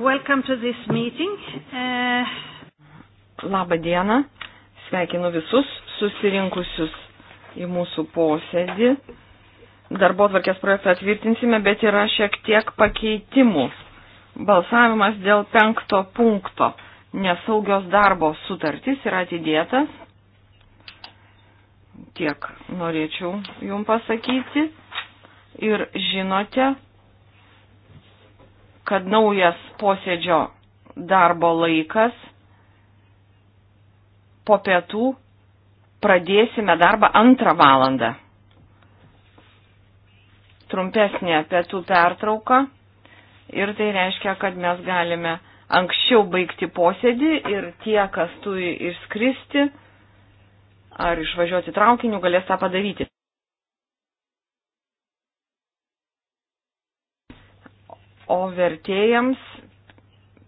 Welcome to this meeting. Uh... Labą dieną. Sveikinu visus susirinkusius į mūsų posėdį. Darbo tvarkės projektą atvirtinsime, bet yra šiek tiek pakeitimų. Balsavimas dėl penkto punkto. Nesaugios darbo sutartys yra atidėtas. Tiek norėčiau jum pasakyti. Ir žinote, kad naujas posėdžio darbo laikas po pietų pradėsime darbą antrą valandą. Trumpesnė pietų pertrauka ir tai reiškia, kad mes galime anksčiau baigti posėdį ir tie, kas turi išskristi ar išvažiuoti traukiniu, galės tą padaryti. O vertėjams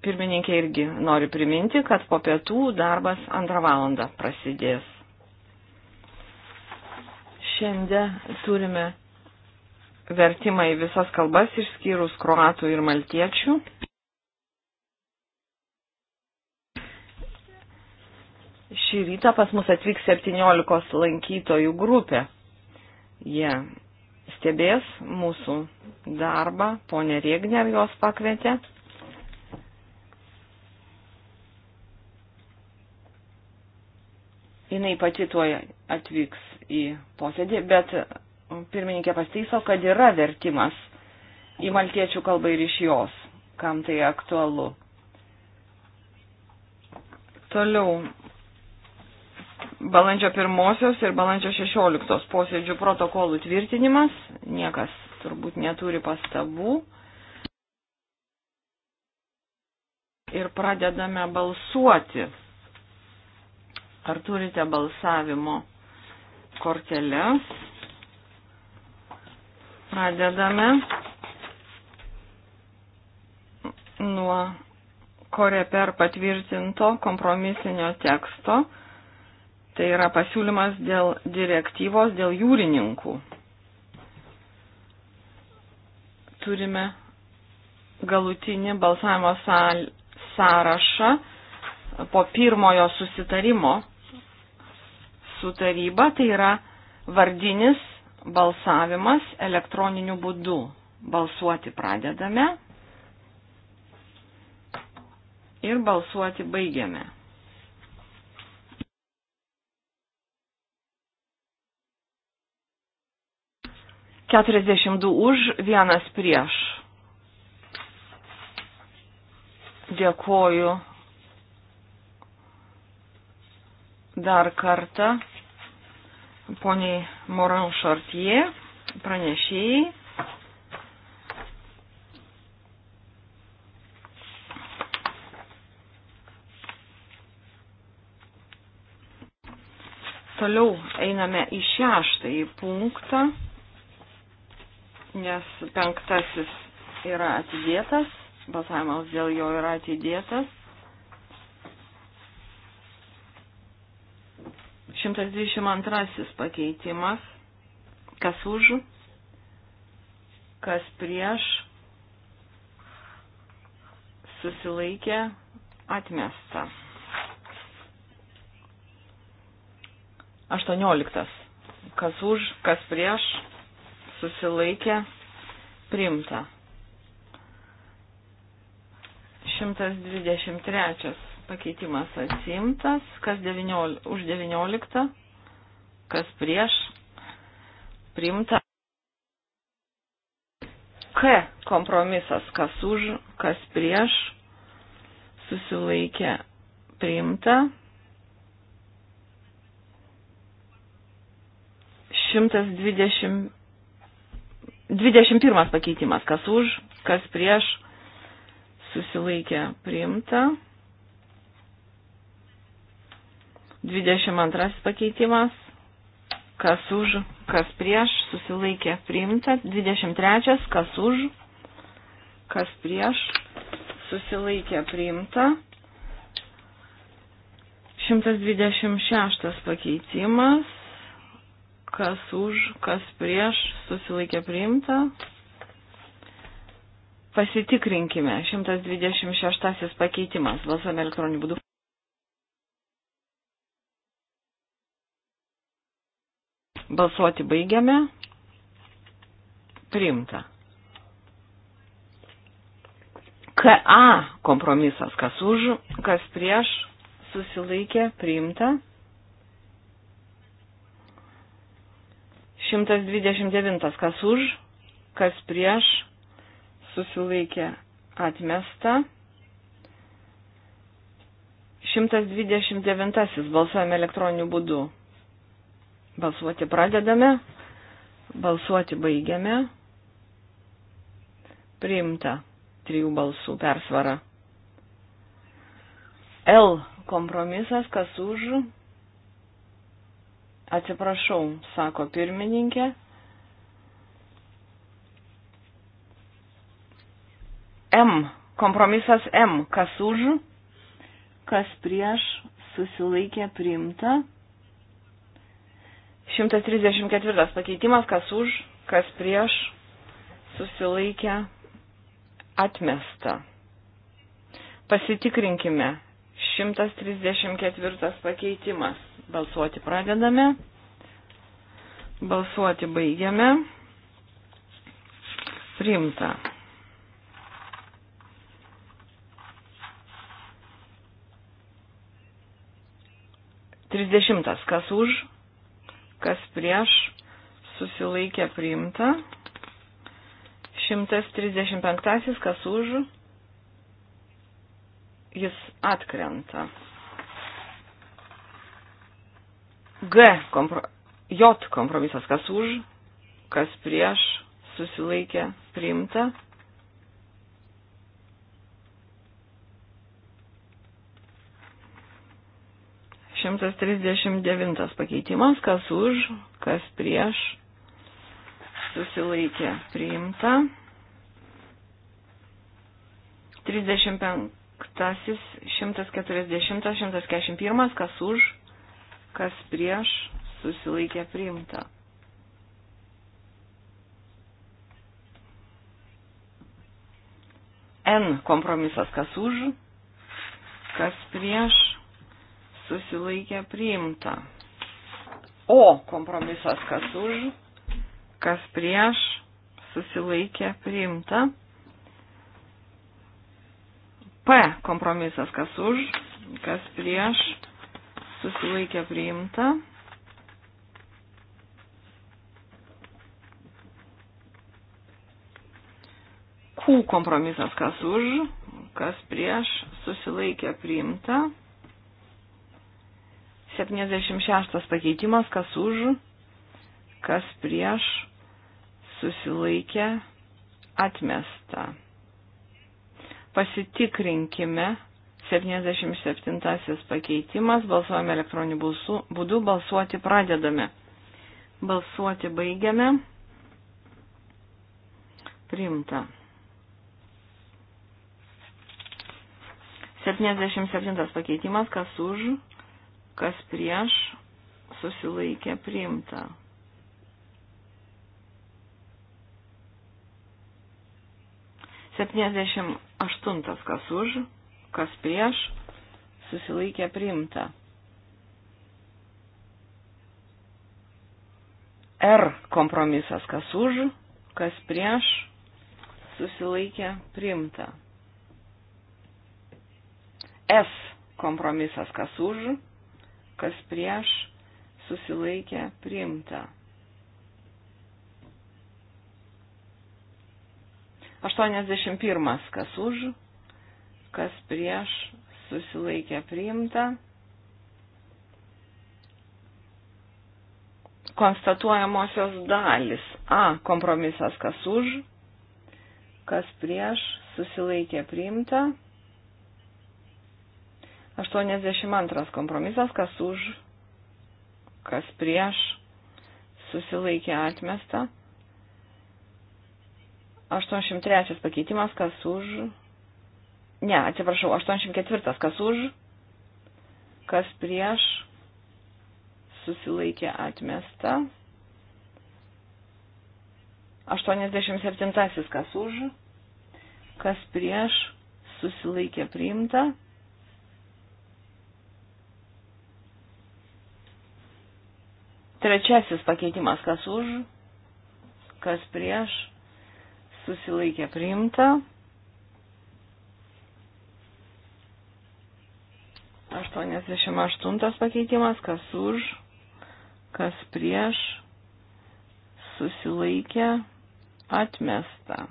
pirmininkė irgi nori priminti, kad po pietų darbas antrą valandą prasidės. Šiandien turime vertimą į visas kalbas išskyrus kroatų ir maltiečių. Šį rytą pas mus atvyks 17 lankytojų grupė. Jie yeah stebės mūsų darbą. Pone Riegner jos pakvietė. Jis pati tuo atvyks į posėdį, bet pirmininkė pasteiso, kad yra vertimas į maltiečių kalbą ir iš jos, kam tai aktualu. Toliau balandžio 1 ir balandžio 16 posėdžių protokolų tvirtinimas. Niekas turbūt neturi pastabų. Ir pradedame balsuoti. Ar turite balsavimo korteles? Pradedame nuo kore per patvirtinto kompromisinio teksto Tai yra pasiūlymas dėl direktyvos dėl jūrininkų. Turime galutinį balsavimo sal, sąrašą po pirmojo susitarimo su taryba. Tai yra vardinis balsavimas elektroniniu būdu. Balsuoti pradedame ir balsuoti baigiame. 42 už, vienas prieš. Dėkoju dar kartą poniai Moran Šartie, pranešėjai. Toliau einame į šeštąjį punktą nes penktasis yra atidėtas, balsavimas dėl jo yra atidėtas. 122 pakeitimas, kas už, kas prieš, susilaikė, atmesta. 18. Kas už, kas prieš, susilaikė, primta. 123 pakeitimas atsimtas, kas 19, už 19, kas prieš, primta. K kompromisas, kas už, kas prieš, susilaikė, primta. 125 21 pakeitimas, kas už, kas prieš, susilaikė priimta. 22 pakeitimas, kas už, kas prieš, susilaikė priimta. 23, kas už, kas prieš, susilaikė priimta. 126 pakeitimas, kas už, kas prieš, susilaikė priimta. Pasitikrinkime. 126 pakeitimas. Balsuojame elektroniniu būdu. Balsuoti baigiame. Priimta. KA kompromisas. Kas už, kas prieš, susilaikė, priimta. 129. Kas už, kas prieš, susilaikė atmesta. 129. Balsuojame elektroniniu būdu. Balsuoti pradedame, balsuoti baigiame. Priimta trijų balsų persvara. L kompromisas, kas už, Atsiprašau, sako pirmininkė. M. Kompromisas M. Kas už, kas prieš, susilaikė priimta. 134 pakeitimas, kas už, kas prieš, susilaikė atmesta. Pasitikrinkime 134 pakeitimas. Balsuoti pradedame. Balsuoti baigiame. Primta. Trisdešimtas. Kas už, kas prieš, susilaikė priimta. Šimtas trisdešimt penktasis. Kas už, jis atkrenta. G kompro, J kompromisas, kas už, kas prieš, susilaikė, priimta. Šimtas trisdešimt devintas pakeitimas, kas už, kas prieš, susilaikė, priimta. Trisdešimt penktas. 140-141, kas už, kas prieš, susilaikė priimta. N kompromisas, kas už, kas prieš, susilaikė priimta. O kompromisas, kas už, kas prieš, susilaikė priimta. P kompromisas, kas už, kas prieš, susilaikė priimta. Q kompromisas, kas už, kas prieš, susilaikė priimta. 76 pakeitimas, kas už, kas prieš, susilaikė atmesta. Pasitikrinkime. 77 pakeitimas. Balsuojame elektroniniu balsu, būdu. Balsuoti pradedame. Balsuoti baigiame. Priimta. 77 pakeitimas. Kas už, kas prieš, susilaikė priimta. 78 kas už, kas prieš, susilaikė priimta. R kompromisas kas už, kas prieš, susilaikė priimta. S kompromisas kas už, kas prieš, susilaikė priimta. 81. Kas už, kas prieš, susilaikė priimta. Konstatuojamosios dalis. A. Kompromisas kas už, kas prieš, susilaikė priimta. 82 kompromisas, kas už, kas prieš, susilaikė atmesta. 83 pakeitimas, kas už. Ne, atsiprašau, 84, kas už, kas prieš, susilaikė atmesta. 87, kas už, kas prieš, susilaikė priimta. Trečiasis pakeitimas, kas už, kas prieš, susilaikė priimta. 88 pakeitimas, kas už, kas prieš, susilaikė, atmesta.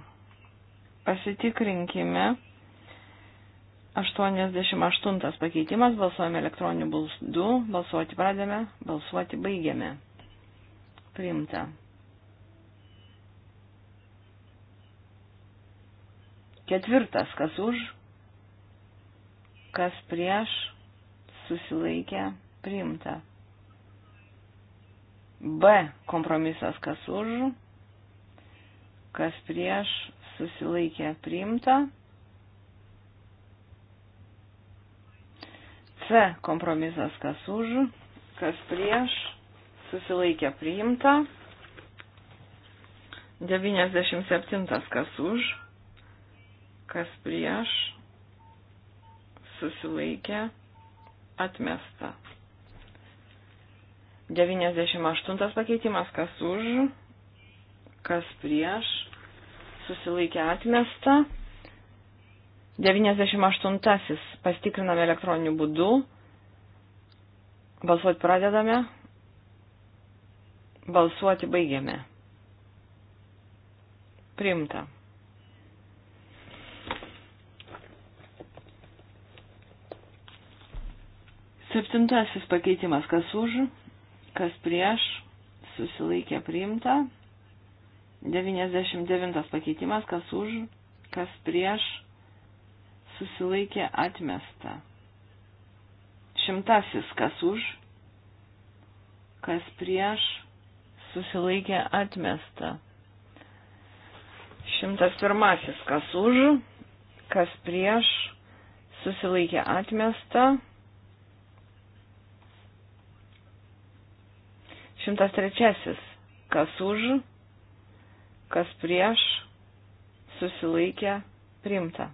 Pasitikrinkime. 88 pakeitimas, balsuojame elektroniniu būdu, balsuoti pradėme, balsuoti baigiame. Priimta. Ketvirtas, kas už, kas prieš, susilaikė, priimta. B kompromisas, kas už, kas prieš, susilaikė, priimta. C kompromisas, kas už, kas prieš, susilaikė, priimta. 97 kas už kas prieš, susilaikė, atmesta. 98 pakeitimas, kas už, kas prieš, susilaikė atmesta. 98 pastikriname elektroniniu būdu. Balsuoti pradedame. Balsuoti baigiame. Primta. Septintasis pakeitimas, kas už, kas prieš, susilaikė priimta. 99 pakeitimas, kas už, kas prieš, susilaikė atmesta. Šimtasis, kas už, kas prieš, susilaikė atmesta. Šimtas pirmasis, kas už, kas prieš, susilaikė atmesta. 103. Kas už, kas prieš, susilaikė, primta.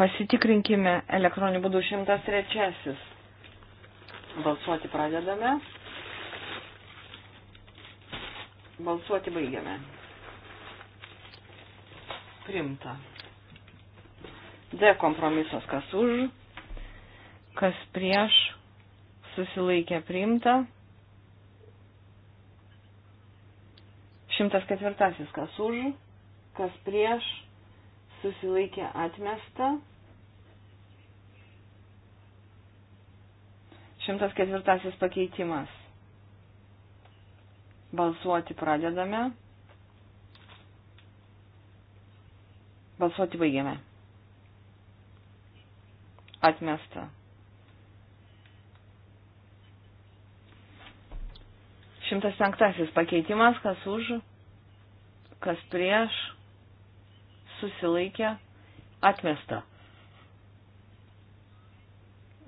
Pasitikrinkime elektroniniu būdu 103. Balsuoti pradedame. Balsuoti baigiame. Primta. D kompromisas kas už, kas prieš, susilaikė priimta. 104. Kas už, kas prieš, susilaikė atmesta. 104. Pakeitimas. Balsuoti pradedame. Balsuoti baigiame. Atmesta. 105 pakeitimas, kas už, kas prieš, susilaikė, atmesta.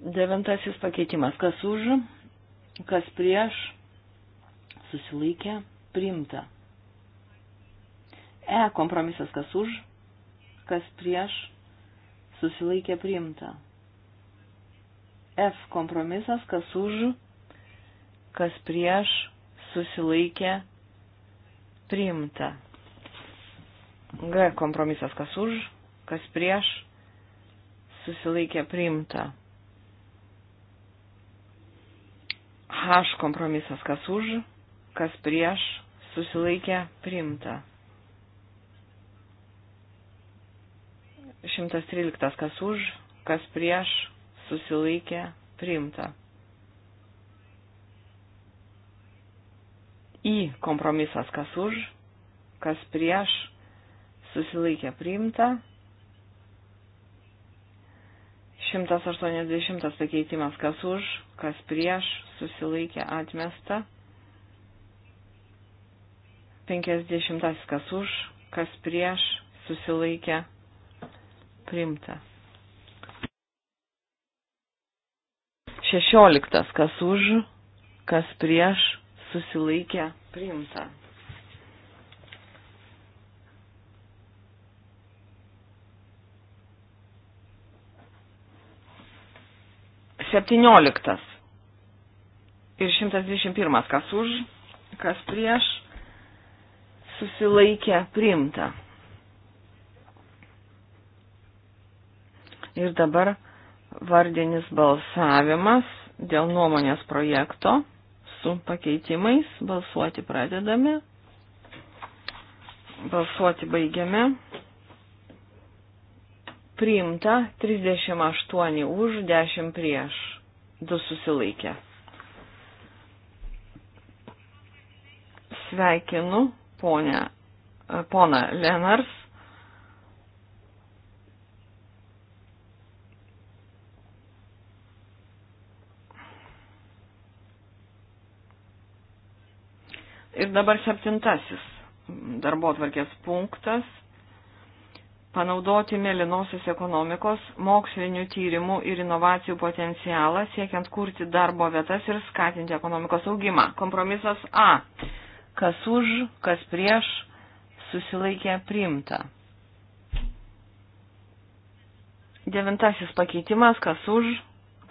Devintasis pakeitimas, kas už, kas prieš, susilaikė, priimta. E kompromisas, kas už, kas prieš, susilaikė, priimta. F kompromisas, kas už, kas prieš, susilaikė priimta. G kompromisas kas už, kas prieš, susilaikė priimta. H kompromisas kas už, kas prieš, susilaikė priimta. 113 kas už, kas prieš, susilaikė priimta. į kompromisas, kas už, kas prieš, susilaikė priimta. 180 pakeitimas, kas už, kas prieš, susilaikė atmesta. 50 kas už, kas prieš, susilaikė priimta. 16 kas už, kas prieš, susilaikė priimta. Septynioliktas ir 121, kas už, kas prieš, susilaikė priimta. Ir dabar vardinis balsavimas dėl nuomonės projekto su pakeitimais. Balsuoti pradedame. Balsuoti baigiame. Priimta 38 už, 10 prieš, 2 susilaikė. Sveikinu ponę, poną Lenars Ir dabar septintasis darbo atvarkės punktas - panaudoti mėlynosios ekonomikos, mokslinių tyrimų ir inovacijų potencialą, siekiant kurti darbo vietas ir skatinti ekonomikos augimą. Kompromisas A. Kas už, kas prieš, susilaikė priimta. Devintasis pakeitimas, kas už,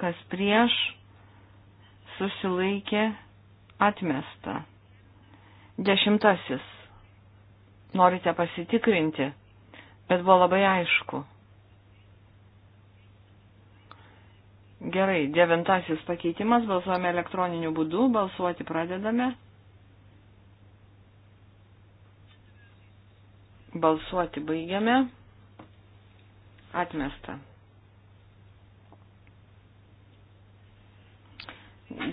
kas prieš, susilaikė atmesta. Dešimtasis. Norite pasitikrinti, bet buvo labai aišku. Gerai, devintasis pakeitimas, balsuojame elektroniniu būdu, balsuoti pradedame. Balsuoti baigiame. Atmesta.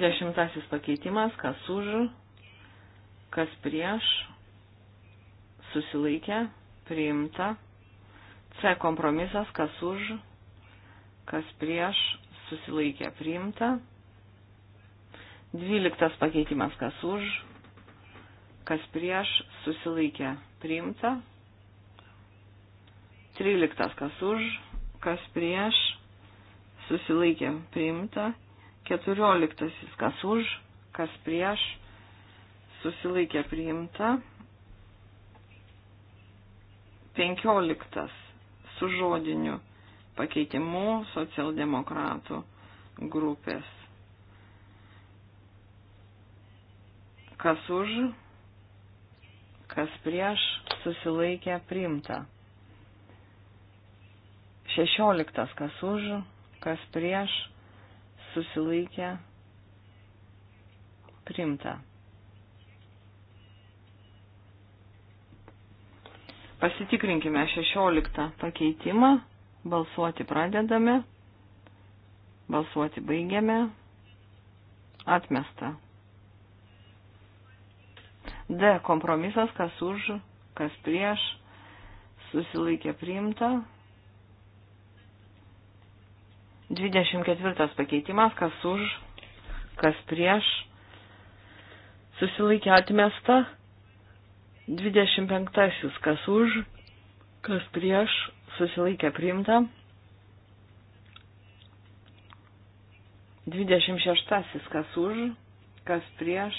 Dešimtasis pakeitimas, kas už, kas prieš, susilaikė, priimta. C kompromisas, kas už, kas prieš, susilaikė, priimta. Dvyliktas pakeitimas, kas už, kas prieš, susilaikė, priimta. Tryliktas, kas už, kas prieš, susilaikė, priimta. Keturioliktasis, kas už, kas prieš, susilaikė susilaikė priimta. 15 su žodiniu pakeitimu socialdemokratų grupės. Kas už, kas prieš susilaikė priimta. 16 kas už, kas prieš susilaikė priimta. Pasitikrinkime 16 pakeitimą. Balsuoti pradedame. Balsuoti baigiame. Atmesta. D. Kompromisas, kas už, kas prieš. Susilaikė priimta. 24 pakeitimas, kas už, kas prieš. Susilaikė atmesta. 25. Kas už, kas prieš, susilaikė priimta. 26. Kas už, kas prieš,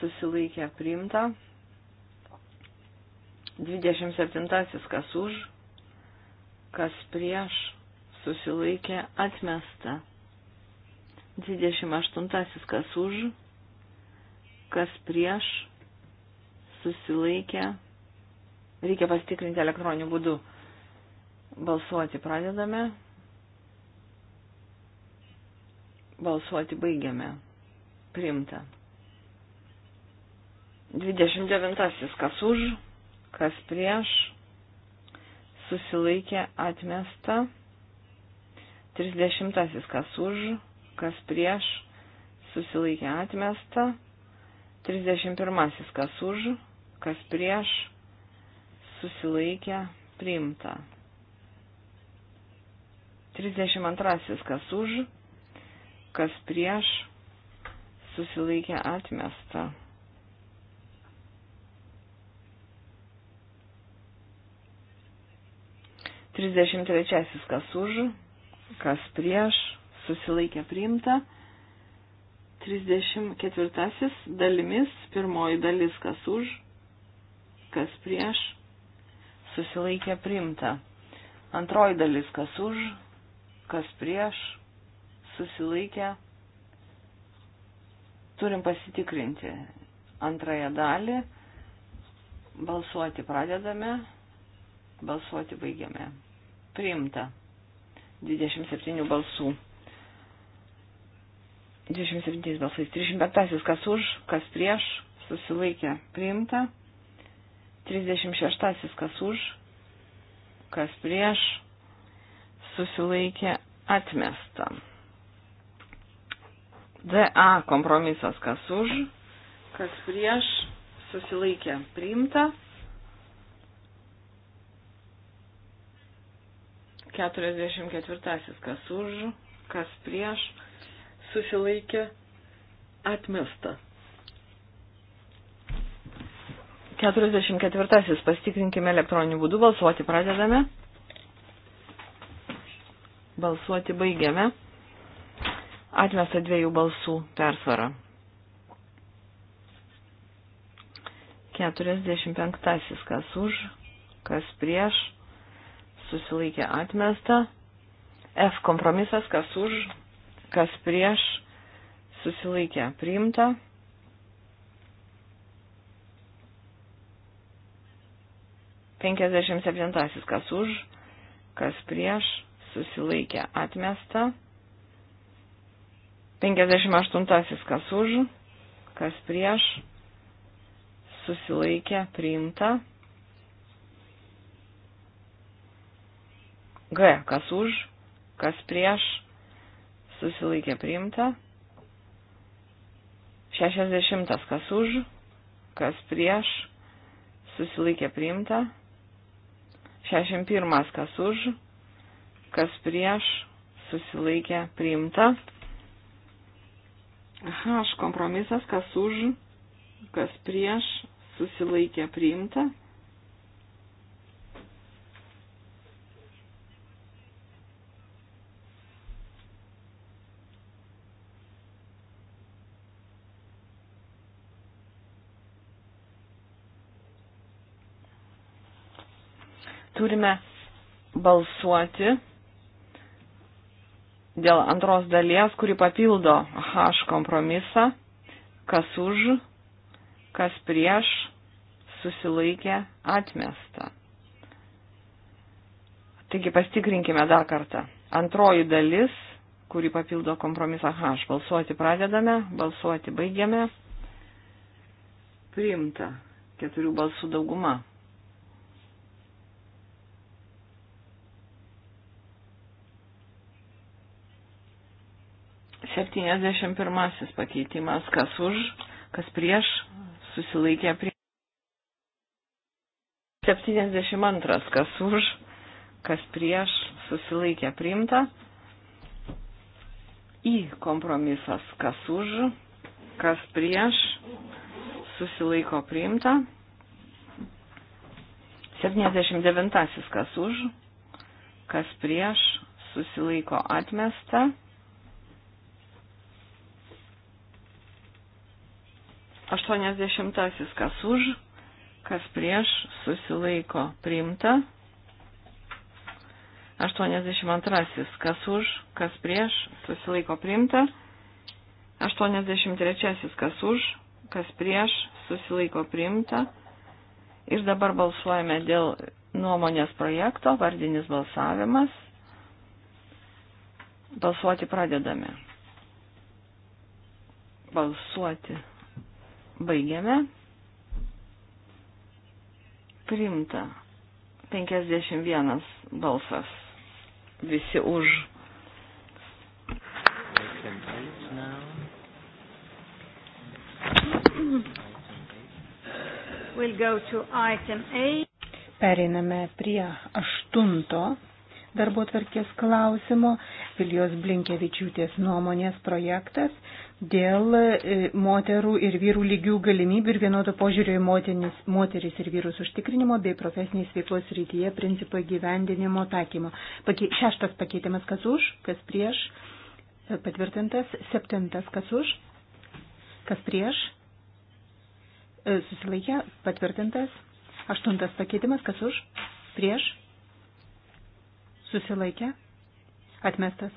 susilaikė priimta. 27. Kas už, kas prieš, susilaikė atmesta. 28. Kas už, kas prieš, susilaikė. Reikia pasitikrinti elektroniniu būdu. Balsuoti pradedame. Balsuoti baigiame. Primta. 29. Kas už, kas prieš, susilaikė atmesta. 30. Kas už, kas prieš, susilaikė atmesta. 31. Kas už, kas prieš, susilaikė, priimta. 32. Kas už, kas prieš, susilaikė, atmesta. Trisdešimt trečiasis, kas už, kas prieš, susilaikė priimta. 34 dalimis, pirmoji dalis kas už, kas prieš, susilaikė priimta. Antroji dalis, kas už, kas prieš, susilaikė. Turim pasitikrinti antrąją dalį. Balsuoti pradedame, balsuoti baigiame. Priimta. 27 balsų. 27 balsais. 35 kas už, kas prieš, susilaikė. Priimta. 36 kas už, kas prieš, susilaikė atmesta. DA kompromisas kas už, kas prieš, susilaikė priimta. 44 kas už, kas prieš, susilaikė atmesta. 44. Pastikrinkime elektroniniu būdu. Balsuoti pradedame. Balsuoti baigiame. Atmesta dviejų balsų persvara. 45. Kas už, kas prieš. Susilaikė atmesta. F kompromisas. Kas už, kas prieš. Susilaikė priimta. 57 kas už, kas prieš, susilaikė atmesta. 58 kas už, kas prieš, susilaikė priimta. G kas už, kas prieš, susilaikė priimta. 60 kas už, kas prieš, susilaikė priimta. 61 kas už, kas prieš, susilaikė priimta. H kompromisas kas už, kas prieš, susilaikė priimta. turime balsuoti dėl antros dalies, kuri papildo H kompromisą, kas už, kas prieš, susilaikė, atmesta. Taigi pastikrinkime dar kartą. Antroji dalis, kuri papildo kompromisą H. Balsuoti pradedame, balsuoti baigiame. Priimta keturių balsų dauguma. 71 pakeitimas, kas už, kas prieš, susilaikė prie. 72, kas už, kas prieš, susilaikė priimta. Į kompromisas, kas už, kas prieš, susilaiko priimta. 79, kas už, kas prieš, susilaiko atmesta. 80 kas už, kas prieš, susilaiko priimta. 82 kas už, kas prieš, susilaiko priimta. 83 kas už, kas prieš, susilaiko priimta. Ir dabar balsuojame dėl nuomonės projekto, vardinis balsavimas. Balsuoti pradedame. Balsuoti Baigiame. Primta. 51 balsas. Visi už. We'll go to item 8. Periname prie aštunto darbo tvarkės klausimo Vilijos Blinkevičiūtės nuomonės projektas dėl e, moterų ir vyrų lygių galimybių ir vienodo požiūrio į moteris, moteris ir vyrus užtikrinimo bei profesinės veiklos rytyje principo gyvendinimo taikymo. Pake, šeštas pakeitimas kas už, kas prieš, e, patvirtintas, septintas kas už, kas prieš, e, susilaikė, patvirtintas, aštuntas pakeitimas kas už, prieš, susilaikė, atmestas.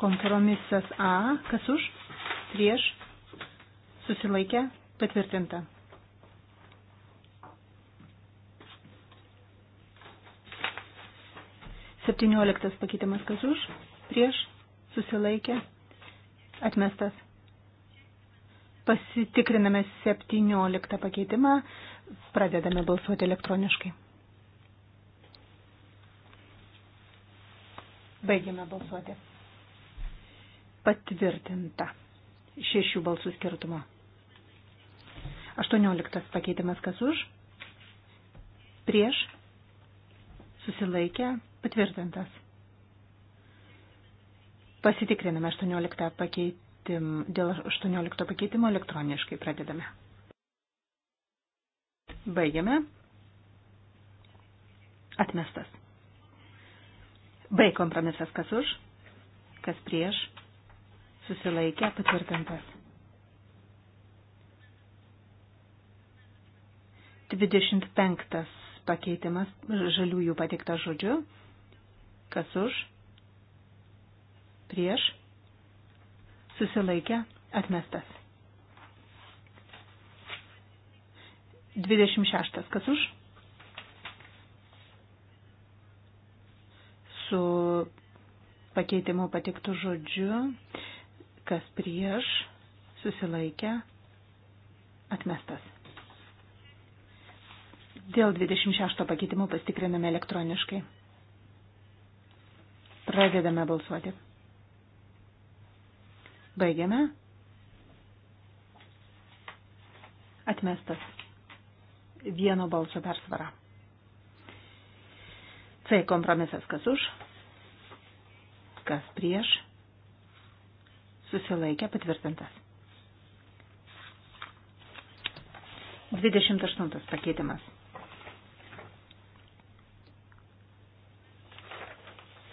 Kompromisas A, kas už, prieš, susilaikė, patvirtinta. Septynioliktas pakeitimas, kas už, prieš, susilaikė, atmestas. Pasitikriname septynioliktą pakeitimą, pradedame balsuoti elektroniškai. Baigime balsuoti. Patvirtinta. Šešių balsų skirtumo. 18 pakeitimas kas už? Prieš? Susilaikė? Patvirtintas. Pasitikriname 18 pakeitim, dėl 18 pakeitimo elektroniškai pradedame. Baigiame. Atmestas. B kompromisas kas už, kas prieš, susilaikė patvirtintas. 25 pakeitimas žaliųjų pateiktas žodžiu, kas už, prieš, susilaikė atmestas. 26 kas už, su pakeitimu patiktų žodžiu, kas prieš, susilaikė, atmestas. Dėl 26 pakeitimų pastikriname elektroniškai. Pradedame balsuoti. Baigiame. Atmestas. Vieno balso persvara. C kompromisas kas už, kas prieš, susilaikė patvirtintas. 28 pakeitimas.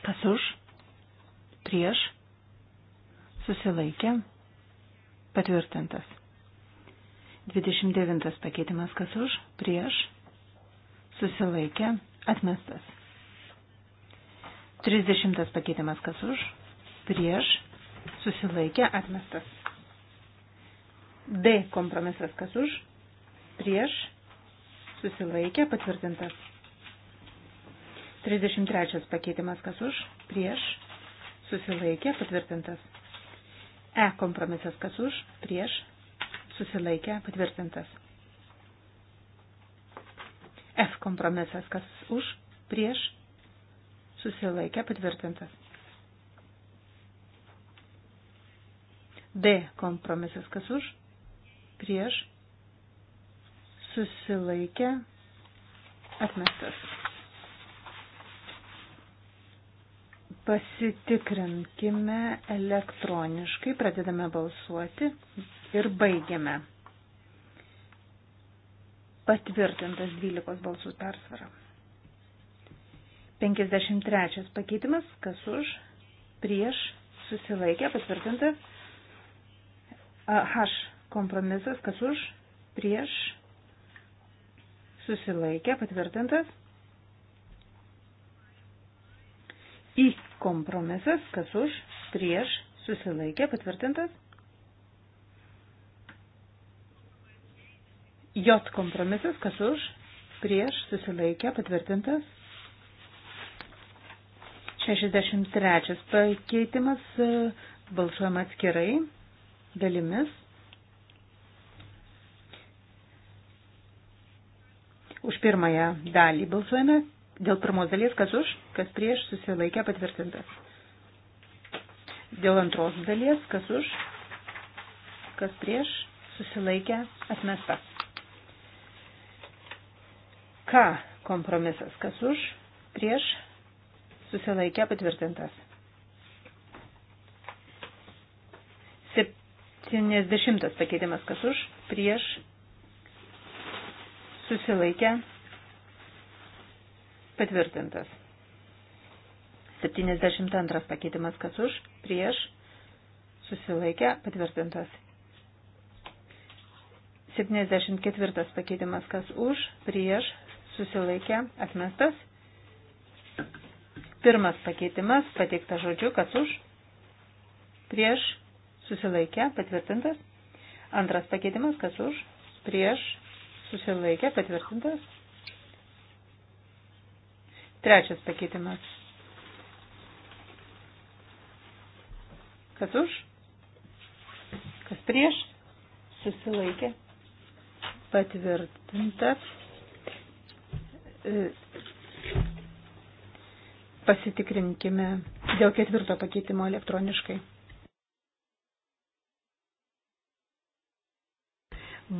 Kas už, prieš, susilaikė, patvirtintas. 29 pakeitimas kas už, prieš, susilaikė, atmestas. 30 pakeitimas kas už, prieš, susilaikė, atmestas. D kompromisas kas už, prieš, susilaikė, patvirtintas. 33 pakeitimas kas už, prieš, susilaikė, patvirtintas. E kompromisas kas už, prieš, susilaikė, patvirtintas. F kompromisas kas už, prieš, susilaikė patvirtintas. D kompromisas kas už, prieš, susilaikė atmestas. Pasitikrinkime elektroniškai, pradedame balsuoti ir baigiame. Patvirtintas 12 balsų persvara. 53 pakeitimas, kas už, prieš, susilaikė, patvirtinta. H kompromisas, kas už, prieš, susilaikė, patvirtintas. I kompromisas, kas už, prieš, susilaikė, patvirtintas. J kompromisas, kas už, prieš, susilaikė, patvirtintas. 63 pakeitimas e, balsuojama atskirai dalimis. Už pirmąją dalį balsuojame. Dėl pirmos dalies, kas už, kas prieš, susilaikė patvirtintas. Dėl antros dalies, kas už, kas prieš, susilaikė atmesta. Ką kompromisas, kas už, prieš, susilaikė patvirtintas. 70 pakeitimas kas už, prieš, susilaikė patvirtintas. 72 pakeitimas kas už, prieš, susilaikė patvirtintas. 74 pakeitimas kas už, prieš, susilaikė atmestas. Pirmas pakeitimas pateikta žodžiu, kas už, prieš, susilaikė, patvirtintas. Antras pakeitimas, kas už, prieš, susilaikė, patvirtintas. Trečias pakeitimas. Kas už, kas prieš, susilaikė, patvirtintas pasitikrinkime dėl ketvirto pakeitimo elektroniškai.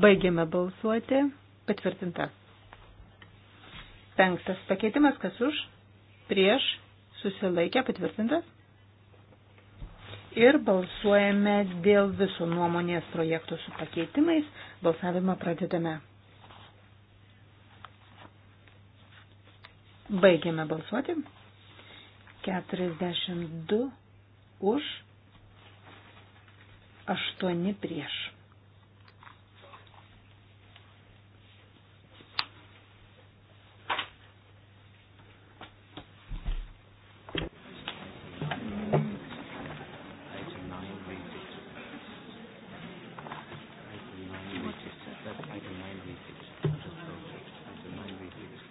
Baigiame balsuoti. Patvirtinta. Penktas pakeitimas, kas už, prieš, susilaikę, patvirtintas. Ir balsuojame dėl viso nuomonės projektų su pakeitimais. Balsavimą pradedame. Baigiame balsuoti. 42 už, 8 prieš.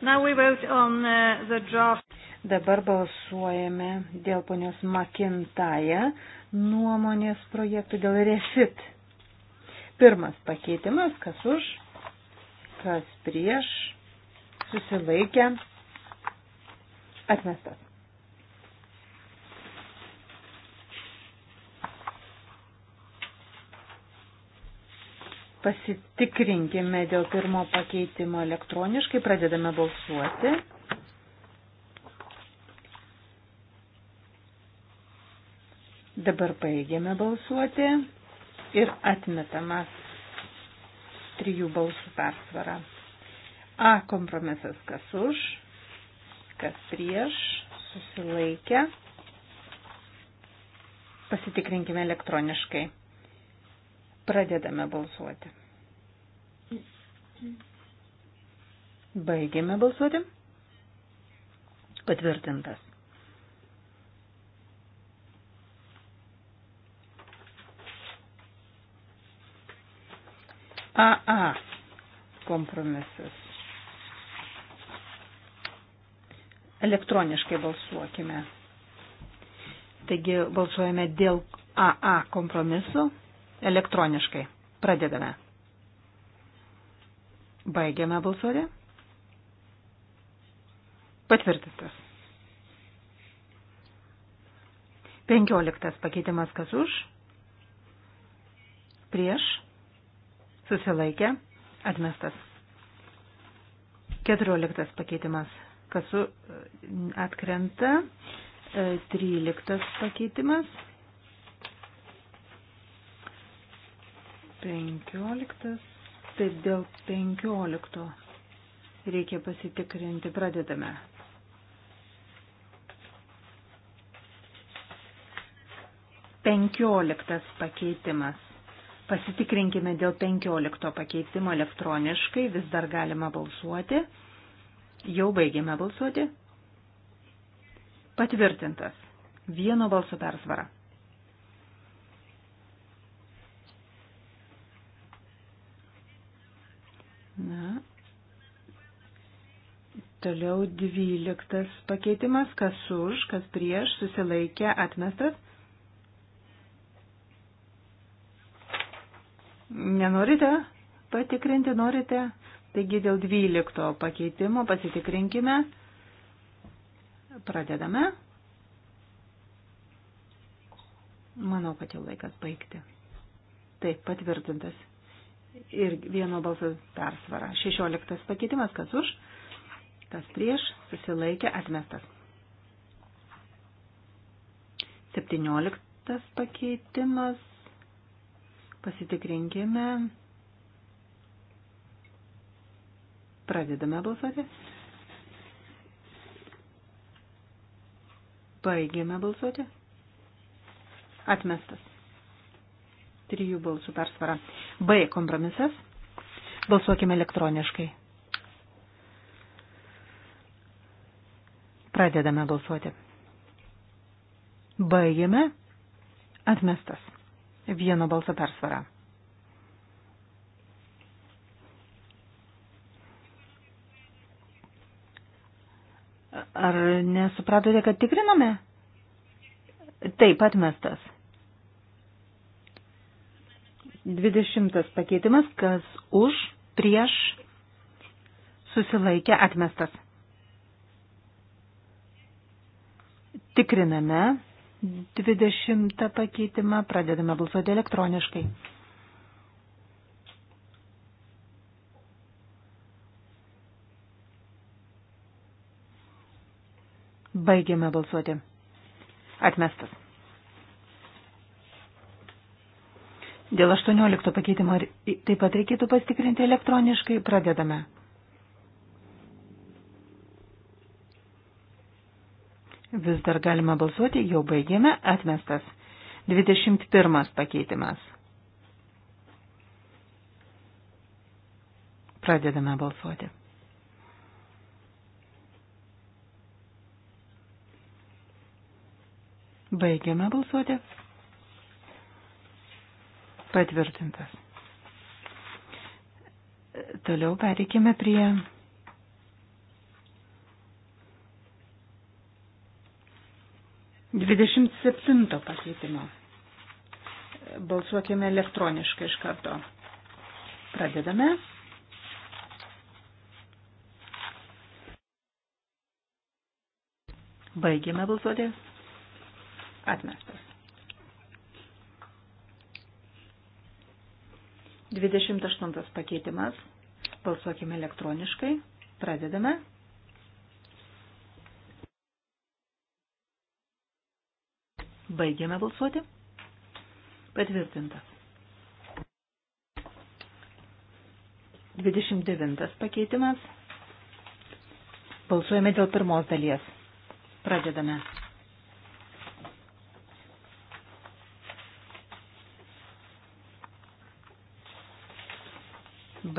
Now we vote on uh, the draft Dabar balsuojame dėl ponios Makintaja nuomonės projektų dėl refit. Pirmas pakeitimas, kas už, kas prieš, susilaikę, atmestas. Pasitikrinkime dėl pirmo pakeitimo elektroniškai, pradedame balsuoti. Dabar baigėme balsuoti ir atmetamas trijų balsų persvara. A kompromisas kas už, kas prieš, susilaikę. Pasitikrinkime elektroniškai. Pradedame balsuoti. Baigėme balsuoti. Patvirtintas. AA kompromisas. Elektroniškai balsuokime. Taigi balsuojame dėl AA kompromisu elektroniškai. Pradedame. Baigiame balsuoti. Patvirtintas. 15 pakeitimas kas už? Prieš Susilaikė. Atmestas. Keturioliktas pakeitimas. Kas su atkrenta. E, tryliktas pakeitimas. Penkioliktas. Taip, dėl penkiolikto reikia pasitikrinti. Pradedame. Penkioliktas pakeitimas. Pasitikrinkime dėl 15 pakeitimo elektroniškai, vis dar galima balsuoti. Jau baigėme balsuoti. Patvirtintas. Vieno balso persvara. Na. Toliau dvyliktas pakeitimas, kas už, kas prieš, susilaikė, atmestas. Nenorite patikrinti, norite? Taigi dėl 12 pakeitimo pasitikrinkime. Pradedame. Manau, kad jau laikas baigti. Taip, patvirtintas. Ir vieno balsas persvara. 16 pakeitimas, kas už, kas prieš, susilaikė, atmestas. 17 pakeitimas, Pasitikrinkime. Pradedame balsuoti. Baigėme balsuoti. Atmestas. Trijų balsų persvara. B kompromisas. Balsuokime elektroniškai. Pradedame balsuoti. Baigėme. Atmestas vieno balso persvarą. Ar nesupratote, kad tikriname? Taip, atmestas. Dvidešimtas pakeitimas, kas už, prieš, susilaikė atmestas. Tikriname 20 pakeitimą pradedame balsuoti elektroniškai. Baigiame balsuoti. Atmestas. Dėl 18 pakeitimo taip pat reikėtų pastikrinti elektroniškai. Pradedame. Vis dar galima balsuoti, jau baigėme, atmestas. 21 pakeitimas. Pradedame balsuoti. Baigiame balsuoti. Patvirtintas. Toliau pereikime prie 27 pakeitimo. Balsuokime elektroniškai iš karto. Pradedame. Baigėme balsuoti. Atmestas. 28 pakeitimas. Balsuokime elektroniškai. Pradedame. Baigiame balsuoti. Patvirtinta. 29 pakeitimas. Balsuojame dėl pirmos dalies. Pradedame.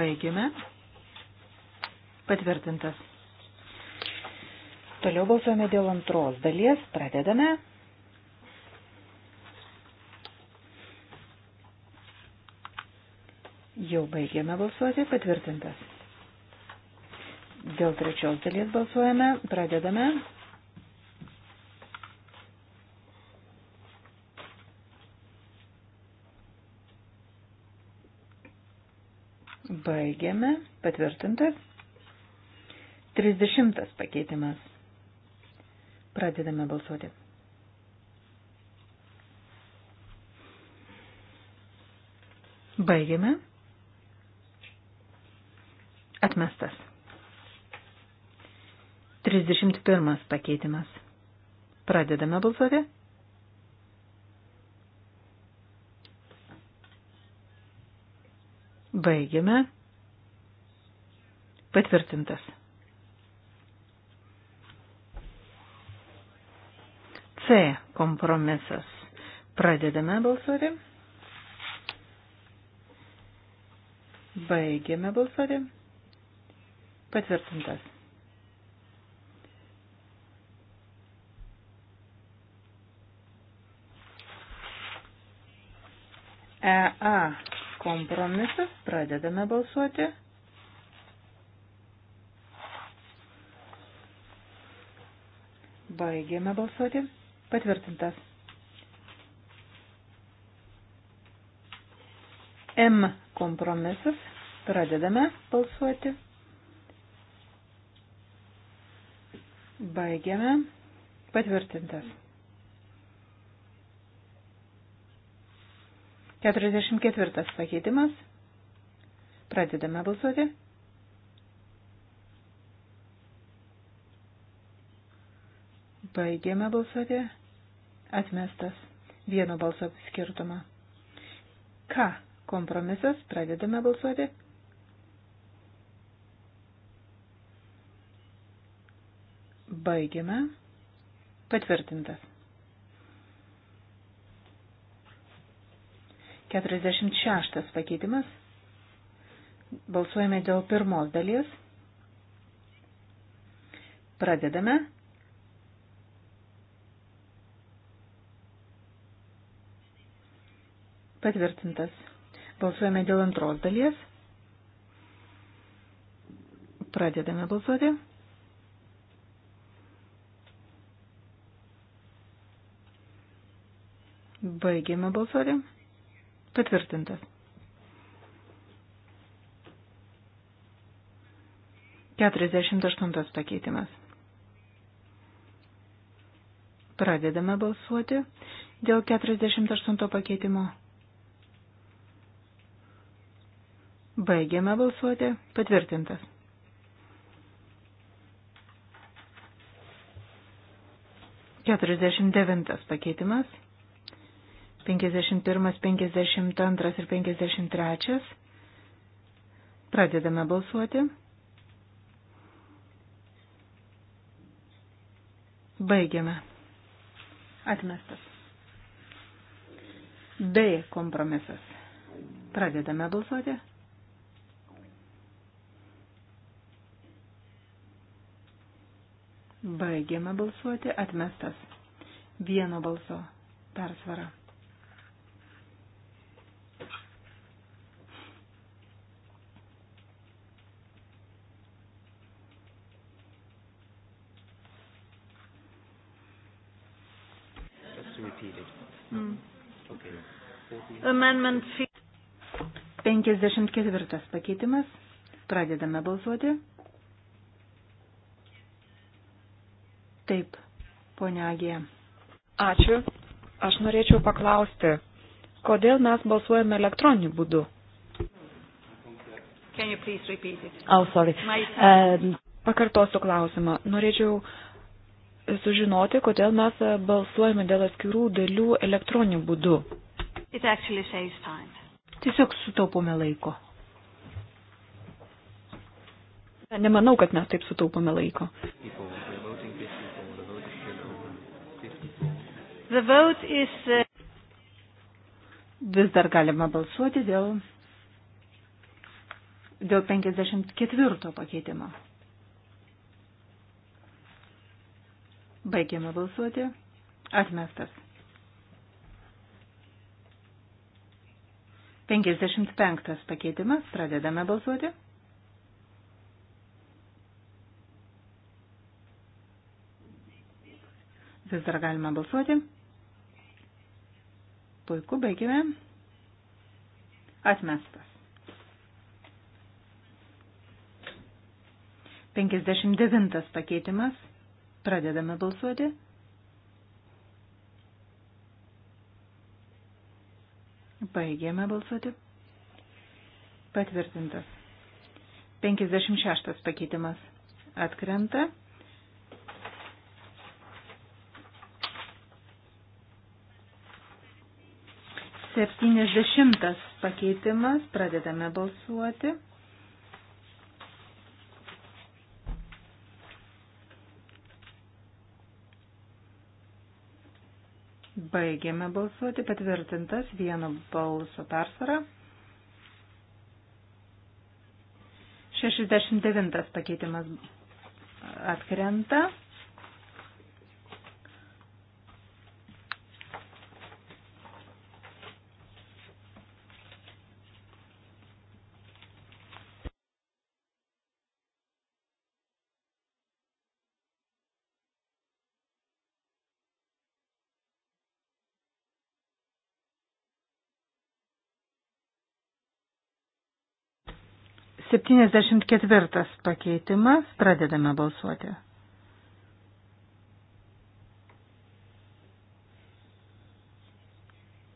Baigiame. Patvirtintas. Toliau balsuojame dėl antros dalies. Pradedame. Jau baigėme balsuoti, patvirtintas. Dėl trečios dalies balsuojame, pradedame. Baigiame, patvirtintas. 30 pakeitimas. Pradedame balsuoti. Baigiame. Atmestas. 31 pakeitimas. Pradedame balsuoti. Baigiame. Patvirtintas. C kompromisas. Pradedame balsuoti. Baigiame balsuoti. Patvirtintas. EA kompromisas, pradedame balsuoti. Baigėme balsuoti. Patvirtintas. M kompromisas, pradedame balsuoti. Baigiame. Patvirtintas. 44 pakeitimas. Pradedame balsuoti. Baigiame balsuoti. Atmestas. Vieno balso skirtumą. Ką? Kompromisas. Pradedame balsuoti. Baigiame. Patvirtintas. 46 pakeitimas. Balsuojame dėl pirmos dalies. Pradedame. Patvirtintas. Balsuojame dėl antros dalies. Pradedame balsuoti. Baigėme balsuoti. Patvirtintas. Keturiasdešimt aštuntas pakeitimas. Pradedame balsuoti dėl 48 pakeitimo. Baigiame balsuoti. Patvirtintas. Keturiasdešimt devintas pakeitimas. 51, 52 ir 53. Pradedame balsuoti. Baigiame. Atmestas. D kompromisas. Pradedame balsuoti. Baigiame balsuoti. Atmestas. Vieno balso persvara. Mm. Okay. Amendment 54 pakeitimas. Pradedame balsuoti. Taip, ponia Agė. Ačiū. Aš norėčiau paklausti, kodėl mes balsuojame elektroniniu būdu? Oh, sorry. My... Um... Pakartosiu klausimą. Norėčiau sužinoti, kodėl mes e, balsuojame dėl atskirų dalių elektroniniu būdu. Tiesiog sutaupome laiko. Nemanau, kad mes taip sutaupome laiko. Is... Uh, Vis dar galima balsuoti dėl, dėl 54 pakeitimo. Baigiame balsuoti. Atmestas. 55 pakeitimas. Pradedame balsuoti. Vis dar galima balsuoti. Puiku, baigime. Atmestas. 59 pakeitimas. Pradedame balsuoti. Baigėme balsuoti. Patvirtintas. 56 pakeitimas atkrenta. Septyniasdešimtas pakeitimas, pradedame balsuoti. Baigėme balsuoti, patvirtintas vieno balso persvara. 69 pakeitimas atkrenta. 74 pakeitimas. Pradedame balsuoti.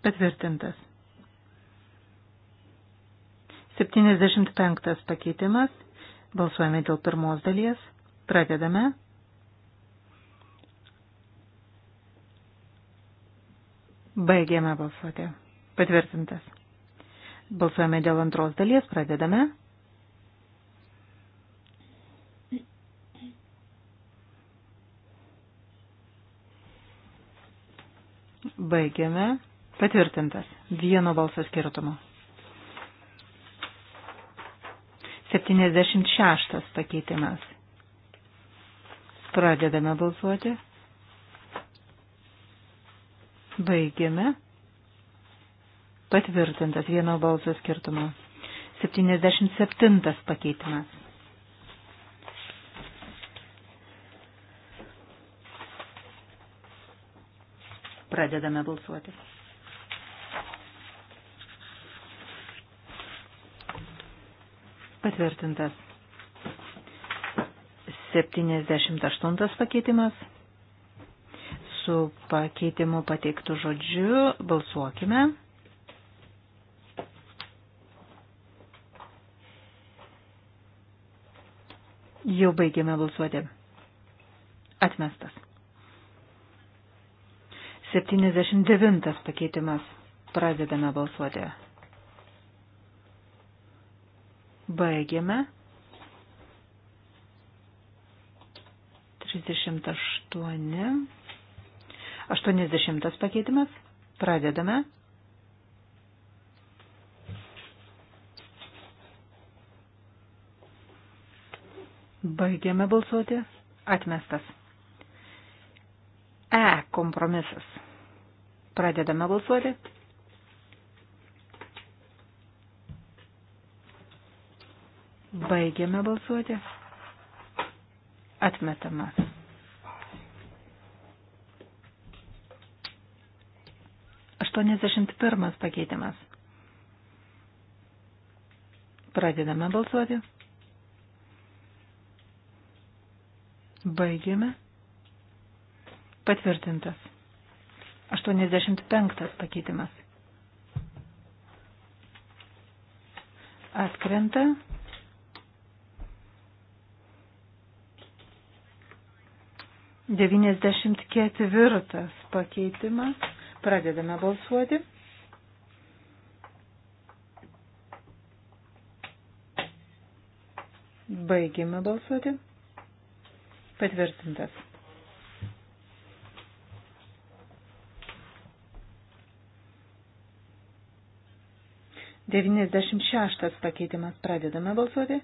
Patvirtintas. 75 pakeitimas. Balsuojame dėl pirmos dalies. Pradedame. Baigėme balsuoti. Patvirtintas. Balsuojame dėl antros dalies. Pradedame. Baigiame. Patvirtintas. Vieno balso skirtumo. 76 pakeitimas. Pradedame balsuoti. Baigiame. Patvirtintas vieno balso skirtumo. 77 pakeitimas. Pradedame balsuoti. Patvirtintas. 78 pakeitimas. Su pakeitimu pateiktų žodžiu balsuokime. Jau baigėme balsuoti. Atmestas. 79 pakeitimas. Pradedame balsuoti. Baigiame. 38. 80 pakeitimas. Pradedame. Baigiame balsuoti. Atmestas kompromisas. Pradedame balsuoti. Baigiame balsuoti. Atmetama. Aštuoniasdešimt pirmas pakeitimas. Pradedame balsuoti. Baigiame. Patvirtintas. 85 pakeitimas. Atkrenta. Devyniasdešimt ketvirtas pakeitimas. Pradedame balsuoti. Baigėme balsuoti. Patvirtintas. 96 pakeitimas. Pradedame balsuoti.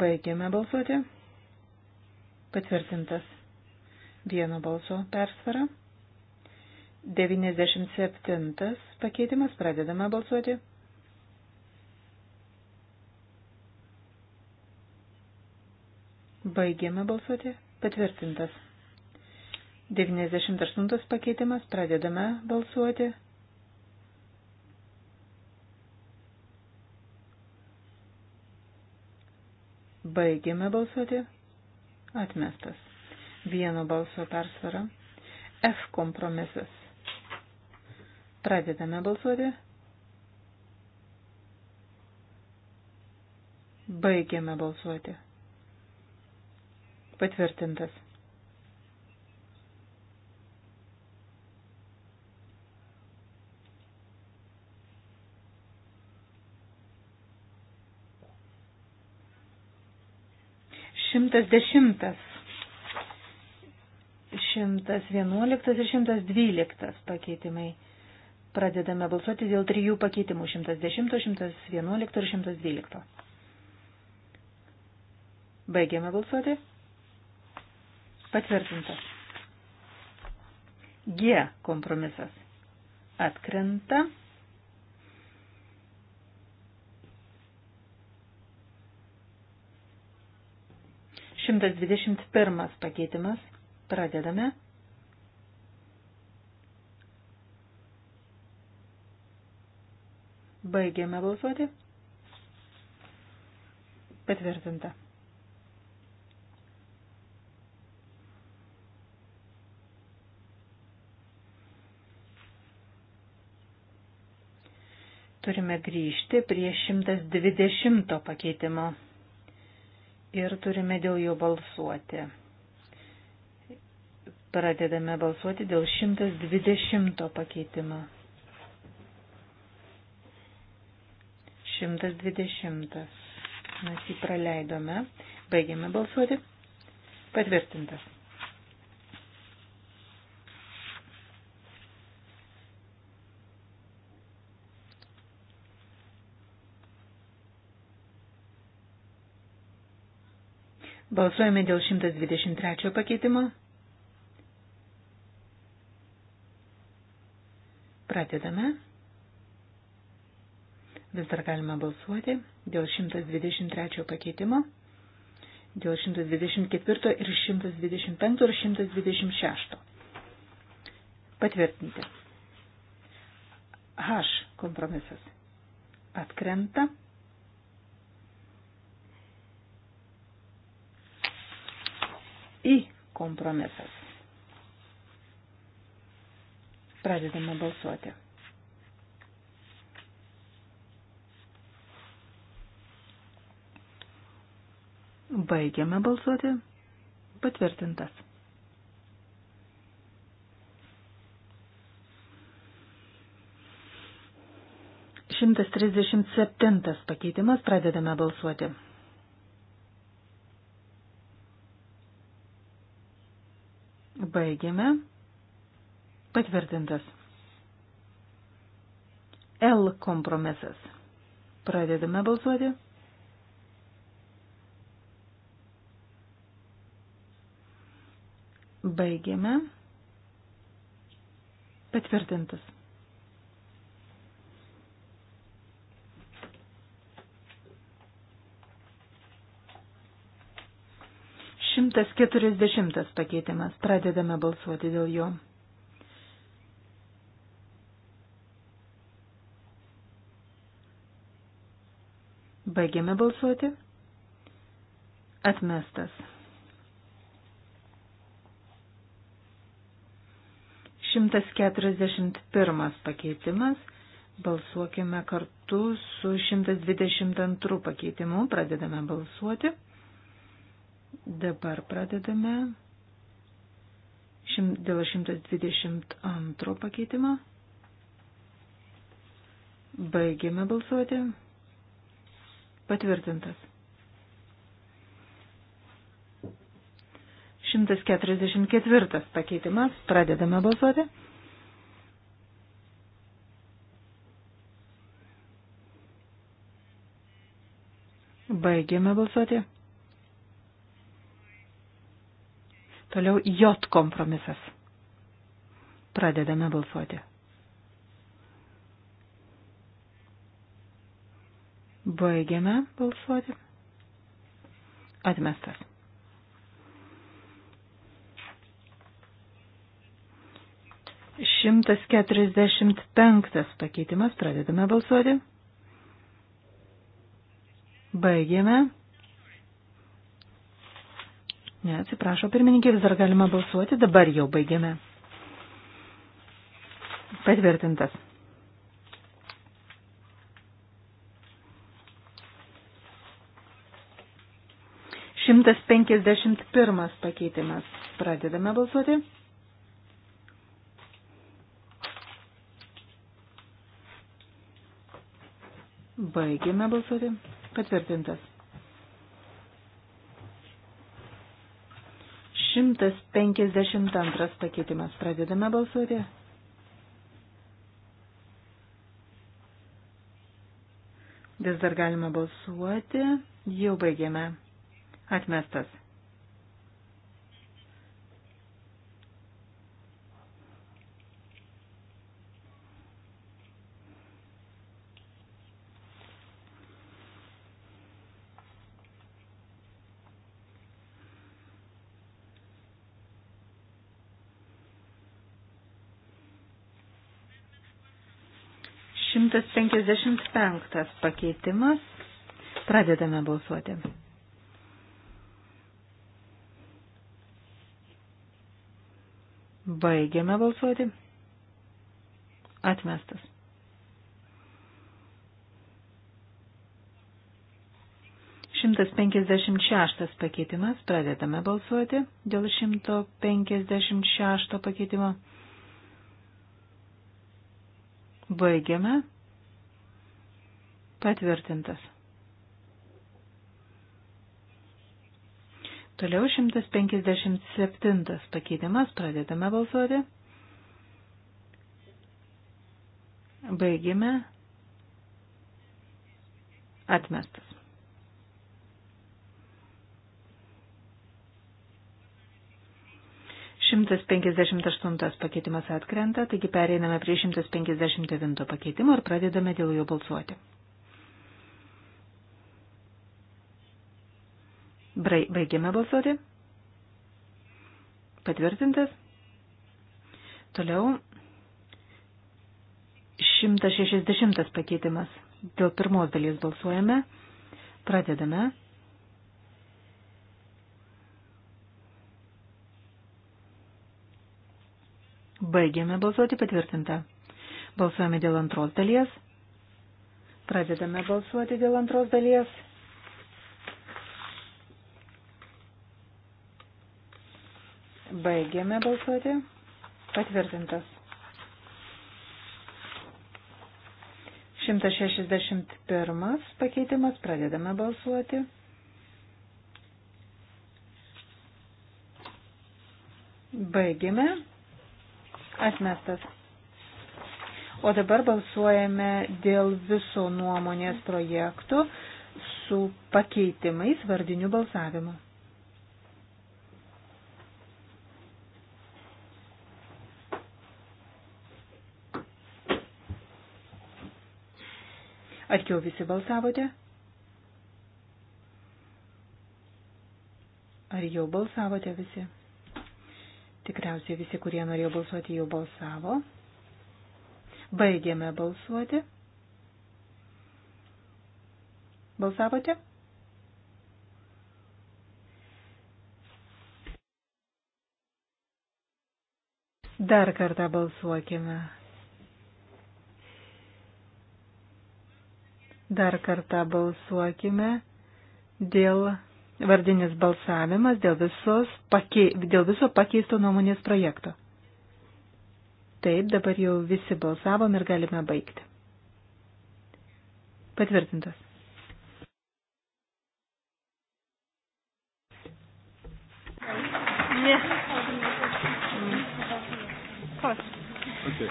Baigėme balsuoti. Patvirtintas. Vieno balso persvara. 97 pakeitimas. Pradedame balsuoti. Baigėme balsuoti. Patvirtintas. 98 pakeitimas, pradedame balsuoti. Baigiame balsuoti. Atmestas. Vieno balso persvara. F kompromisas. Pradedame balsuoti. Baigiame balsuoti. Patvirtintas. 110. 111 ir 112 pakeitimai. Pradedame balsuoti dėl trijų pakeitimų 110, 111 ir 112. Baigiame balsuoti. Patvirtintas. G kompromisas. Atkrenta. 121 pakeitimas. Pradedame. Baigiame balsuoti. Patvirtinta. Turime grįžti prie 120 pakeitimo ir turime dėl jo balsuoti. Pradedame balsuoti dėl 120 pakeitimo. 120. Mes jį praleidome. Baigėme balsuoti. Patvirtintas. Balsuojame dėl 123 pakeitimo. Pradedame. Vis dar galima balsuoti dėl 123 pakeitimo, dėl 124 ir 125 ir 126. Patvirtinti. H kompromisas. Atkrenta. į kompromisas. Pradedame balsuoti. Baigiame balsuoti. Patvirtintas. Šimtas trisdešimt septintas pakeitimas pradedame balsuoti. Baigiame. Patvirtintas. L kompromisas. Pradedame balsuoti. Baigiame. Patvirtintas. 140 pakeitimas. Pradedame balsuoti dėl jo. Baigiame balsuoti. Atmestas. 141 pakeitimas. Balsuokime kartu su 122 pakeitimu. Pradedame balsuoti. Dabar pradedame dėl 122 pakeitimo. Baigėme balsuoti. Patvirtintas. 144 pakeitimas. Pradedame balsuoti. Baigėme balsuoti. Toliau J kompromisas. Pradedame balsuoti. Baigiame balsuoti. Atmestas. Šimtas keturiasdešimt penktas pakeitimas. Pradedame balsuoti. Baigiame. Ne, atsiprašau, pirmininkė, vis dar galima balsuoti, dabar jau baigiame. Patvirtintas. Šimtas penkisdešimt pirmas pakeitimas. Pradedame balsuoti. Baigėme balsuoti. Patvirtintas. 152 pakeitimas. Pradedame balsuoti. Vis dar galima balsuoti. Jau baigėme. Atmestas. 155 pakeitimas. Pradedame balsuoti. Baigiame balsuoti. Atmestas. Šimtas penkiasdešimt šeštas pakeitimas. Pradedame balsuoti dėl šimto penkiasdešimt šešto pakeitimo. Baigiame. Patvirtintas. Toliau 157 pakeitimas, pradedame balsuoti. Baigime. Atmestas. Šimtas penkiasdešimt aštuntas pakeitimas atkrenta, taigi pereiname prie šimtas penkiasdešimt devinto pakeitimo ir pradedame dėl jo balsuoti. Baigėme balsuoti. Patvirtintas. Toliau 160 pakeitimas. Dėl pirmos dalies balsuojame. Pradedame. Baigėme balsuoti patvirtintą. Balsuojame dėl antros dalies. Pradedame balsuoti dėl antros dalies. Baigėme balsuoti. Patvirtintas. 161 pakeitimas. Pradedame balsuoti. Baigėme. Atmestas. O dabar balsuojame dėl viso nuomonės projektų su pakeitimais vardiniu balsavimu. Ar jau visi balsavote? Ar jau balsavote visi? Tikriausiai visi, kurie norėjo balsuoti, jau balsavo. Baigėme balsuoti. Balsavote? Dar kartą balsuokime. Dar kartą balsuokime dėl vardinis balsavimas, dėl, visos, pakei, dėl viso pakeisto nuomonės projekto. Taip, dabar jau visi balsavom ir galime baigti. Patvirtintas. Yes. Mm. Of course. Okay.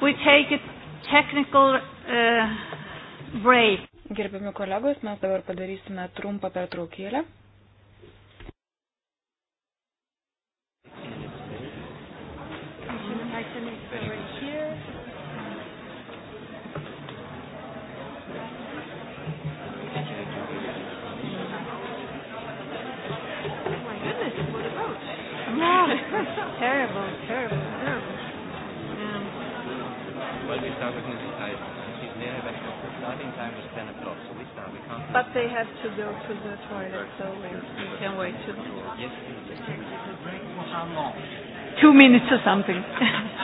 We take a technical uh, break. Gerbiami kolegos, mes dabar padarysime trumpą pertraukėlę. terrible, terrible, terrible. Um, well, we start with Starting time is 10 o'clock, so we start. We can't. But they have to go to the toilet, so we, we can wait. To... Yes. Two minutes or something.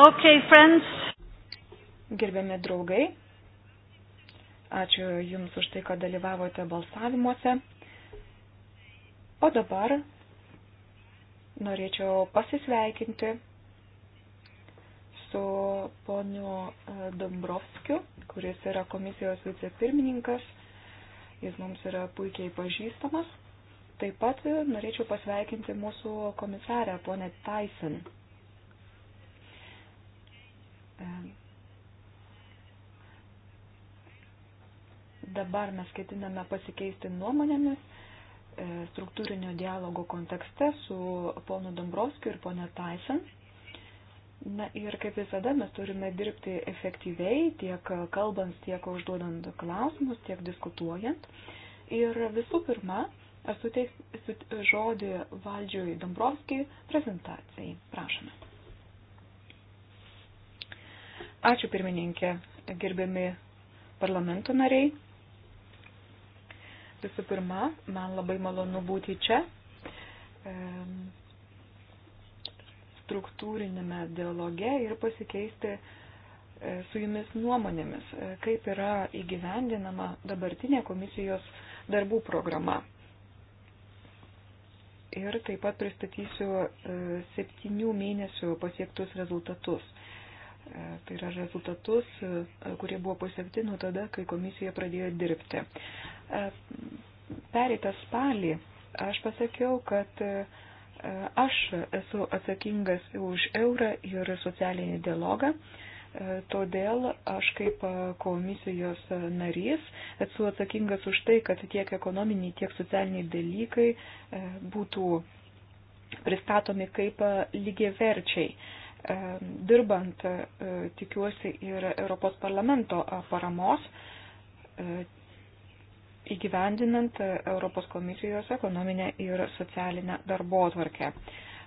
Okay, friends. Gerbiami draugai, ačiū Jums už tai, kad dalyvavote balsavimuose. O dabar norėčiau pasisveikinti su poniu e, Dombrovskiu, kuris yra komisijos vicepirmininkas. Jis mums yra puikiai pažįstamas. Taip pat norėčiau pasveikinti mūsų komisarę, ponę Tyson. Dabar mes ketiname pasikeisti nuomonėmis e, struktūrinio dialogo kontekste su ponu Dombrovskiu ir ponia Tyson. Na ir kaip visada mes turime dirbti efektyviai, tiek kalbant, tiek užduodant klausimus, tiek diskutuojant. Ir visų pirma, aš suteiksiu žodį valdžiui Dombrovskijai prezentacijai. Prašome. Ačiū pirmininkė, gerbiami parlamento nariai, Visų pirma, man labai malonu būti čia struktūrinėme dialoge ir pasikeisti e, su jumis nuomonėmis, e, kaip yra įgyvendinama dabartinė komisijos darbų programa. Ir taip pat pristatysiu e, septynių mėnesių pasiektus rezultatus. Tai yra rezultatus, kurie buvo pasiekti nuo tada, kai komisija pradėjo dirbti pereitą spalį aš pasakiau, kad e, aš esu atsakingas už eurą ir socialinį dialogą. E, todėl aš kaip e, komisijos narys esu atsakingas už tai, kad tiek ekonominiai, tiek socialiniai dalykai būtų pristatomi kaip lygiaverčiai. Dirbant tikiuosi ir Europos parlamento paramos įgyvendinant Europos komisijos ekonominę ir socialinę darbo atvarkę.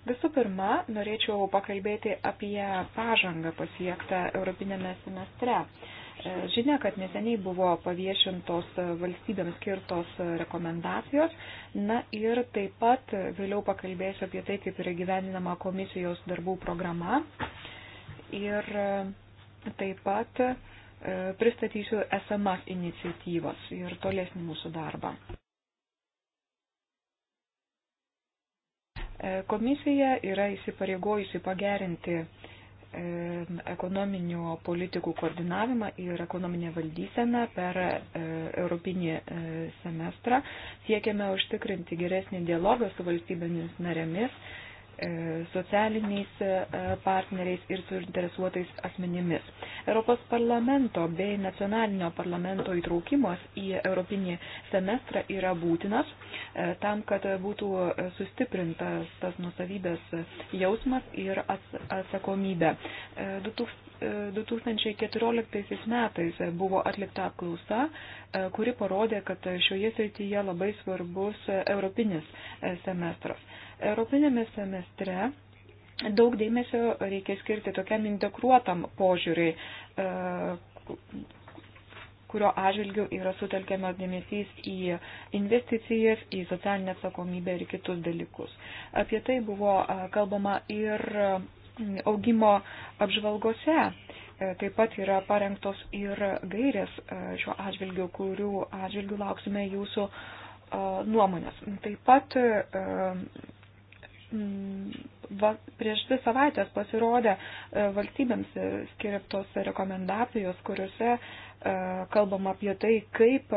Visų pirma, norėčiau pakalbėti apie pažangą pasiektą Europinėme semestre. Žinia, kad neseniai buvo paviešintos valstybėms skirtos rekomendacijos. Na ir taip pat vėliau pakalbėsiu apie tai, kaip yra gyveninama komisijos darbų programa. Ir taip pat E, pristatysiu esamas iniciatyvas ir tolesnį mūsų darbą. E, komisija yra įsipareigojusi pagerinti e, ekonominio politikų koordinavimą ir ekonominę valdyseną per Europinį semestrą. Siekiame užtikrinti geresnį dialogą su valstybėmis narėmis E, socialiniais e, partneriais ir suinteresuotais asmenimis. Europos parlamento bei nacionalinio parlamento įtraukimas į Europinį semestrą yra būtinas e, tam, kad būtų sustiprintas tas nusavybės jausmas ir atsakomybė. 2014 metais buvo atlikta apklausa, kuri parodė, kad šioje srityje labai svarbus europinis semestras. Europinėme semestre daug dėmesio reikia skirti tokiam integruotam požiūriui, e, kurio atžvilgių yra sutelkiamas dėmesys į investicijas, į socialinę atsakomybę ir kitus dalykus. Apie tai buvo e, kalbama ir augimo apžvalgose. E, taip pat yra parengtos ir gairės šiuo atžvilgiu, kurių atžvilgiu lauksime jūsų nuomonės. Taip pat Mm, va, prieš dvi savaitės pasirodė e, valstybėms e, skirtos rekomendacijos, kuriuose e, kalbama apie tai, kaip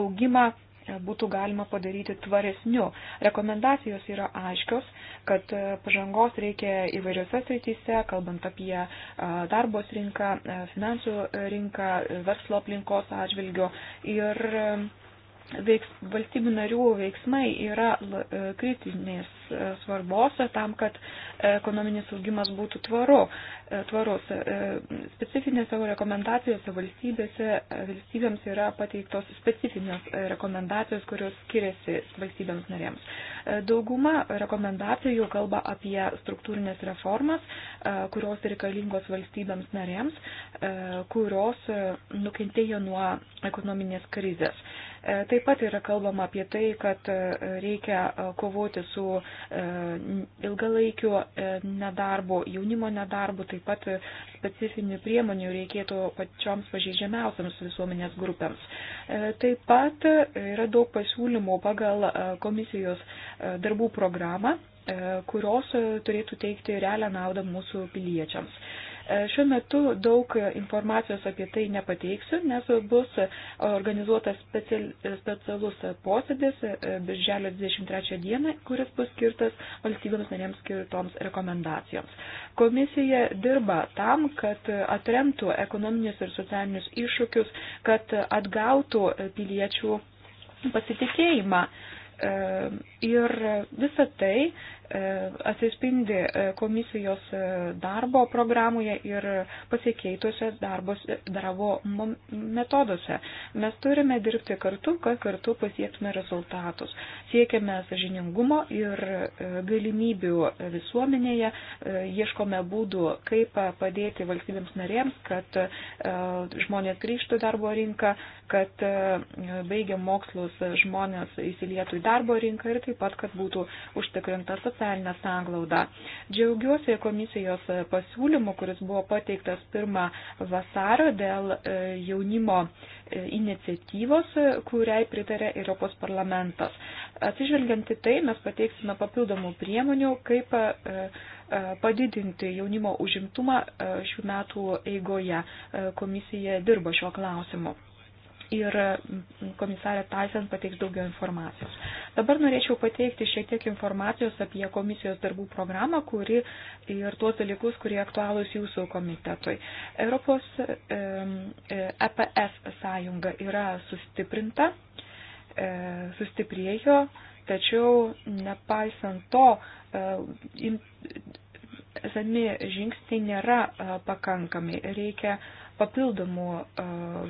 augimą būtų galima padaryti tvaresniu. Rekomendacijos yra aiškios, kad pažangos reikia įvairiose srityse, kalbant apie darbos rinką, finansų rinką, verslo aplinkos atžvilgių ir veiks, valstybių narių veiksmai yra e, kritinės e, svarbos tam, kad e, ekonominis augimas būtų tvaru, tvarus. Specifinės savo rekomendacijose valstybėms yra pateiktos specifinės rekomendacijos, kurios skiriasi valstybėms narėms. Dauguma rekomendacijų kalba apie struktūrinės reformas, kurios reikalingos valstybėms narėms, kurios nukentėjo nuo ekonominės krizės. E, taip pat yra kalbama apie tai, kad e, reikia e, kovoti su ilgalaikiu nedarbu, jaunimo nedarbu, taip pat specifinių priemonių reikėtų pačioms pažeidžiamiausiams visuomenės grupėms. Taip pat yra daug pasiūlymų pagal komisijos darbų programą kurios turėtų teikti realią naudą mūsų piliečiams. E, šiuo metu daug informacijos apie tai nepateiksiu, nes bus organizuotas specialus posėdis e, birželio 23 dieną, kuris bus skirtas valstybėms narėms skirtoms rekomendacijoms. Komisija dirba tam, kad atremtų ekonominius ir socialinius iššūkius, kad atgautų piliečių pasitikėjimą. E, ir visa tai E, atsispindi e, komisijos e, darbo programoje ir pasikeitusios darbo metoduose. Mes turime dirbti kartu, kad kartu pasiektume rezultatus. Siekiame sažiningumo ir galimybių visuomenėje, ieškome būdų, kaip padėti valstybėms narėms, kad žmonės grįžtų į darbo rinką, kad baigę mokslus žmonės įsilietų į darbo rinką ir taip pat, kad būtų užtikrintas atsakymas socialinę sanglaudą. Džiaugiuosi komisijos pasiūlymu, kuris buvo pateiktas 1 vasario dėl e, jaunimo e, iniciatyvos, kuriai pritarė Europos parlamentas. Atsižvelgiant į tai, mes pateiksime papildomų priemonių, kaip e, padidinti jaunimo užimtumą šių metų eigoje. Komisija dirba šiuo klausimu ir komisarė Taisen pateiks daugiau informacijos. Dabar norėčiau pateikti šiek tiek informacijos apie komisijos darbų programą, kuri ir tuos dalykus, kurie aktualūs jūsų komitetui. Europos EPS e, e sąjunga yra sustiprinta, e, sustiprėjo, tačiau nepaisant to, esami žingsniai nėra pakankami. Reikia papildomų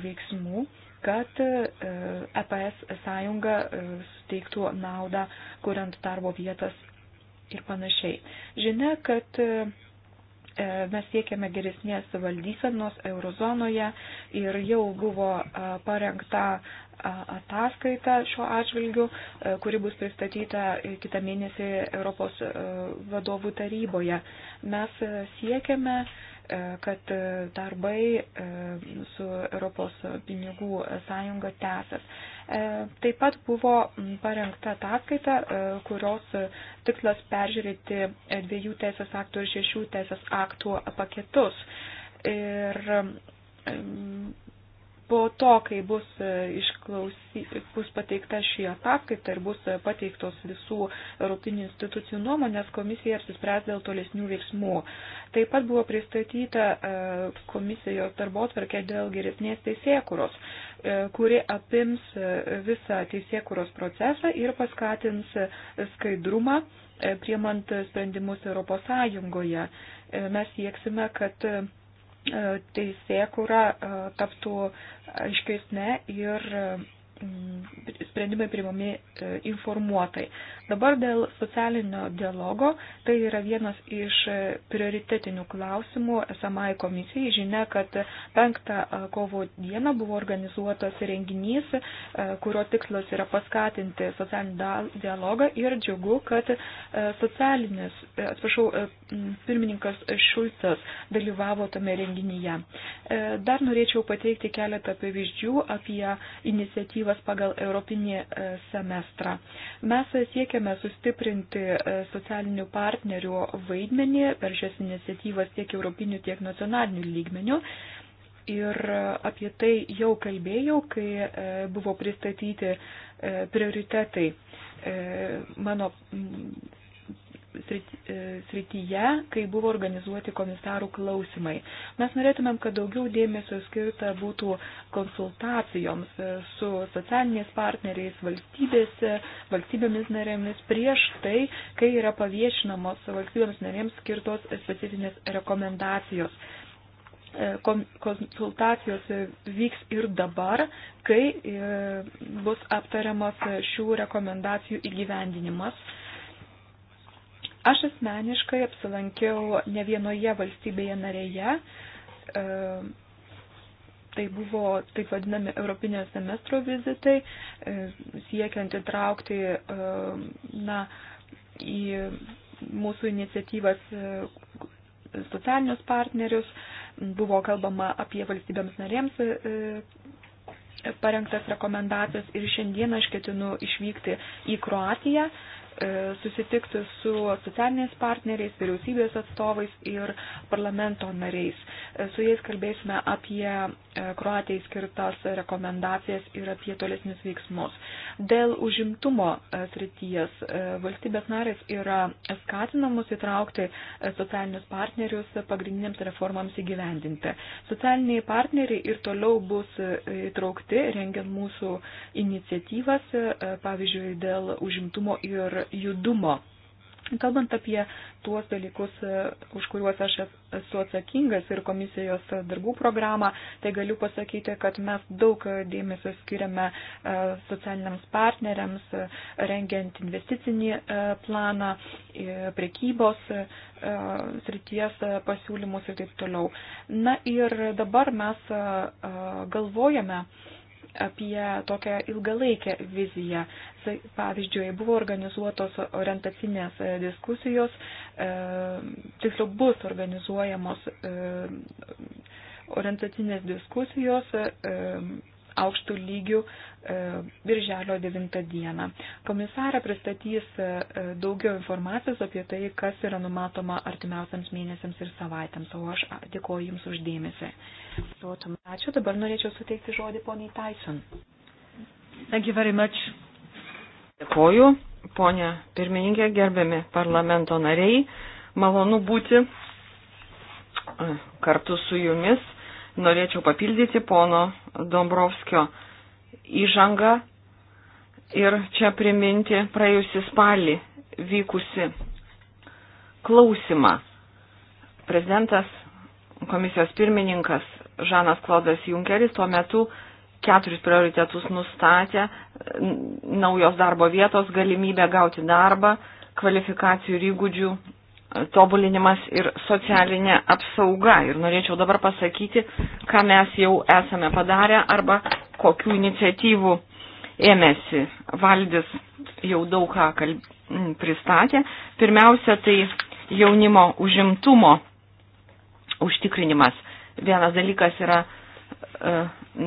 veiksmų kad EPS e sąjunga e, suteiktų naudą, kuriant darbo vietas ir panašiai. Žinia, kad e, mes siekiame geresnės valdysenos eurozonoje ir jau buvo parengta ataskaita šiuo atžvilgiu, kuri bus pristatyta kitą mėnesį Europos vadovų taryboje. Mes siekiame E, kad e, darbai e, su Europos pinigų sąjunga tęsės. Taip pat buvo parengta ataskaita, kurios tikslas peržiūrėti dviejų teisės aktų ir šešių teisės aktų paketus. Ir po to, kai bus, e, išklausy, bus pateikta šį ataskaitą ir bus e, pateiktos visų Europinių institucijų nuomonės, komisija apsispręs dėl tolesnių veiksmų. Taip pat buvo pristatyta e, komisijos darbotvarkė dėl geresnės teisėkuros, kuri apims visą teisėkuros procesą ir paskatins skaidrumą priemant sprendimus Europos Sąjungoje. Mes sieksime, kad teisėkura e, taptų e, aiškesnė ir sprendimai priimami e, informuotai. Dabar dėl socialinio dialogo, tai yra vienas iš e, prioritetinių klausimų SMI komisijai. Žinia, kad 5 e, kovo dieną buvo organizuotas renginys, kurio tikslas yra paskatinti socialinį dialogą ir džiugu, kad socialinis, atsiprašau, pirmininkas Šulcas dalyvavo tame renginyje. Dar norėčiau pateikti keletą pavyzdžių apie iniciatyvą iniciatyvas pagal Europinį e, semestrą. Mes siekiame sustiprinti e, socialinių partnerių vaidmenį per šias iniciatyvas tiek europinių, tiek nacionalinių lygmenių. Ir e, apie tai jau kalbėjau, kai buvo pristatyti prioritetai mano E, srityje, kai buvo organizuoti komisarų klausimai. Mes norėtumėm, kad daugiau dėmesio skirta būtų konsultacijoms e, su socialiniais partneriais valstybėmis narėmis prieš tai, kai yra paviešinamos valstybėms narėms skirtos specifinės rekomendacijos. E, konsultacijos vyks ir dabar, kai bus aptariamas šių rekomendacijų įgyvendinimas Aš asmeniškai apsilankiau ne vienoje valstybėje narėje. E, tai buvo taip vadinami Europinio semestro vizitai, e, siekiant įtraukti e, na, į mūsų iniciatyvas socialinius partnerius. Buvo kalbama apie valstybėms narėms parengtas rekomendacijas ir šiandien aš ketinu išvykti į Kroatiją E, susitikti su socialiniais partneriais, vyriausybės atstovais ir parlamento nariais. E, su jais kalbėsime apie e, Kroatijai skirtas rekomendacijas ir apie tolesnius veiksmus. Dėl užimtumo srities valstybės narės yra skatinamus įtraukti socialinius partnerius pagrindiniams reformams įgyvendinti. Socialiniai partneriai ir toliau bus įtraukti, rengiant mūsų iniciatyvas, pavyzdžiui, dėl užimtumo ir judumo. Kalbant apie tuos dalykus, e, už kuriuos aš esu atsakingas ir komisijos darbų programą, tai galiu pasakyti, kad mes daug dėmesio skiriame e, socialiniams partneriams, e, rengiant investicinį planą, prekybos srities pasiūlymus ir taip toliau. Na ir dabar mes galvojame, apie tokią ilgalaikę viziją. Pavyzdžiui, buvo organizuotos orientacinės e, diskusijos, e, tiksliau bus organizuojamos e, orientacinės diskusijos aukštų lygių E, birželio 9 dieną. Komisarė pristatys e, e, daugiau informacijos apie tai, kas yra numatoma artimiausiams mėnesiams ir savaitėms, o aš dėkoju Jums uždėmesi. Ačiū, dabar norėčiau suteikti žodį poniai Tyson. Dėkoju, ponė pirmininkė, gerbiami parlamento nariai, malonu būti kartu su Jumis. Norėčiau papildyti pono Dombrovskio įžangą ir čia priminti praėjusį spalį vykusi klausimą. Prezidentas, komisijos pirmininkas Žanas Klaudas Junkeris tuo metu keturis prioritetus nustatė - naujos darbo vietos, galimybė gauti darbą, kvalifikacijų ir įgūdžių tobulinimas ir socialinė apsauga. Ir norėčiau dabar pasakyti, ką mes jau esame padarę arba kokių iniciatyvų ėmėsi. Valdis jau daug ką kalb... pristatė. Pirmiausia, tai jaunimo užimtumo užtikrinimas. Vienas dalykas yra e,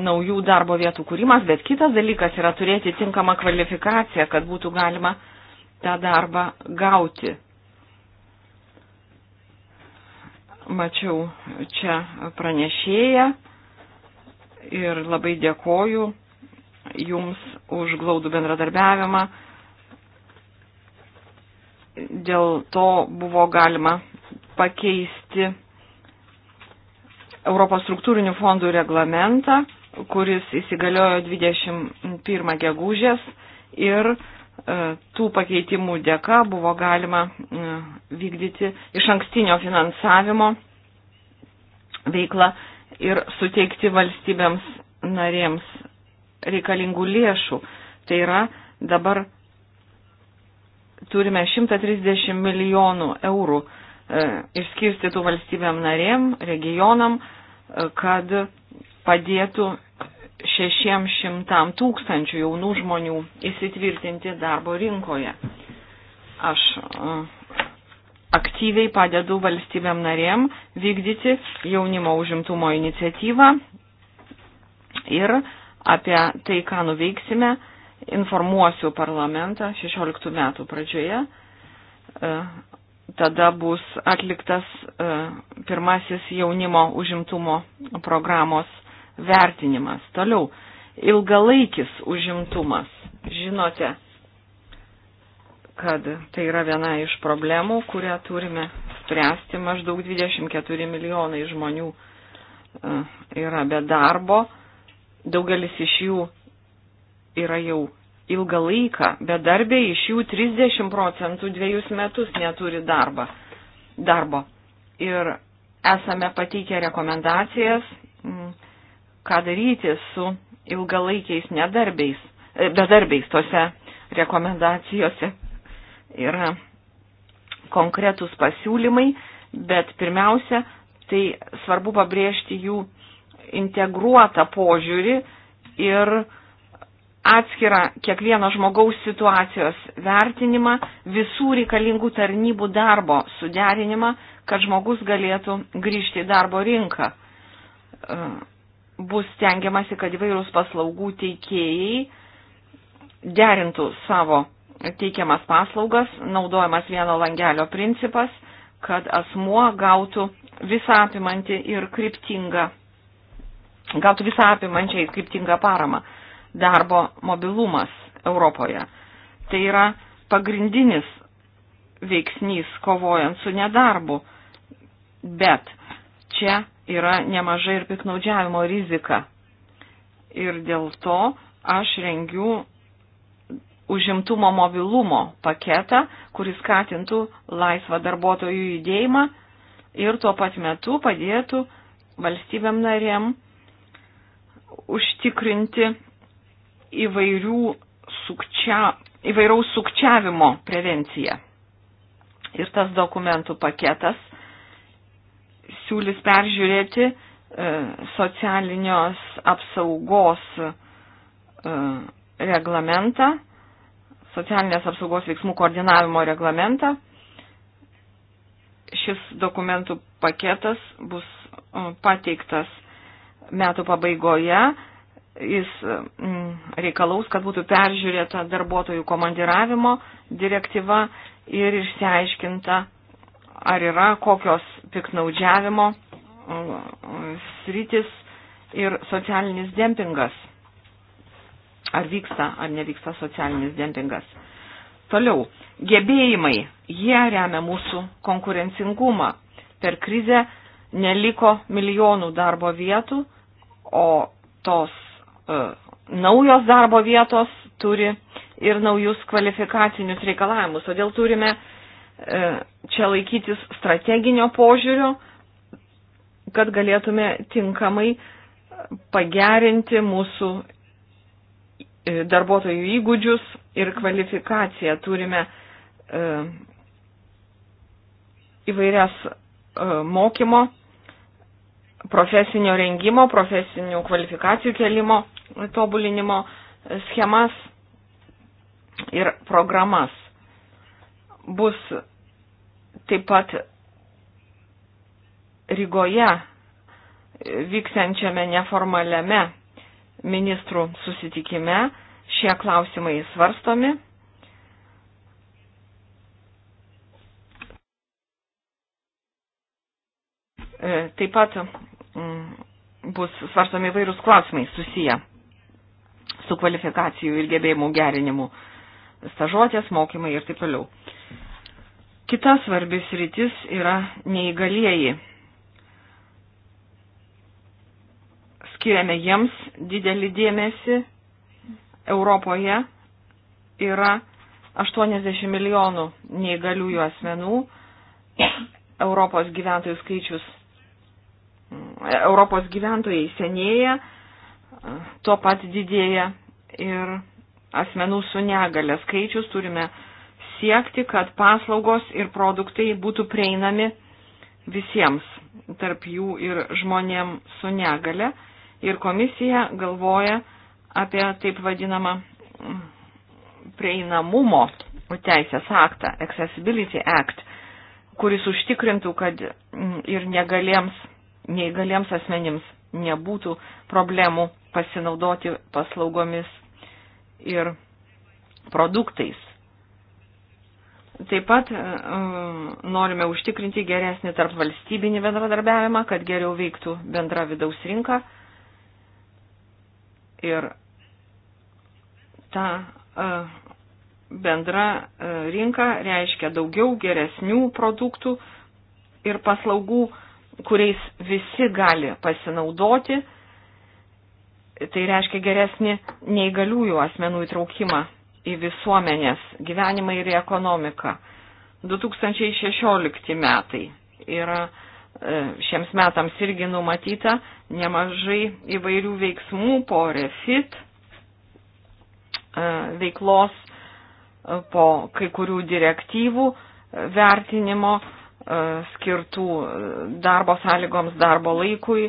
naujų darbo vietų kūrimas, bet kitas dalykas yra turėti tinkamą kvalifikaciją, kad būtų galima tą darbą gauti. Mačiau čia pranešėją ir labai dėkoju Jums už glaudų bendradarbiavimą. Dėl to buvo galima pakeisti Europos struktūrinių fondų reglamentą, kuris įsigaliojo 21 gegužės ir e, tų pakeitimų dėka buvo galima e, vykdyti iš ankstinio finansavimo veiklą ir suteikti valstybėms narėms reikalingų lėšų. Tai yra dabar turime 130 milijonų eurų e, išskirstytų valstybėm narėm, regionam, e, kad padėtų 600 tūkstančių jaunų žmonių įsitvirtinti darbo rinkoje. Aš e, aktyviai padedu valstybėm narėm vykdyti jaunimo užimtumo iniciatyvą ir apie tai, ką nuveiksime, informuosiu parlamentą 16 metų pradžioje. E, tada bus atliktas e, pirmasis jaunimo užimtumo programos vertinimas. Toliau, ilgalaikis užimtumas. Žinote, kad tai yra viena iš problemų, kurią turime spręsti. Maždaug 24 milijonai žmonių e, yra be darbo. Daugelis iš jų yra jau ilgą laiką bedarbiai, iš jų 30 procentų dviejus metus neturi darbą, darbo. Ir esame pateikę rekomendacijas, ką daryti su ilgalaikiais nedarbiais, e, bedarbiais tose rekomendacijose yra konkretūs pasiūlymai, bet pirmiausia, tai svarbu pabrėžti jų integruotą požiūrį ir atskirą kiekvieno žmogaus situacijos vertinimą, visų reikalingų tarnybų darbo suderinimą, kad žmogus galėtų grįžti į darbo rinką. E, bus tengiamasi, kad įvairūs paslaugų teikėjai derintų savo teikiamas paslaugas, naudojamas vieno langelio principas, kad asmuo gautų visą apimantį ir kryptingą, gautų visą apimančią ir kryptingą paramą darbo mobilumas Europoje. Tai yra pagrindinis veiksnys kovojant su nedarbu, bet čia yra nemažai ir piknaudžiavimo rizika. Ir dėl to aš rengiu užimtumo mobilumo paketą, kuris skatintų laisvą darbuotojų judėjimą ir tuo pat metu padėtų valstybėm narėm užtikrinti įvairių sukčia, įvairaus sukčiavimo prevenciją. Ir tas dokumentų paketas siūlys peržiūrėti e, socialinios apsaugos e, reglamentą socialinės apsaugos veiksmų koordinavimo reglamentą. Šis dokumentų paketas bus um, pateiktas metų pabaigoje. Jis um, reikalaus, kad būtų peržiūrėta darbuotojų komandiravimo direktyva ir išsiaiškinta, ar yra kokios piknaudžiavimo um, sritis ir socialinis dempingas ar vyksta ar nevyksta socialinis dempingas. Toliau, gebėjimai, jie remia mūsų konkurencingumą. Per krizę neliko milijonų darbo vietų, o tos e, naujos darbo vietos turi ir naujus kvalifikacinius reikalavimus. Todėl turime e, čia laikytis strateginio požiūrio, kad galėtume tinkamai pagerinti mūsų E, darbuotojų įgūdžius ir kvalifikaciją. Turime e, įvairias e, mokymo, profesinio rengimo, profesinių kvalifikacijų kelimo, tobulinimo schemas ir programas. Bus taip pat Rygoje vyksiančiame neformaliame ministrų susitikime šie klausimai svarstomi. E, taip pat mm, bus svarstomi vairūs klausimai susiję su kvalifikacijų ir gebėjimų gerinimu, stažuotės, mokymai ir taip toliau. Kita svarbis rytis yra neįgalieji skiriame jiems didelį dėmesį. Europoje yra 80 milijonų neįgaliųjų asmenų. Europos gyventojų skaičius, Europos gyventojai senėja, tuo pat didėja ir asmenų su negale skaičius. Turime siekti, kad paslaugos ir produktai būtų prieinami visiems, tarp jų ir žmonėm su negale ir komisija galvoja apie taip vadinamą prieinamumo teisės aktą, Accessibility Act, kuris užtikrintų, kad ir negaliems, neįgaliems asmenims nebūtų problemų pasinaudoti paslaugomis ir produktais. Taip pat um, norime užtikrinti geresnį tarp valstybinį bendradarbiavimą, kad geriau veiktų bendra vidaus rinka. Ir ta e, bendra e, rinka reiškia daugiau geresnių produktų ir paslaugų, kuriais visi gali pasinaudoti. Tai reiškia geresnį neįgaliųjų asmenų įtraukimą į visuomenės gyvenimą ir į ekonomiką. 2016 metai yra E, šiems metams irgi numatyta nemažai įvairių veiksmų po refit e, veiklos, e, po kai kurių direktyvų vertinimo skirtų darbo sąlygoms, darbo laikui.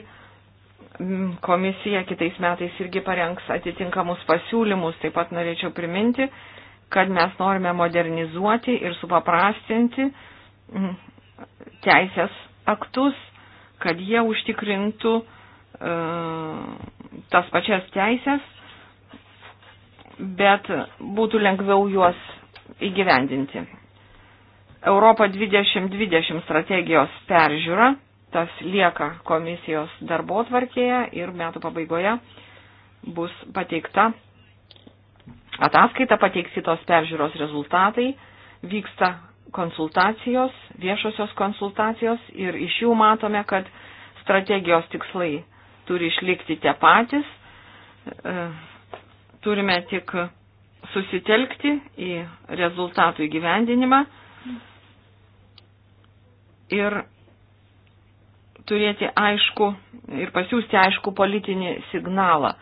Komisija kitais metais irgi parengs atitinkamus pasiūlymus. Taip pat norėčiau priminti, kad mes norime modernizuoti ir supaprastinti teisės aktus, kad jie užtikrintų e, tas pačias teisės, bet būtų lengviau juos įgyvendinti. Europa 2020 strategijos peržiūra, tas lieka komisijos darbo tvarkėje ir metų pabaigoje bus pateikta ataskaita, pateiksi tos peržiūros rezultatai, vyksta konsultacijos, viešosios konsultacijos ir iš jų matome, kad strategijos tikslai turi išlikti tie patys. E, turime tik susitelkti į rezultatų įgyvendinimą ir turėti aišku ir pasiūsti aišku politinį signalą,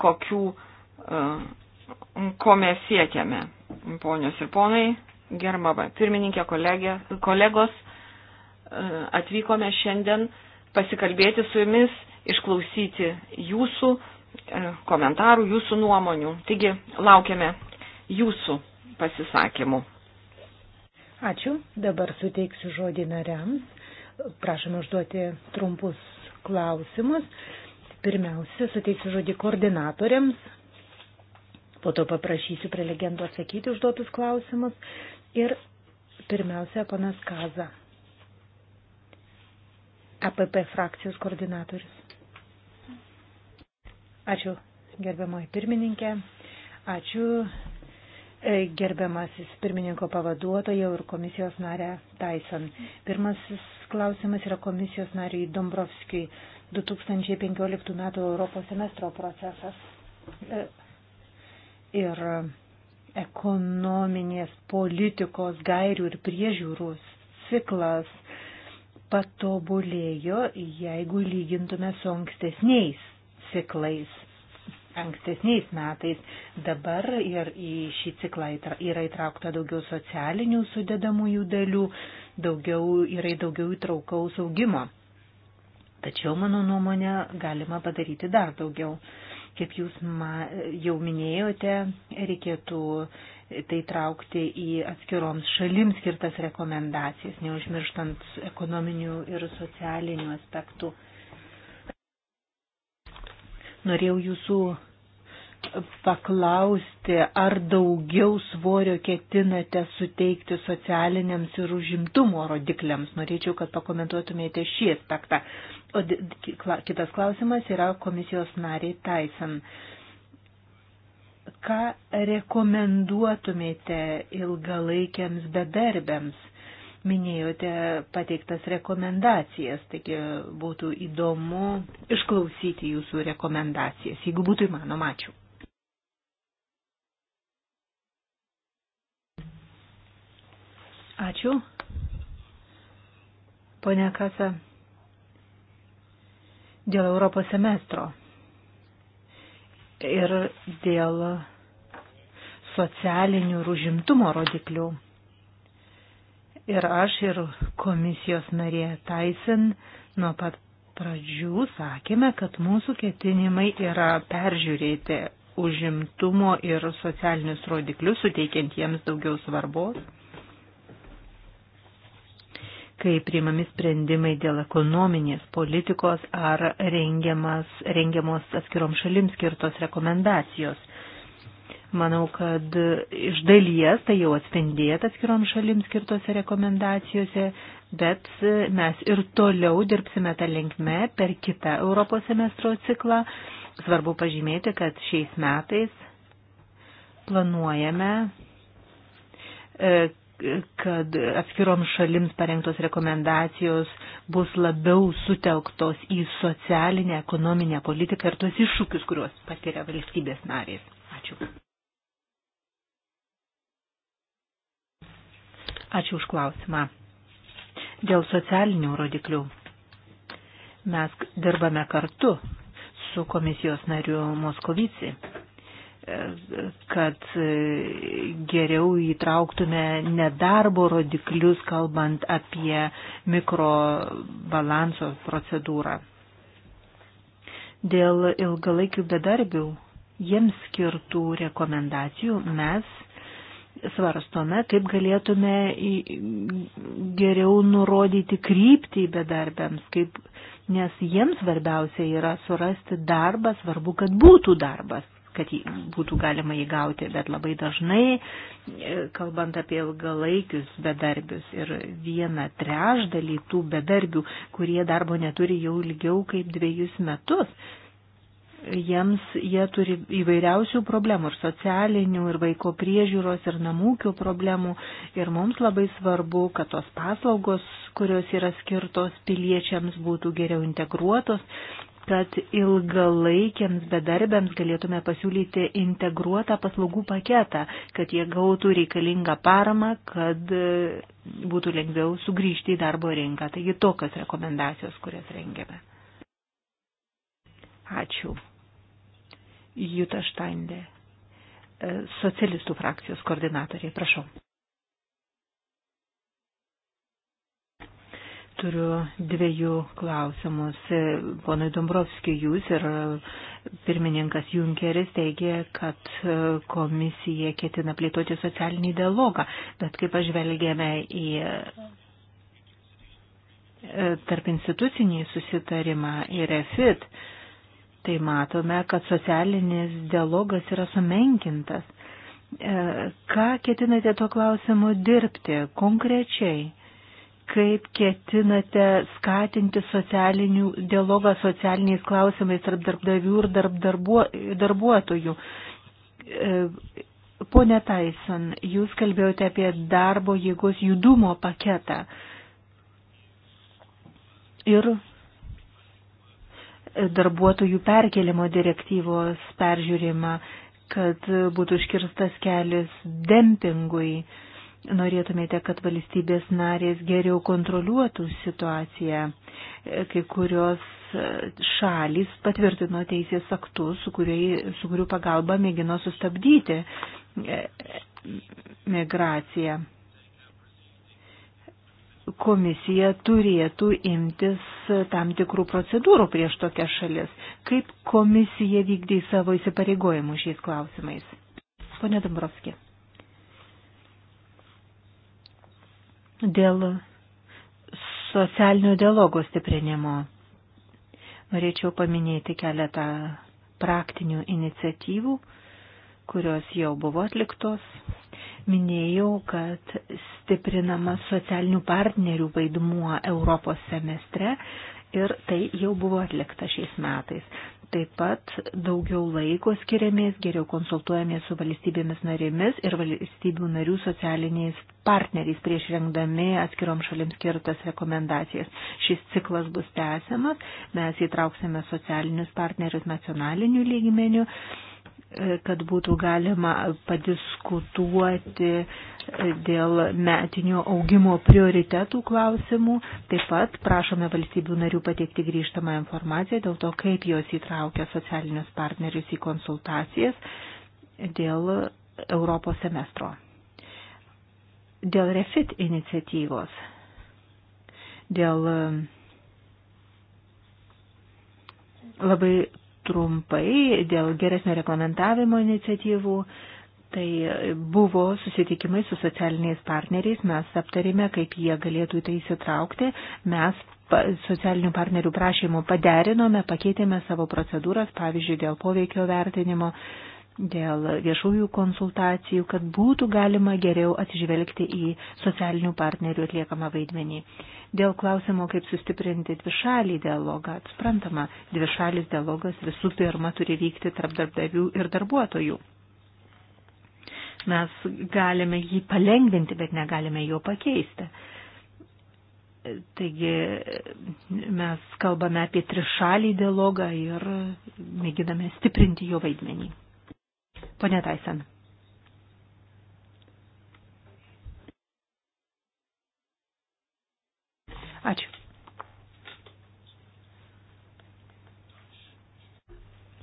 kokių, e, ko mes siekiame. Ponios ir ponai, Gerbama pirmininkė, kolegė, kolegos, e, atvykome šiandien pasikalbėti su jumis, išklausyti jūsų e, komentarų, jūsų nuomonių. Taigi laukiame jūsų pasisakymų. Ačiū. Dabar suteiksiu žodį nariams. Prašome užduoti trumpus klausimus. Pirmiausia, suteiksiu žodį koordinatoriams. Po to paprašysiu prelegento atsakyti užduotus klausimus. Ir pirmiausia, panas Kaza, APP frakcijos koordinatorius. Ačiū, gerbiamoji pirmininkė. Ačiū, e, gerbiamasis pirmininko pavaduotojo ir komisijos narė Tyson. Pirmasis klausimas yra komisijos nariai Dombrovskijui 2015 m. Europos semestro procesas. E, ir ekonominės politikos gairių ir priežiūros ciklas patobulėjo, jeigu lygintume su ankstesniais ciklais, ankstesniais metais. Dabar ir į šį ciklą yra įtraukta daugiau socialinių sudedamųjų dalių, daugiau, yra daugiau įtraukaus augimo. Tačiau, mano nuomonė, galima padaryti dar daugiau. Kaip jūs jau minėjote, reikėtų tai traukti į atskiroms šalims skirtas rekomendacijas, neužmirštant ekonominių ir socialinių aspektų. Norėjau jūsų paklausti, ar daugiau svorio ketinate suteikti socialiniams ir užimtumo rodikliams. Norėčiau, kad pakomentuotumėte šį aspektą. O kitas klausimas yra komisijos nariai Tyson. Ką rekomenduotumėte ilgalaikiams bedarbėms? Minėjote pateiktas rekomendacijas, taigi būtų įdomu išklausyti jūsų rekomendacijas, jeigu būtų įmanoma. Ačiū. Ačiū. Pone Kasa, dėl Europos semestro ir dėl socialinių ir užimtumo rodiklių. Ir aš ir komisijos narė Tyson nuo pat pradžių sakėme, kad mūsų ketinimai yra peržiūrėti užimtumo ir socialinius rodiklius, suteikiant jiems daugiau svarbos kai priimami sprendimai dėl ekonominės politikos ar rengiamas, rengiamos atskirom šalims skirtos rekomendacijos. Manau, kad iš dalies tai jau atspindėta atskirom šalims skirtose rekomendacijose, bet mes ir toliau dirbsime tą linkme per kitą Europos semestro ciklą. Svarbu pažymėti, kad šiais metais planuojame e, kad atskirom šalims parengtos rekomendacijos bus labiau sutelktos į socialinę, ekonominę politiką ir tuos iššūkius, kuriuos patiria valstybės narės. Ačiū. Ačiū už klausimą. Dėl socialinių rodiklių. Mes dirbame kartu su komisijos nariu Moskovici kad geriau įtrauktume nedarbo rodiklius, kalbant apie mikrobalanso procedūrą. Dėl ilgalaikių bedarbių jiems skirtų rekomendacijų mes svarstome, kaip galėtume geriau nurodyti kryptį bedarbiams, kaip, nes jiems svarbiausia yra surasti darbą, svarbu, kad būtų darbas kad būtų galima įgauti, bet labai dažnai, e, kalbant apie ilgalaikius bedarbius ir vieną trešdalį tų bedarbių, kurie darbo neturi jau ilgiau kaip dviejus metus, jiems jie turi įvairiausių problemų ir socialinių, ir vaiko priežiūros, ir namūkių problemų. Ir mums labai svarbu, kad tos paslaugos, kurios yra skirtos piliečiams, būtų geriau integruotos kad ilgalaikiams bedarbiams galėtume pasiūlyti integruotą paslaugų paketą, kad jie gautų reikalingą paramą, kad e, būtų lengviau sugrįžti į darbo rinką. Taigi tokios rekomendacijos, kurias rengėme. Ačiū. Juta Štaindė, e, socialistų frakcijos koordinatoriai, prašau. Turiu dviejų klausimus. Ponai Dombrovskijai, jūs ir pirmininkas Junkeris teigia, kad komisija ketina plėtoti socialinį dialogą, bet kaip pažvelgėme į e, tarp institucinį susitarimą ir EFIT, tai matome, kad socialinis dialogas yra sumenkintas. E, ką ketinate tuo klausimu dirbti konkrečiai? kaip ketinate skatinti socialinių dialogą socialiniais klausimais tarp darbdavių ir tarp darbuo, darbuotojų. E, pone Tyson, jūs kalbėjote apie darbo jėgos judumo paketą. Ir darbuotojų perkelimo direktyvos peržiūrimą, kad būtų iškirstas kelias dempingui. E, norėtumėte, kad valstybės narės geriau kontroliuotų situaciją. Kai kurios šalis patvirtino teisės aktus, su, kuriai, su kurių pagalba mėgino sustabdyti e, migraciją. Komisija turėtų imtis tam tikrų procedūrų prieš tokias šalis. Kaip komisija vykdė savo įsipareigojimų šiais klausimais? Pone Dombrovskis. dėl socialinio dialogo stiprinimo. Norėčiau paminėti keletą praktinių iniciatyvų, kurios jau buvo atliktos. Minėjau, kad stiprinamas socialinių partnerių vaidmuo Europos semestre ir tai jau buvo atlikta šiais metais. Taip pat daugiau laiko skiriamės, geriau konsultuojamės su valstybėmis narėmis ir valstybių narių socialiniais partneriais prieš rengdami atskirom šalim skirtas rekomendacijas. Šis ciklas bus tęsiamas, mes įtrauksime socialinius partnerius nacionalinių lygmenių kad būtų galima padiskutuoti dėl metinio augimo prioritetų klausimų. Taip pat prašome valstybių narių pateikti grįžtamą informaciją dėl to, kaip jos įtraukia socialinius partnerius į konsultacijas dėl Europos semestro. Dėl refit iniciatyvos, dėl labai trumpai dėl geresnio reglamentavimo iniciatyvų. Tai buvo susitikimai su socialiniais partneriais, mes aptarėme, kaip jie galėtų į tai įsitraukti, mes socialinių partnerių prašymų paderinome, pakeitėme savo procedūras, pavyzdžiui, dėl poveikio vertinimo, dėl viešųjų konsultacijų, kad būtų galima geriau atsižvelgti į socialinių partnerių atliekamą vaidmenį. Dėl klausimo, kaip sustiprinti dvišalį dialogą, suprantama, dvišalis dialogas visų pirma turi vykti tarp darbdavių ir darbuotojų. Mes galime jį palengvinti, bet negalime jo pakeisti. Taigi mes kalbame apie trišalį dialogą ir mėginame stiprinti jo vaidmenį. Pone Taisen. Ačiū.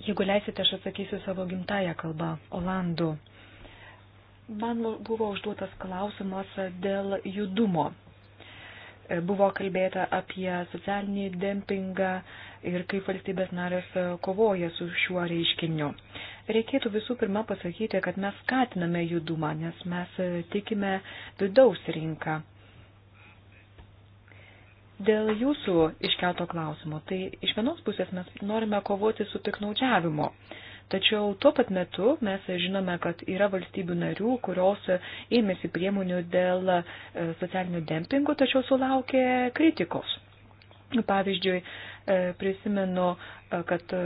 Jeigu leisite, aš atsakysiu savo gimtają kalbą, olandų. Man buvo užduotas klausimas dėl judumo. Buvo kalbėta apie socialinį dempingą, ir kaip valstybės narės e, kovoja su šiuo reiškiniu. Reikėtų visų pirma pasakyti, kad mes skatiname judumą, nes mes e, tikime vidaus rinką. Dėl jūsų iškelto klausimo, tai iš vienos pusės mes norime kovoti su piknaudžiavimu. Tačiau tuo pat metu mes žinome, kad yra valstybių narių, kurios e, ėmėsi priemonių dėl socialinių dempingų, tačiau sulaukė kritikos. Pavyzdžiui, E, prisimenu, e, kad e,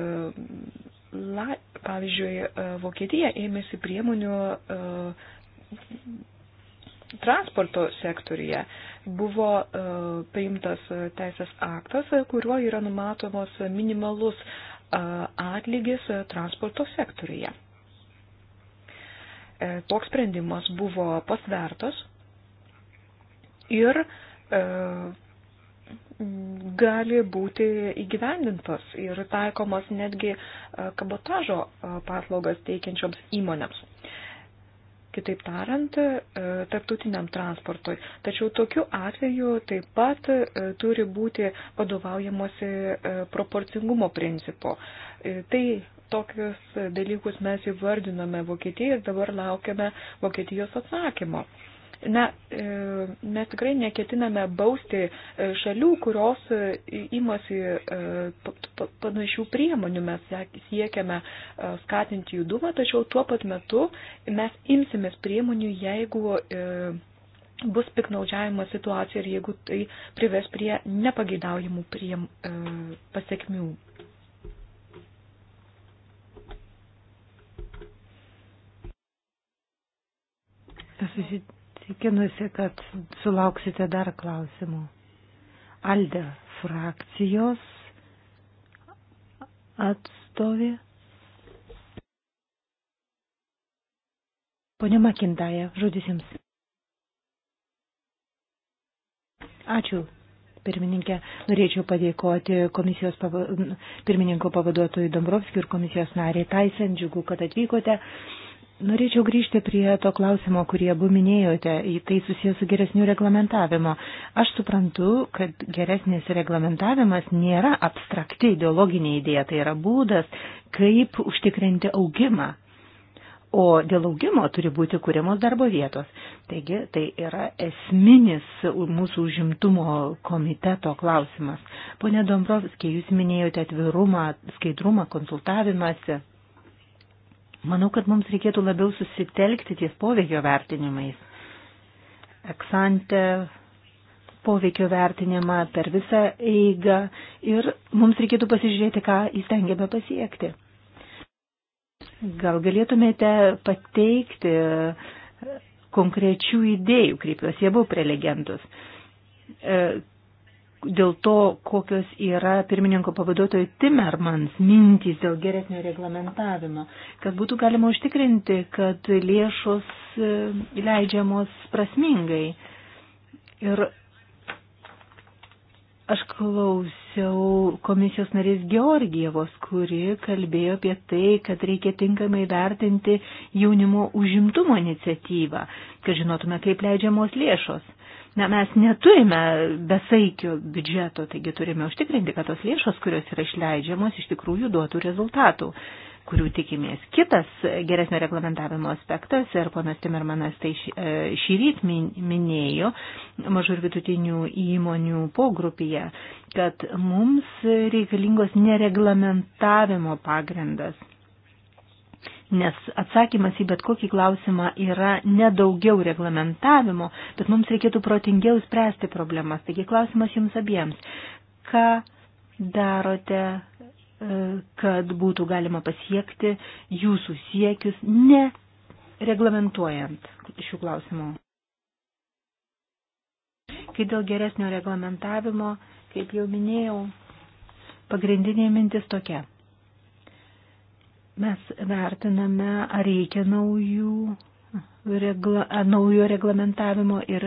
La, pavyzdžiui, Vokietija ėmėsi priemonių transporto sektorija. Buvo priimtas teisės aktas, kuriuo yra numatomos minimalus atlygis transporto sektorija. Toks sprendimas buvo pasvertas ir gali būti įgyvendintos ir taikomos netgi e, kabotažo e, paslaugas teikiančioms įmonėms. Kitaip tariant, e, tarptautiniam transportui. Tačiau tokiu atveju taip pat turi būti vadovaujamosi proporcingumo principu. Tai tokius dalykus mes įvardinome Vokietijai ir dabar laukiame Vokietijos atsakymo. Na, e, mes tikrai neketiname bausti e, šalių, kurios e, imasi panašių priemonių. Mes siekiame skatinti judumą, tačiau tuo pat metu mes imsimės priemonių, jeigu bus piknaudžiavimo situacija ir jeigu tai prives prie nepageidaujimų prie, e, pasiekmių. Tikinuosi, kad sulauksite dar klausimų. Alde frakcijos atstovė. Pone Makintaja, žodis jums. Ačiū, pirmininkė. Norėčiau padėkoti komisijos pava... pirmininko pavaduotojui Dombrovskiu ir komisijos nariai Taisen. Džiugu, kad atvykote. Uh, Norėčiau grįžti prie to klausimo, kurį abu minėjote, į tai susijęs su geresniu reglamentavimu. Aš suprantu, kad geresnis reglamentavimas nėra abstrakti ideologinė idėja, tai yra būdas, kaip užtikrinti augimą. O dėl augimo turi būti kūriamos darbo vietos. Taigi tai yra esminis mūsų užimtumo komiteto klausimas. Pone Dombrovskiai, jūs minėjote atvirumą, skaidrumą, konsultavimąsi. Manau, kad mums reikėtų labiau susitelkti ties poveikio vertinimais. Eksante poveikio vertinimą per visą eigą ir mums reikėtų pasižiūrėti, ką įstengiame pasiekti. Gal galėtumėte pateikti konkrečių idėjų, kreipiuosi abu prelegentus e, dėl to, kokios yra pirmininko pavaduotojo Timmermans mintys dėl geresnio reglamentavimo, kad būtų galima užtikrinti, kad lėšos e, leidžiamos prasmingai. Ir aš klausiau komisijos narės Georgievos, kuri kalbėjo apie tai, kad reikia tinkamai vertinti jaunimo užimtumo iniciatyvą, kad žinotume, kaip leidžiamos lėšos. Ne, mes neturime besaikio biudžeto, taigi turime užtikrinti, kad tos lėšos, kurios yra išleidžiamos, iš tikrųjų duotų rezultatų kurių tikimės. Kitas geresnio reglamentavimo aspektas, ir ponas Timermanas tai e, šį, šį ryt minėjo mažų ir vidutinių įmonių pogrupyje, kad mums reikalingos nereglamentavimo pagrindas nes atsakymas į bet kokį klausimą yra nedaugiau reglamentavimo, bet mums reikėtų protingiau spręsti problemas. Taigi klausimas jums abiems. Ką darote, e, kad būtų galima pasiekti jūsų siekius, ne reglamentuojant šių klausimų? Kai dėl geresnio reglamentavimo, kaip jau minėjau, pagrindinė mintis tokia – Mes vertiname, ar reikia naujų, regla, naujo reglamentavimo ir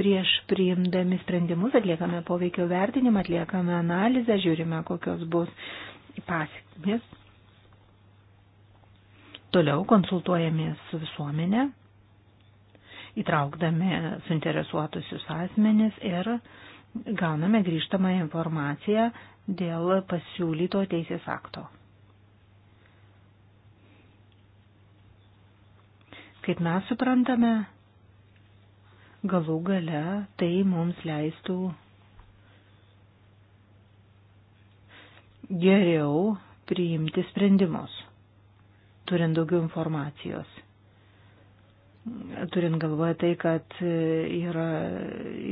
prieš priimdami sprendimus atliekame poveikio vertinimą, atliekame analizę, žiūrime, kokios bus pasiekmes. Toliau konsultuojamės su visuomenė, įtraukdami suinteresuotusius asmenis ir gauname grįžtamą informaciją dėl pasiūlyto teisės akto. Kaip mes suprantame, galų gale tai mums leistų geriau priimti sprendimus, turint daugiau informacijos turint galvoje tai, kad yra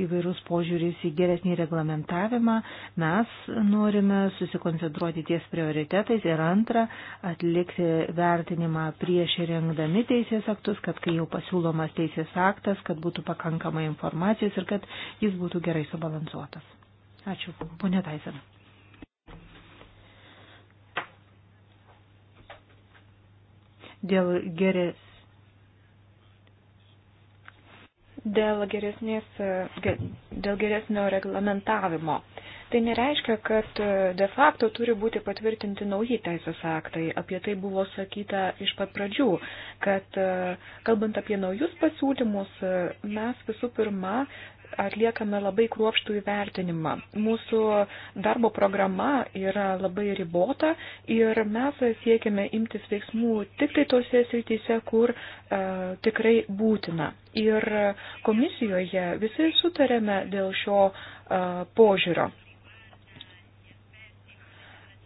įvairus požiūris į geresnį reglamentavimą, mes norime susikoncentruoti ties prioritetais ir antra, atlikti vertinimą prieš rengdami teisės aktus, kad kai jau pasiūlomas teisės aktas, kad būtų pakankamai informacijos ir kad jis būtų gerai subalansuotas. Ačiū, ponė Taisana. Dėl geres dėl, geresnės, dėl geresnio reglamentavimo. Tai nereiškia, kad e, de facto turi būti patvirtinti nauji teisės aktai. Apie tai buvo sakyta iš pat pradžių, kad e, kalbant apie naujus pasiūlymus, e, mes visų pirma atliekame labai kruopštų įvertinimą. Mūsų darbo programa yra labai ribota ir mes siekiame imtis veiksmų tik tai tose srityse, kur e, tikrai būtina. Ir komisijoje visi sutarėme dėl šio e, požiūrio.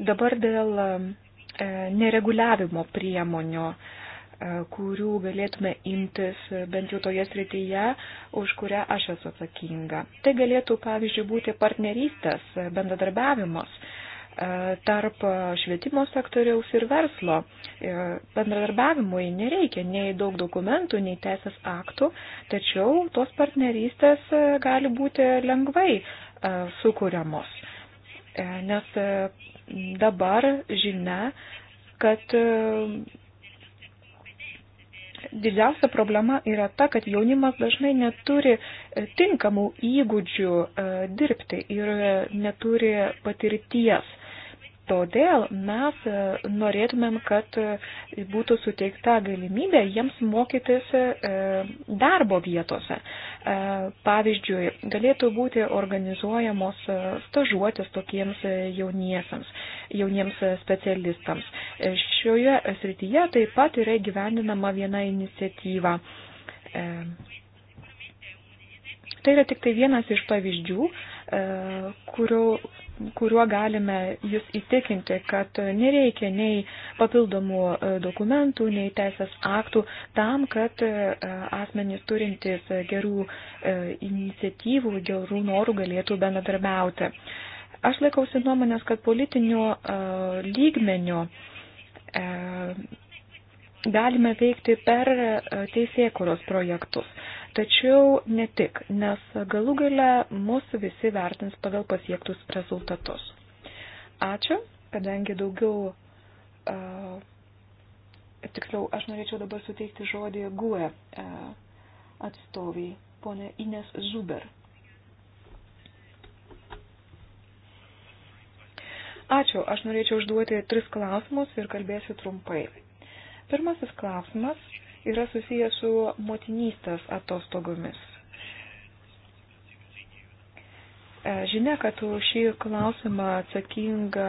Dabar dėl e, nereguliavimo priemonių. E, E, kurių galėtume imtis bent jau toje srityje, už kurią aš esu atsakinga. Tai galėtų, pavyzdžiui, būti partnerystės, bendradarbiavimas e, tarp švietimo sektoriaus ir verslo. E, bendradarbiavimui nereikia nei daug dokumentų, nei teisės aktų, tačiau tos partnerystės gali būti lengvai sukūriamos. Nes dabar žinia, kad Didžiausia problema yra ta, kad jaunimas dažnai neturi e, tinkamų įgūdžių e, dirbti ir e, neturi patirties Todėl mes e, norėtumėm, kad e, būtų suteikta galimybė jiems mokytis e, darbo vietose. Pavyzdžiui, galėtų būti organizuojamos stažuotės tokiems jauniesiams, jauniems specialistams. Šioje srityje taip pat yra gyvendinama viena iniciatyva. Tai yra tik tai vienas iš pavyzdžių, kurio, kuriuo galime jūs įtikinti, kad nereikia nei papildomų e, dokumentų, nei teisės aktų tam, kad e, asmenys turintys gerų e, iniciatyvų, gerų norų galėtų bendradarbiauti. Aš laikausi nuomonės, kad politiniu lygmeniu galime veikti per teisėkuros projektus. Tačiau ne tik, nes galų gale mūsų visi vertins pagal pasiektus rezultatus. Ačiū, kadangi daugiau, uh, tiksliau, aš norėčiau dabar suteikti žodį GUE uh, atstoviai, ponė Ines Zuber. Ačiū, aš norėčiau užduoti tris klausimus ir kalbėsiu trumpai. Pirmasis klausimas yra susijęs su motinystės atostogomis. E, žinia, kad už šį klausimą atsakinga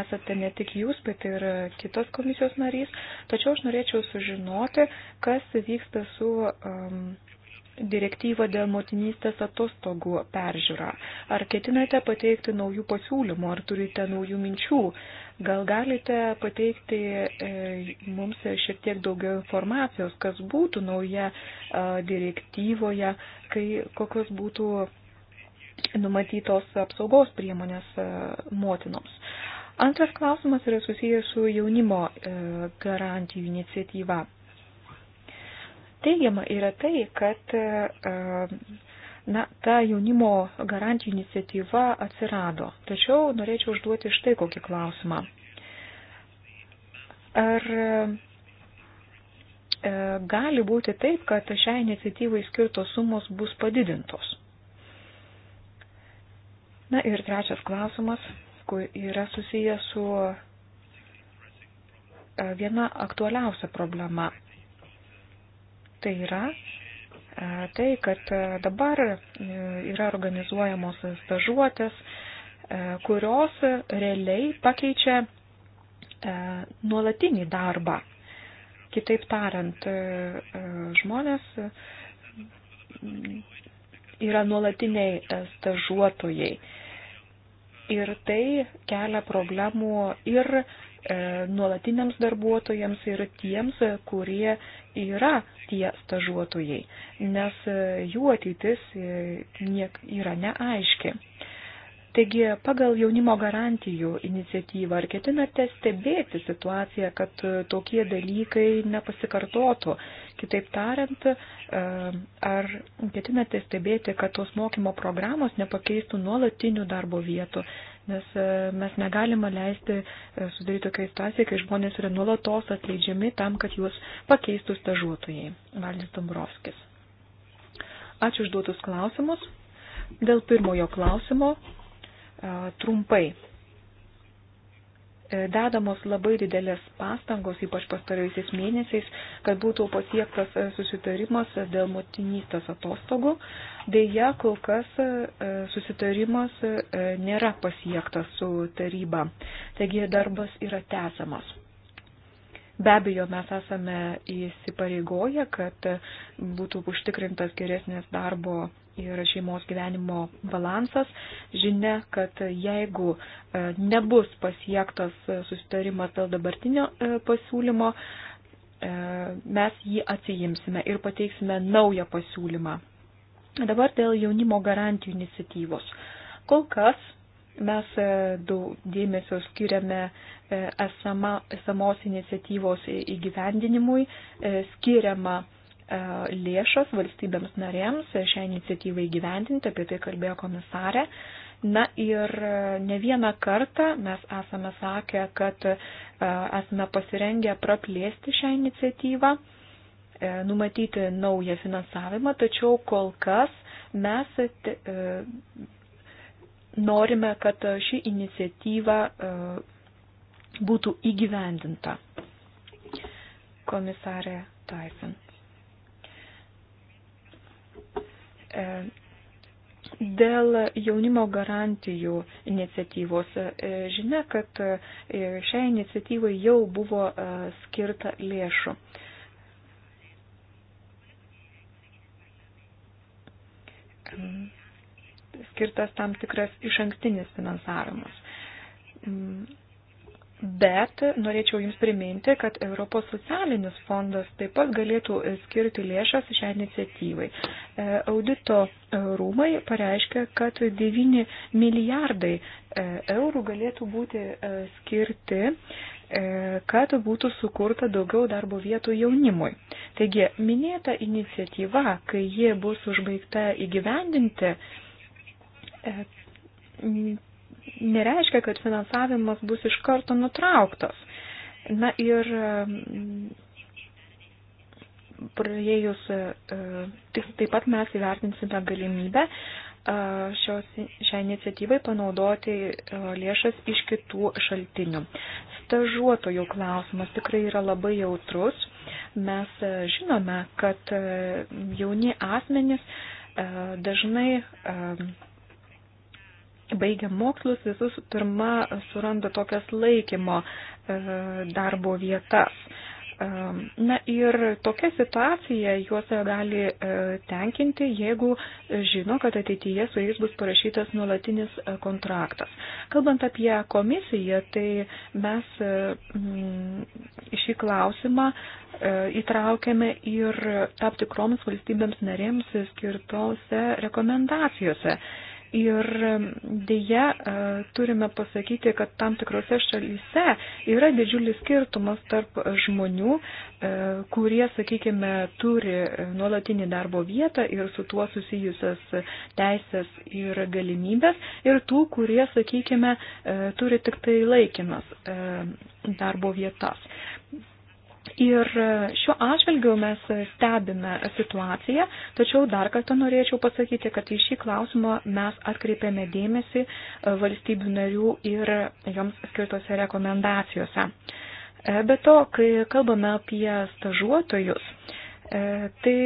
esate ne tik jūs, bet ir kitas komisijos narys, tačiau aš norėčiau sužinoti, kas vyksta su um, direktyva dėl motinystės atostogų peržiūra. Ar ketinate pateikti naujų pasiūlymų, ar turite naujų minčių? Uh, Gal galite pateikti e, mums šiek tiek daugiau informacijos, kas būtų nauja e, direktyvoje, kai, kokios būtų numatytos apsaugos priemonės e, motinoms. Antras klausimas yra susijęs su jaunimo garantijų iniciatyva. Teigiama yra tai, kad Na, ta jaunimo garantijų iniciatyva atsirado, tačiau norėčiau užduoti štai kokį klausimą. Ar e, gali būti taip, kad šiai iniciatyvai skirtos sumos bus padidintos. Na ir trečias klausimas, kur yra susijęs su e, viena aktualiausia problema. Tai yra tai, kad e, dabar e, yra organizuojamos stažuotės, e, kurios realiai pakeičia nuolatinį darbą. Kitaip tariant, žmonės yra nuolatiniai stažuotojai. Ir tai kelia problemų ir E, nuolatiniams darbuotojams ir tiems, kurie yra tie stažuotojai, nes e, jų ateitis e, niek yra neaiški. Taigi, pagal jaunimo garantijų iniciatyvą, ar ketinate stebėti situaciją, kad tokie dalykai nepasikartotų? Kitaip tariant, ar ketinate stebėti, kad tos mokymo programos nepakeistų nuolatinių darbo vietų, nes e, mes negalime leisti e, sudaryti tokią situaciją, kai žmonės yra nulatos atleidžiami tam, kad juos pakeistų stažuotojai. Valdis Dombrovskis. Ačiū užduotus klausimus. Dėl pirmojo klausimo e, trumpai E, dedamos labai didelės pastangos, ypač pastaraisiais mėnesiais, kad būtų pasiektas e, susitarimas dėl motinystės atostogų. Deja, kol kas e, susitarimas nėra pasiektas su taryba, taigi darbas yra tęsiamas. Be abejo, mes esame įsipareigoję, kad būtų užtikrintas geresnės darbo ir šeimos gyvenimo balansas. Žinia, kad jeigu e, nebus pasiektas e, susitarimas dėl dabartinio e, pasiūlymo, mes jį atsijimsime ir pateiksime naują pasiūlymą. Dabar dėl jaunimo garantijų iniciatyvos. Kol kas mes daug dėmesio skiriame esama, esamos iniciatyvos įgyvendinimui, skiriama E, lėšas valstybėms narėms šią iniciatyvą įgyvendinti, apie tai kalbėjo komisarė. Na ir e, ne vieną kartą mes esame sakę, kad e, esame pasirengę praplėsti šią iniciatyvą, numatyti naują finansavimą, tačiau kol kas mes norime, kad ši iniciatyva būtų įgyvendinta. Komisarė Tyson. E, dėl jaunimo garantijų iniciatyvos e, žinia, kad e, šiai iniciatyvai jau buvo skirta lėšų. Skirtas tam tikras iš ankstinis finansavimas. Bet norėčiau Jums priminti, kad Europos socialinis fondas taip pat galėtų skirti lėšas šią iniciatyvai. E, audito rūmai pareiškia, kad 9 milijardai e, eurų galėtų būti e, skirti kad būtų sukurta daugiau darbo vietų jaunimui. Taigi, minėta iniciatyva, kai ji bus užbaigta įgyvendinti, nereiškia, kad finansavimas bus iš karto nutrauktas. Na ir praėjus e, tai taip pat mes įvertinsime galimybę e, šios, šią iniciatyvai panaudoti e, lėšas iš kitų šaltinių. Stažuotojų klausimas tikrai yra labai jautrus. Mes žinome, kad jauni asmenys dažnai baigia mokslus, visus pirma suranda tokias laikymo e, darbo vietas. E, na ir tokia situacija juos gali e, tenkinti, jeigu žino, kad ateityje su jais bus parašytas nuolatinis kontraktas. Kalbant apie komisiją, tai mes šį klausimą įtraukėme ir tam tikroms valstybėms narėms skirtose rekomendacijose. Ir dėja e, turime pasakyti, kad tam tikrose šalyse yra didžiulis skirtumas tarp žmonių, e, kurie, sakykime, turi nuolatinį darbo vietą ir su tuo susijusias teisės ir galimybės, ir tų, kurie, sakykime, e, turi tik tai laikinas darbo vietas. Ir šiuo atžvilgiu mes stebime situaciją, tačiau dar kartą norėčiau pasakyti, kad į šį klausimą mes atkreipėme dėmesį e, valstybių narių ir joms skirtose rekomendacijose. E, be to, kai kalbame apie stažuotojus, e, tai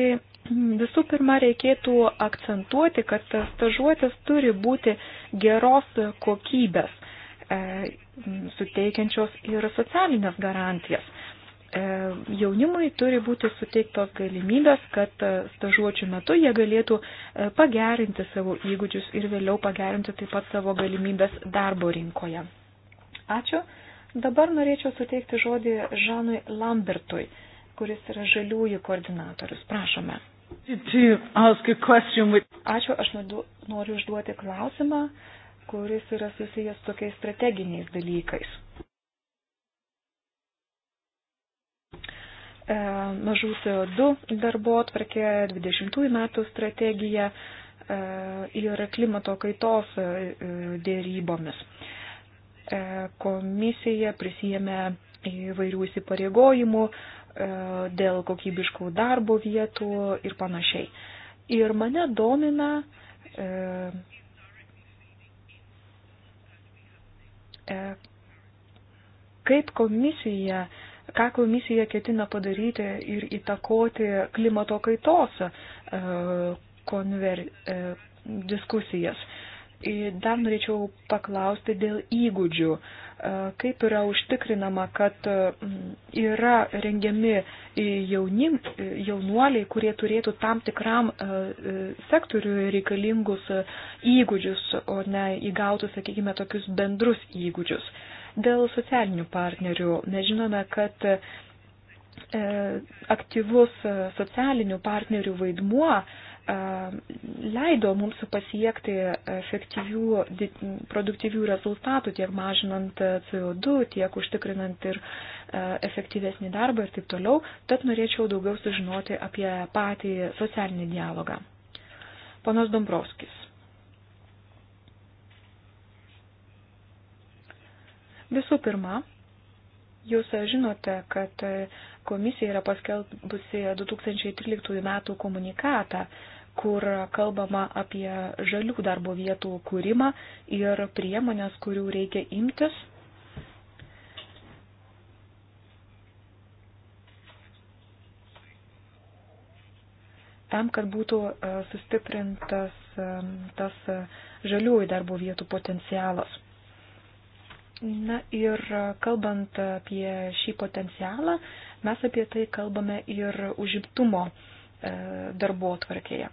visų pirma reikėtų akcentuoti, kad stažuotės turi būti geros kokybės suteikiančios ir socialinės garantijas. E, jaunimui turi būti suteiktos galimybės, kad e, stažuočių metu jie galėtų e, pagerinti savo įgūdžius ir vėliau pagerinti taip pat savo galimybės darbo rinkoje. Ačiū. Dabar norėčiau suteikti žodį Žanui Lambertui, kuris yra žaliųjų koordinatorius. Prašome. Ačiū, aš noriu užduoti klausimą, kuris yra susijęs tokiais strateginiais dalykais. E, mažų CO2 darbo atvarkė, 20 metų strategija e, ir klimato kaitos e, dėrybomis. Komisija prisijėmė įvairių įsipareigojimų dėl kokybiškų darbo vietų ir panašiai. Ir mane domina kaip komisija e, ką komisija ketina padaryti ir įtakoti klimato kaitos e, konver, e, diskusijas. Dar norėčiau paklausti dėl įgūdžių. E, kaip yra užtikrinama, kad yra rengiami jaunim, jaunuoliai, kurie turėtų tam tikram sektoriui reikalingus įgūdžius, o ne įgautų, sakykime, tokius bendrus įgūdžius. Dėl socialinių partnerių mes žinome, kad e, aktyvus socialinių partnerių vaidmuo e, leido mums pasiekti efektyvių, produktyvių rezultatų, tiek mažinant CO2, tiek užtikrinant ir e, efektyvesnį darbą ir taip toliau, tad norėčiau daugiau sužinoti apie patį socialinį dialogą. Ponas Dombrovskis. Visų pirma, Jūs žinote, kad komisija yra paskelbusi 2013 metų komunikatą, kur kalbama apie žalių darbo vietų kūrimą ir priemonės, kurių reikia imtis. tam, kad būtų e, sustiprintas e, tas e, žaliųjų darbo vietų potencialas. Na ir e, kalbant apie šį potencialą, mes apie tai kalbame ir užimtumo e, darbo atvarkėje.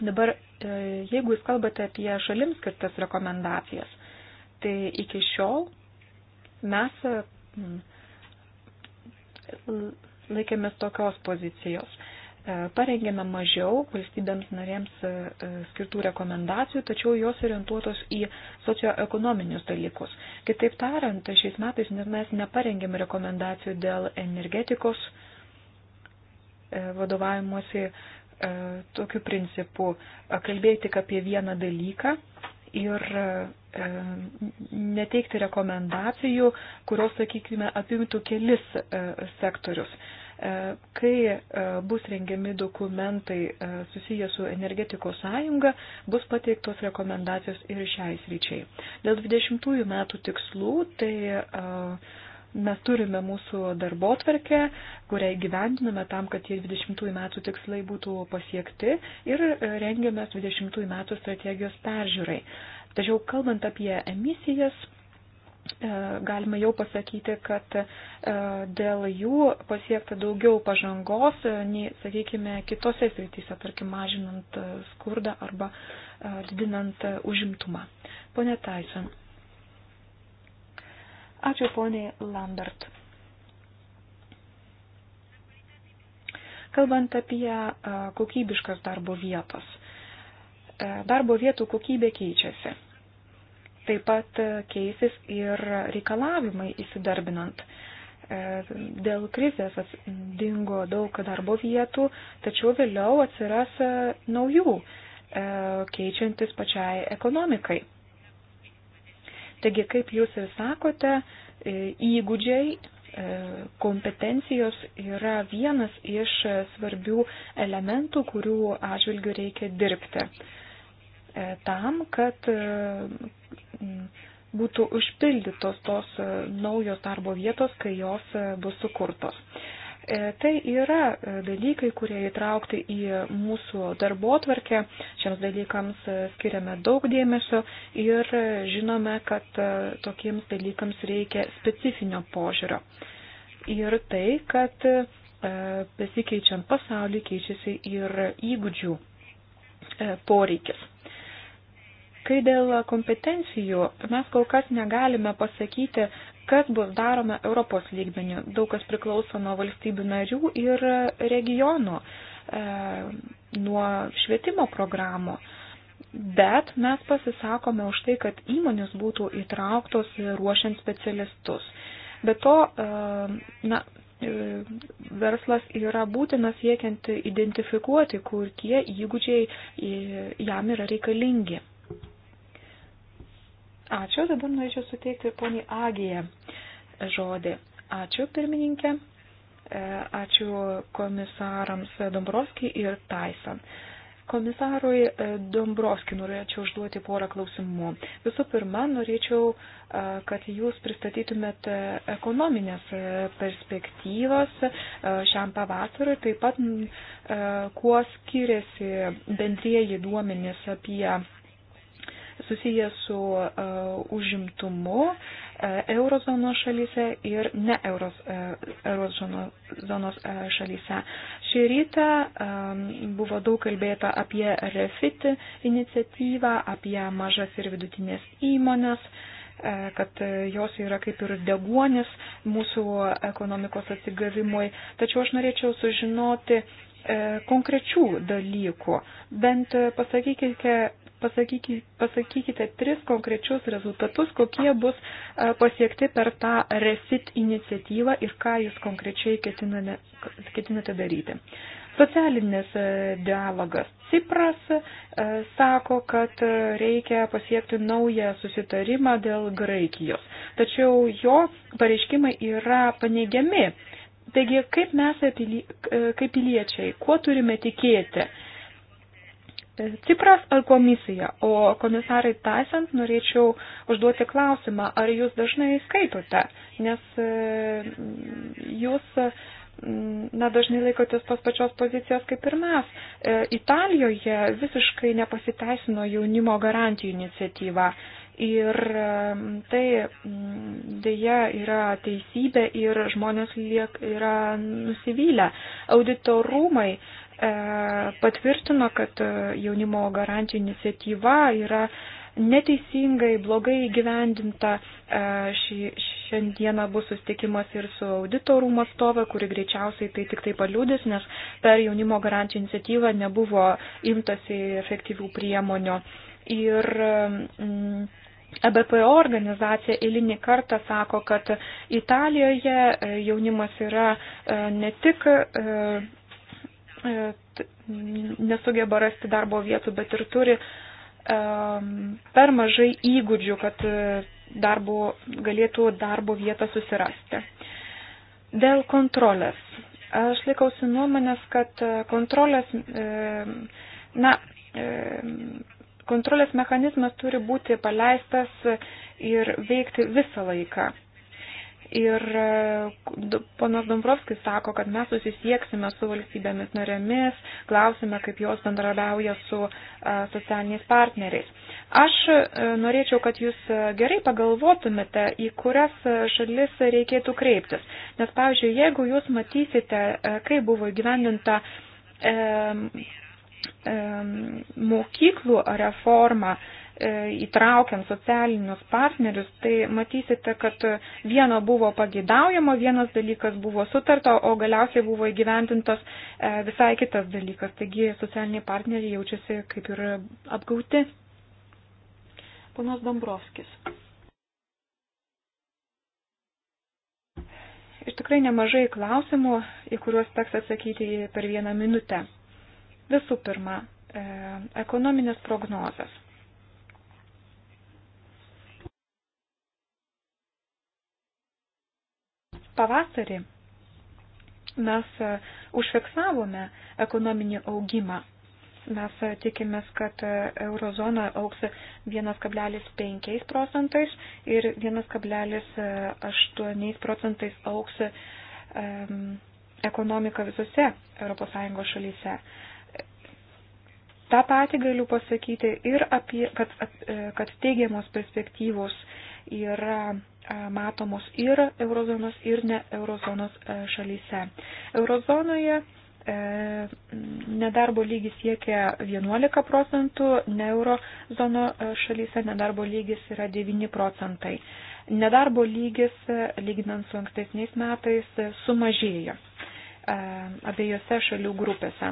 Dabar, e, jeigu jūs kalbate apie šalims skirtas rekomendacijas, tai iki šiol mes laikėmės tokios pozicijos. E, parengėme mažiau valstybėms narėms e, e, skirtų rekomendacijų, tačiau jos orientuotos į socioekonominius dalykus. Kitaip tariant, šiais metais mes neparengėme rekomendacijų dėl energetikos vadovavimuosi tokiu principu kalbėti tik apie vieną dalyką ir neteikti rekomendacijų, kurios, sakykime, apimtų kelis sektorius. E, kai e, bus rengiami dokumentai e, susiję su energetikos sąjunga, bus pateiktos rekomendacijos ir šiai sryčiai. Dėl 20 metų tikslų, tai mes turime mūsų darbo tvarkę, kurią gyvendiname tam, kad tie 20 metų tikslai būtų pasiekti ir rengiame 20 metų strategijos peržiūrai. Tačiau kalbant apie emisijas, E, galima jau pasakyti, kad e, dėl jų pasiekta daugiau pažangos e, nei, sakykime, kitose srityse, tarkim, mažinant skurdą arba didinant užimtumą. Pone Tyson. Ačiū poniai Lambert. Kalbant apie kokybiškas darbo vietas. Darbo vietų kokybė keičiasi Taip pat e, keisis ir reikalavimai įsidarbinant. E, dėl krizės dingo daug darbo vietų, tačiau vėliau atsiras e, naujų, keičiantis pačiai ekonomikai. Taigi, kaip jūs ir sakote, įgūdžiai, kompetencijos yra vienas iš svarbių elementų, kurių atžvilgių reikia dirbti tam, kad būtų užpildytos tos e, naujos darbo vietos, kai jos e, bus sukurtos. E, tai yra dalykai, kurie įtraukti į mūsų darbo tvarkę. Šiems dalykams skiriame daug dėmesio ir žinome, kad tokiems dalykams reikia specifinio požiūrio. Ir tai, kad besikeičiant pasaulį keičiasi ir įgūdžių poreikis. Kai dėl kompetencijų mes kol kas negalime pasakyti, kas bus daroma Europos lygmeniu. Daug kas priklauso nuo valstybių narių ir regionų, e, nuo švietimo programų. Bet mes pasisakome už tai, kad įmonės būtų įtrauktos ruošiant specialistus. Be to, e, na, e, verslas yra būtinas siekiant identifikuoti, kur tie įgūdžiai jam yra reikalingi. Ačiū, dabar norėčiau suteikti poniai Agiją žodį. Ačiū, pirmininkė. E, ačiū komisarams Dombrovskį ir Tyson. Komisarui e, Dombrovskį norėčiau užduoti porą klausimų. Visų pirma, norėčiau, e, kad jūs pristatytumėt ekonominės perspektyvas šiam pavasarui, taip pat kuo skiriasi bendrieji duomenys apie susijęs su e, užimtumu e, eurozonos šalyse ir ne euros, e, eurozonos šalyse. Šį rytą buvo daug kalbėta apie refit iniciatyvą, apie mažas ir vidutinės įmonės kad jos yra kaip ir deguonis mūsų ekonomikos atsigavimui. Tačiau aš norėčiau sužinoti, konkrečių dalykų. Bent pasakykite pasakykite, pasakykite tris konkrečius rezultatus, kokie bus e, pasiekti per tą Resit iniciatyvą ir ką jūs konkrečiai ketinate, ketinate daryti. Socialinis e, dialogas. Cipras e, sako, kad reikia pasiekti naują susitarimą dėl Graikijos, tačiau jo pareiškimai yra paneigiami. Taigi, kaip mes, kaip piliečiai, kuo turime tikėti? Cipras ar komisija? O komisarai Taisant norėčiau užduoti klausimą, ar jūs dažnai skaitote, nes e, jūs e, na, dažnai laikotės tos pačios pozicijos kaip ir mes. E, Italijoje visiškai nepasiteisino jaunimo garantijų iniciatyva. Ir tai mm, dėja yra teisybė ir žmonės liek yra nusivylę. Auditorumai uh, E, patvirtino, kad e, jaunimo garantijų iniciatyva yra neteisingai, blogai gyvendinta. E, šį, šiandieną bus sustikimas ir su auditorumo atstovė, kuri greičiausiai tai tik tai paliūdis, nes per jaunimo garantijų iniciatyvą nebuvo imtasi efektyvių priemonių. Ir mm, ABPO organizacija eilinį kartą sako, kad Italijoje jaunimas yra ne tik E, nesugeba rasti darbo vietų, bet ir turi e, per mažai įgūdžių, kad e, darbo, galėtų darbo vietą susirasti. Dėl kontrolės. Aš laikausi nuomonės, kad kontrolės, na, kontrolės mechanizmas turi būti paleistas ir veikti visą laiką. Ir e, ponas Dombrovskis sako, kad mes susisieksime su valstybėmis narėmis, klausime, kaip jos bendrabiauja su e, socialiniais partneriais. Aš e, norėčiau, kad jūs gerai pagalvotumėte, į kurias šalis reikėtų kreiptis. Nes, pavyzdžiui, jeigu jūs matysite, kaip buvo įgyvendinta e, e, mokyklų reforma, e, E, įtraukiant socialinius partnerius, tai matysite, kad vieno buvo pagidaujama, vienas dalykas buvo sutarta, o galiausiai buvo įgyventintas e, visai kitas dalykas. Taigi socialiniai partneriai jaučiasi kaip ir apgauti. Ponas Dombrovskis. Ir tikrai nemažai klausimų, į kuriuos teks atsakyti per vieną minutę. Visų pirma, e, ekonominės prognozes. Pavasarį mes e, užfiksavome ekonominį augimą. Mes e, tikimės, kad eurozona auks 1,5 procentais ir 1,8 procentais auks um, ekonomika visose ES šalyse. Ta pati galiu pasakyti ir apie, kad, e, kad teigiamos perspektyvos uh, yra matomos ir eurozonos, ir ne eurozonos šalyse. Eurozonoje e, nedarbo lygis siekia 11 procentų, ne eurozono šalyse nedarbo lygis yra 9 procentai. Nedarbo lygis, lyginant su ankstesniais metais, sumažėjo abiejose šalių grupėse.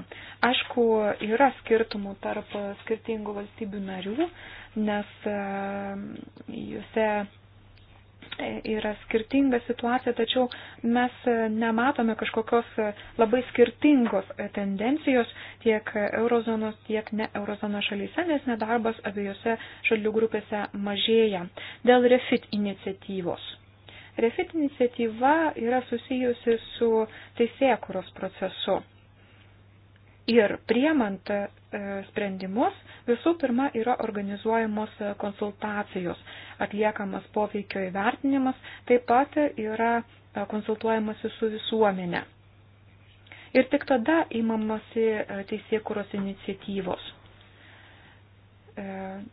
Aišku, yra skirtumų tarp skirtingų valstybių narių, nes e, juose yra skirtinga situacija, tačiau mes e, nematome kažkokios e, labai skirtingos tendencijos tiek eurozonos, tiek ne eurozonos šalyse, nes nedarbas abiejose šalių grupėse mažėja. Dėl refit iniciatyvos. Refit iniciatyva yra susijusi su teisėkuros procesu. Ir priemant e, sprendimus visų pirma yra organizuojamos e, konsultacijos, atliekamas poveikio įvertinimas, taip pat yra e, konsultuojamasi su visuomenė. Ir tik tada įmamasi teisėkuros iniciatyvos.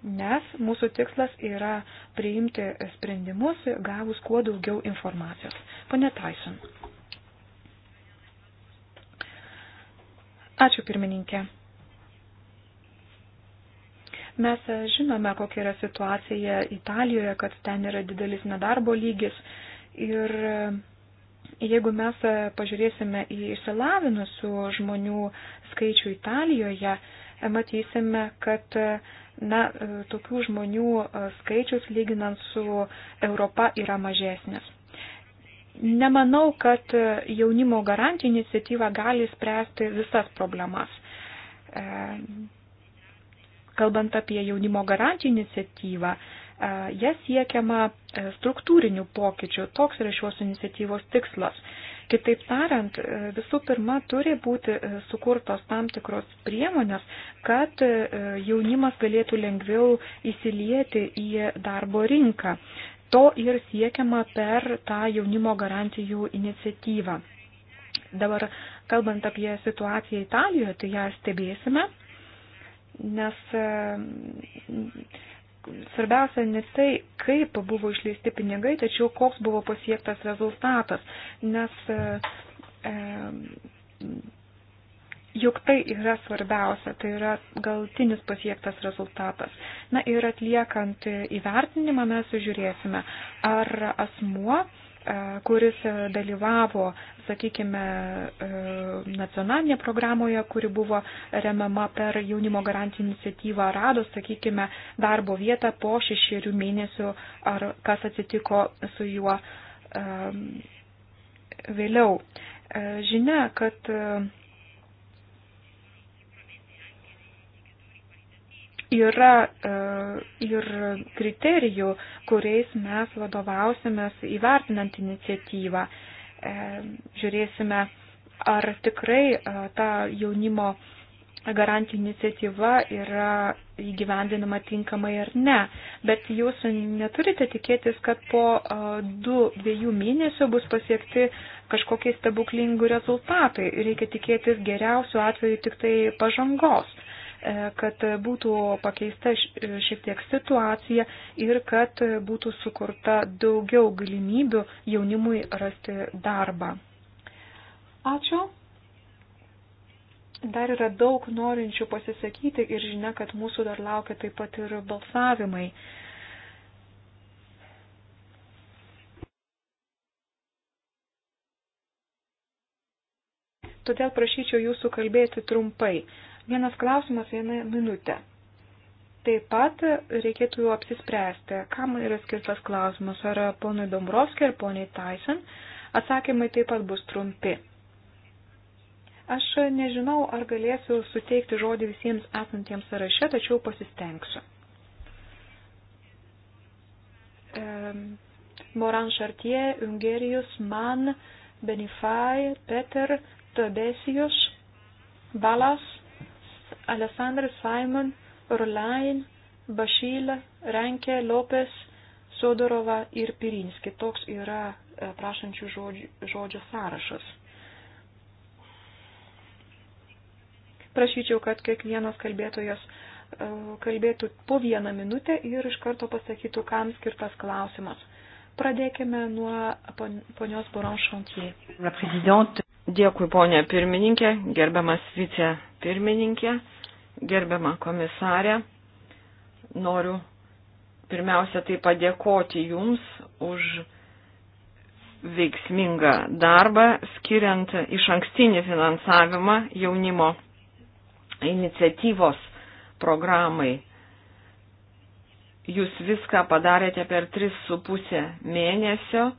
Nes mūsų tikslas yra priimti sprendimus, gavus kuo daugiau informacijos. Pane Tyson. Ačiū pirmininkė. Mes e, žinome, kokia yra situacija Italijoje, kad ten yra didelis nedarbo lygis ir e, jeigu mes e, pažiūrėsime į išsilavinusių žmonių skaičių Italijoje, matysime, kad na, tokių žmonių skaičius lyginant su Europa yra mažesnis. Nemanau, kad jaunimo garantijų iniciatyva gali spręsti visas problemas. E, kalbant apie jaunimo garantijų iniciatyvą, e, ją siekiama e, struktūrinių pokyčių. Toks yra šios iniciatyvos tikslas. Kitaip tariant, visų pirma, turi būti sukurtos tam tikros priemonės, kad jaunimas galėtų lengviau įsilieti į darbo rinką. To ir siekiama per tą jaunimo garantijų iniciatyvą. Dabar, kalbant apie situaciją Italijoje, tai ją stebėsime, nes svarbiausia ne tai, kaip buvo išleisti pinigai, tačiau koks buvo pasiektas rezultatas, nes e, Juk tai yra svarbiausia, tai yra galtinis pasiektas rezultatas. Na ir atliekant įvertinimą mes žiūrėsime, ar asmuo, e, kuris dalyvavo, sakykime, e, nacionalinėje programoje, kuri buvo remiama per jaunimo garantijų iniciatyvą, rado, sakykime, darbo vietą po šešerių mėnesių, ar kas atsitiko su juo e, vėliau. Žinia, kad yra e, ir kriterijų, kuriais mes vadovausimės įvertinant iniciatyvą. E, žiūrėsime, ar tikrai e, ta jaunimo garantijų iniciatyva yra įgyvendinama tinkamai ar ne. Bet jūs neturite tikėtis, kad po du, dviejų mėnesių bus pasiekti kažkokie stebuklingų rezultatai. Reikia tikėtis geriausių atveju tik tai pažangos. E, kad būtų pakeista e, šiek tiek situacija ir kad būtų sukurta daugiau galimybių jaunimui rasti darbą. Ačiū. Dar yra daug norinčių pasisakyti ir žinia, kad mūsų dar laukia taip pat ir balsavimai. Todėl prašyčiau jūsų kalbėti trumpai. Vienas klausimas, viena minutė. Taip pat reikėtų jau apsispręsti, kam yra skirtas klausimas, ar ponui Dombrovskiai, ar poniai Tyson. Atsakymai taip pat bus trumpi. Aš nežinau, ar galėsiu suteikti žodį visiems esantiems sąraše, tačiau pasistengsiu. Moran Chartier, Ungerijus, Man, Benifai, Peter, Tobesijus, Balas, Alessandra Simon, Orlain, Bašylė, Renkė, Lopes, Sodorova ir Pirinski. Toks yra e, prašančių žodžio, žodžio sąrašas. Prašyčiau, kad kiekvienas kalbėtojas e, kalbėtų po vieną minutę ir iš karto pasakytų, kam skirtas klausimas. Pradėkime nuo ponios Boron Šantie. Dėkui, ponė pirmininkė, gerbiamas vice pirmininkė gerbiamą komisarę. Noriu pirmiausia tai padėkoti Jums už veiksmingą darbą, skiriant iš ankstinį finansavimą jaunimo iniciatyvos programai. Jūs viską padarėte per 3,5 mėnesio.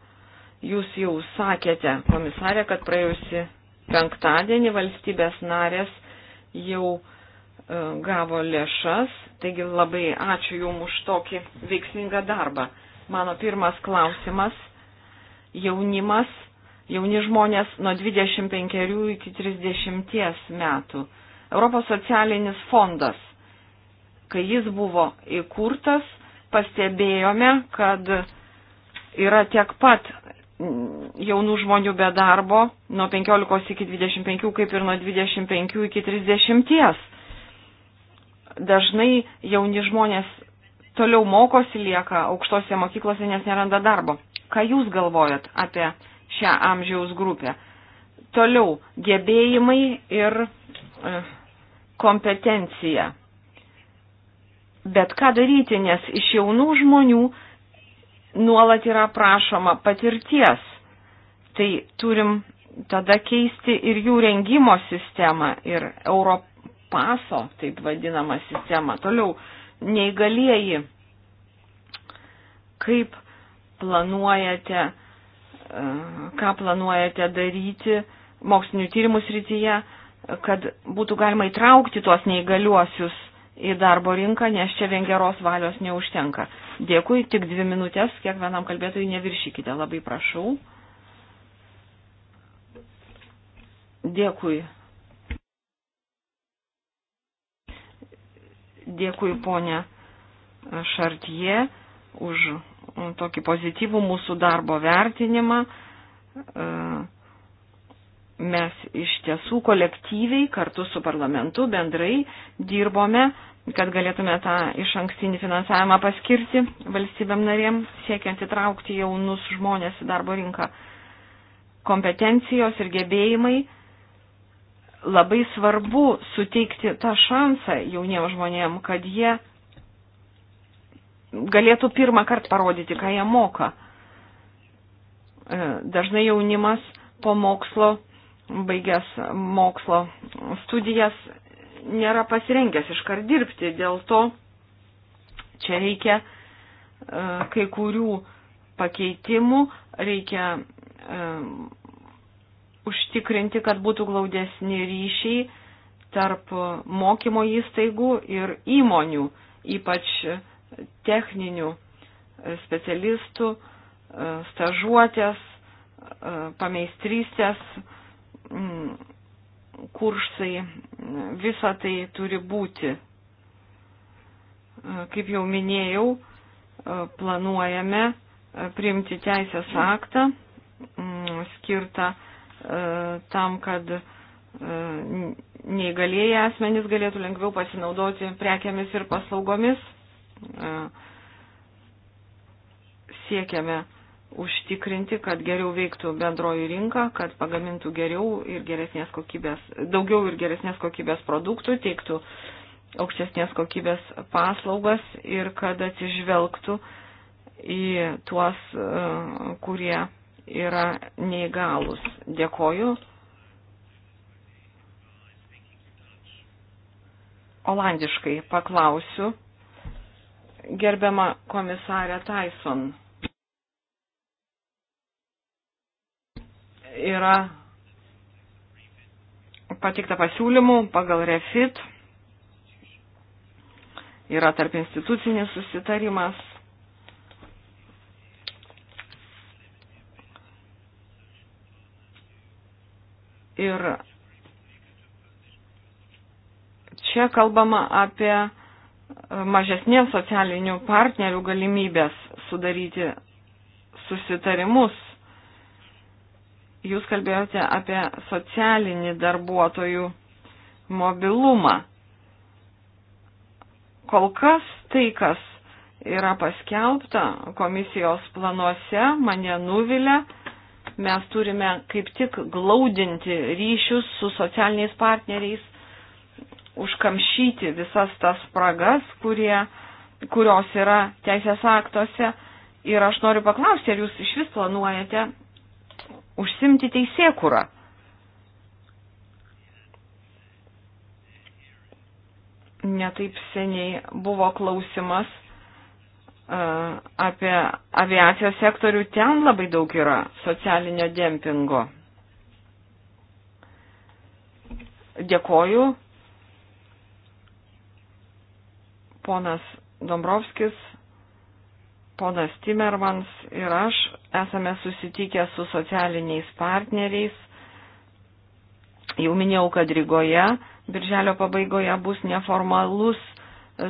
Jūs jau sakėte, komisarė, kad praėjusi penktadienį valstybės narės jau E, gavo lėšas, taigi labai ačiū Jums už tokį veiksmingą darbą. Mano pirmas klausimas - jaunimas, jauni žmonės nuo 25 iki 30 metų. Europos socialinis fondas, kai jis buvo įkurtas, pastebėjome, kad yra tiek pat jaunų žmonių be darbo nuo 15 iki 25, kaip ir nuo 25 iki 30 dažnai jauni žmonės toliau mokosi, lieka aukštose mokyklose, nes neranda darbo. Ką Jūs galvojat apie šią amžiaus grupę? Toliau gebėjimai ir e, kompetencija. Bet ką daryti, nes iš jaunų žmonių nuolat yra prašoma patirties. Tai turim tada keisti ir jų rengimo sistemą. Ir Europ, paso, taip vadinamą sistemą. Toliau, neįgalieji, kaip planuojate, e, ką planuojate daryti mokslinių tyrimų srityje, kad būtų galima įtraukti tuos neįgaliuosius į darbo rinką, nes čia vien geros valios neužtenka. Dėkui, tik dvi minutės, kiekvienam kalbėtojui neviršykite, labai prašau. Dėkui, Dėkui ponė Šartie už mm, tokį pozityvų mūsų darbo vertinimą. E, mes iš tiesų kolektyviai kartu su parlamentu bendrai dirbome, kad galėtume tą iš ankstinį finansavimą paskirti valstybėm narėm, siekiant įtraukti jaunus žmonės į darbo rinką. Kompetencijos ir gebėjimai labai svarbu suteikti tą šansą jauniem žmonėm, kad jie galėtų pirmą kartą parodyti, ką jie moka. E, dažnai jaunimas po mokslo, baigęs mokslo studijas, nėra pasirengęs iškart dirbti, dėl to čia reikia e, kai kurių pakeitimų, reikia e, užtikrinti, kad būtų glaudesni ryšiai tarp mokymo įstaigų ir įmonių, ypač techninių specialistų, stažuotės, pameistrystės mm, kursai, visa tai turi būti. Kaip jau minėjau, planuojame priimti teisės aktą mm, skirtą E, tam, kad e, neįgalėjai asmenys galėtų lengviau pasinaudoti prekiamis ir paslaugomis. E, siekiame užtikrinti, kad geriau veiktų bendroji rinka, kad pagamintų geriau ir geresnės kokybės, daugiau ir geresnės kokybės produktų, teiktų aukštesnės kokybės paslaugas ir kad atsižvelgtų į tuos, kurie yra neįgalus. Dėkoju. Olandiškai paklausiu. Gerbiama komisarė Tyson. Yra patikta pasiūlymų pagal refit. Yra tarp institucinis susitarimas Ir čia kalbama apie mažesnės socialinių partnerių galimybės sudaryti susitarimus. Jūs kalbėjote apie socialinį darbuotojų mobilumą. Kol kas tai, kas yra paskelbta komisijos planuose, mane nuvilia Mes turime kaip tik glaudinti ryšius su socialiniais partneriais, užkamšyti visas tas spragas, kurie, kurios yra teisės aktuose. Ir aš noriu paklausti, ar jūs iš vis planuojate užsimti teisėkurą? Netaip seniai buvo klausimas apie aviacijos sektorių, ten labai daug yra socialinio dempingo. Dėkoju. Ponas Dombrovskis, ponas Timermans ir aš esame susitikę su socialiniais partneriais. Jau minėjau, kad Rygoje birželio pabaigoje bus neformalus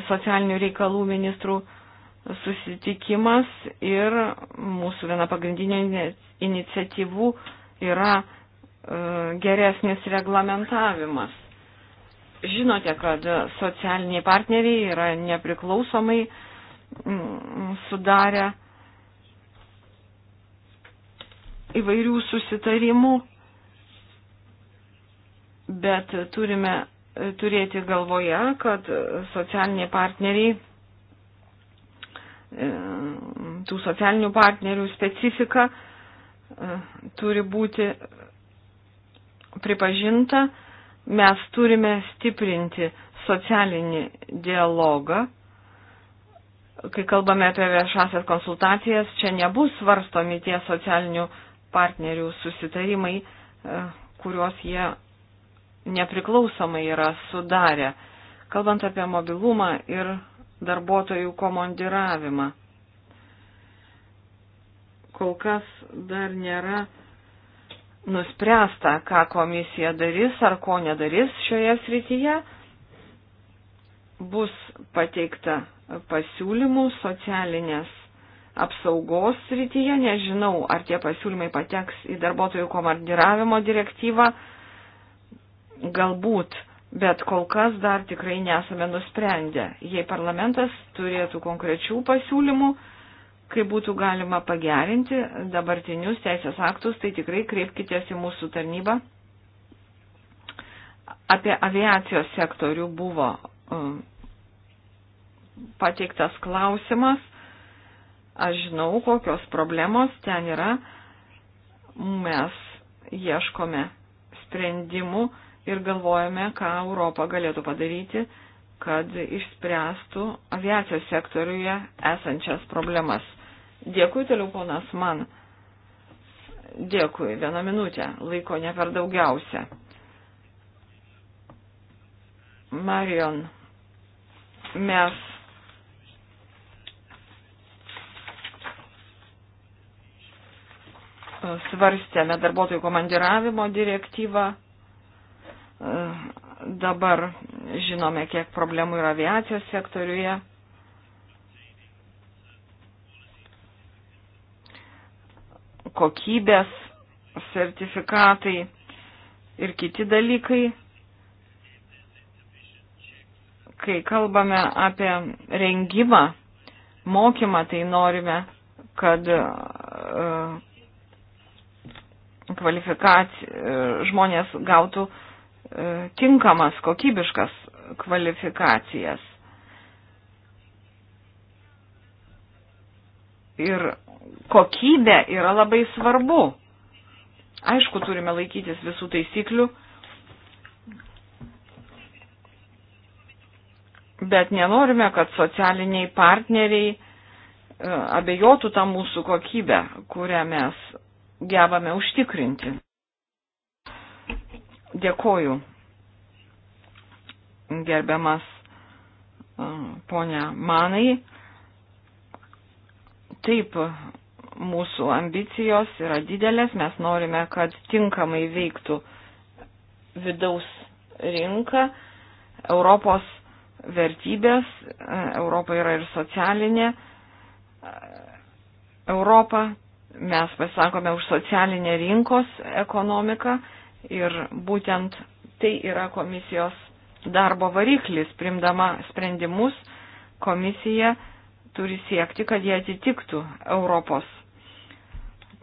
socialinių reikalų ministrų susitikimas ir mūsų viena pagrindinė iniciatyvų yra e, geresnis reglamentavimas. Žinote, kad socialiniai partneriai yra nepriklausomai mm, sudarę įvairių susitarimų, bet turime turėti galvoje, kad socialiniai partneriai E, tų socialinių partnerių specifika e, turi būti pripažinta. Mes turime stiprinti socialinį dialogą. Kai kalbame apie viešasias konsultacijas, čia nebus svarstomi tie socialinių partnerių susitarimai, e, kuriuos jie nepriklausomai yra sudarę. Kalbant apie mobilumą ir darbuotojų komandiravimą. Kol kas dar nėra nuspręsta, ką komisija darys ar ko nedarys šioje srityje. Bus pateikta pasiūlymų socialinės apsaugos srityje. Nežinau, ar tie pasiūlymai pateks į darbuotojų komandiravimo direktyvą. Galbūt Bet kol kas dar tikrai nesame nusprendę, jei parlamentas turėtų konkrečių pasiūlymų, kaip būtų galima pagerinti dabartinius teisės aktus, tai tikrai kreipkitės į mūsų tarnybą. Apie aviacijos sektorių buvo um, pateiktas klausimas. Aš žinau, kokios problemos ten yra. Mes ieškome sprendimų ir galvojame, ką Europa galėtų padaryti, kad išspręstų aviacijos sektoriuje esančias problemas. Dėkui toliau, ponas man. Dėkui, vieną minutę, laiko ne per daugiausia. Marion, mes svarstėme darbuotojų komandiravimo direktyvą. Dabar žinome, kiek problemų yra aviacijos sektoriuje. kokybės sertifikatai ir kiti dalykai. Kai kalbame apie rengimą, mokymą, tai norime, kad e, kvalifikacija e, žmonės gautų uh, E, tinkamas, kokybiškas kvalifikacijas. Ir kokybė yra labai svarbu. Aišku, turime laikytis visų taisyklių, bet nenorime, kad socialiniai partneriai e, abejotų tą mūsų kokybę, kurią mes gebame užtikrinti. Dėkoju, gerbiamas e, ponia Manai. Taip, mūsų ambicijos yra didelės, mes norime, kad tinkamai veiktų vidaus rinka, Europos vertybės, e, Europa yra ir socialinė e, Europa, mes pasakome už socialinę rinkos ekonomiką Ir būtent tai yra komisijos darbo variklis, primdama sprendimus, komisija turi siekti, kad jie atitiktų Europos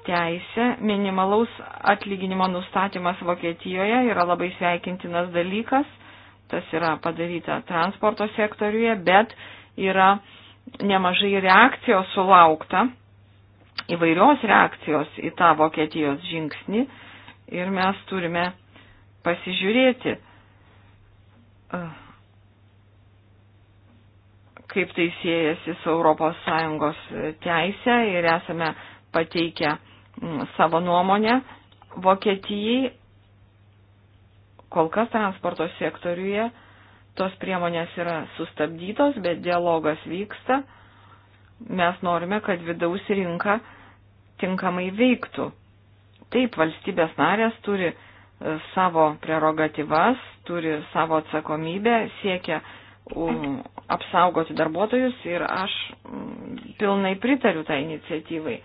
teisę. Minimalaus atlyginimo nustatymas Vokietijoje yra labai sveikintinas dalykas, tas yra padaryta transporto sektoriuje, bet yra nemažai reakcijos sulaukta, įvairios reakcijos į tą Vokietijos žingsnį ir mes turime pasižiūrėti, kaip tai siejasi su ES teise ir esame pateikę savo nuomonę Vokietijai. Kol kas transporto sektoriuje tos priemonės yra sustabdytos, bet dialogas vyksta. Mes norime, kad vidaus rinka tinkamai veiktų. Taip, valstybės narės turi e, savo prerogatyvas, turi savo atsakomybę, siekia apsaugoti darbuotojus ir aš pilnai pritariu tą tai iniciatyvai.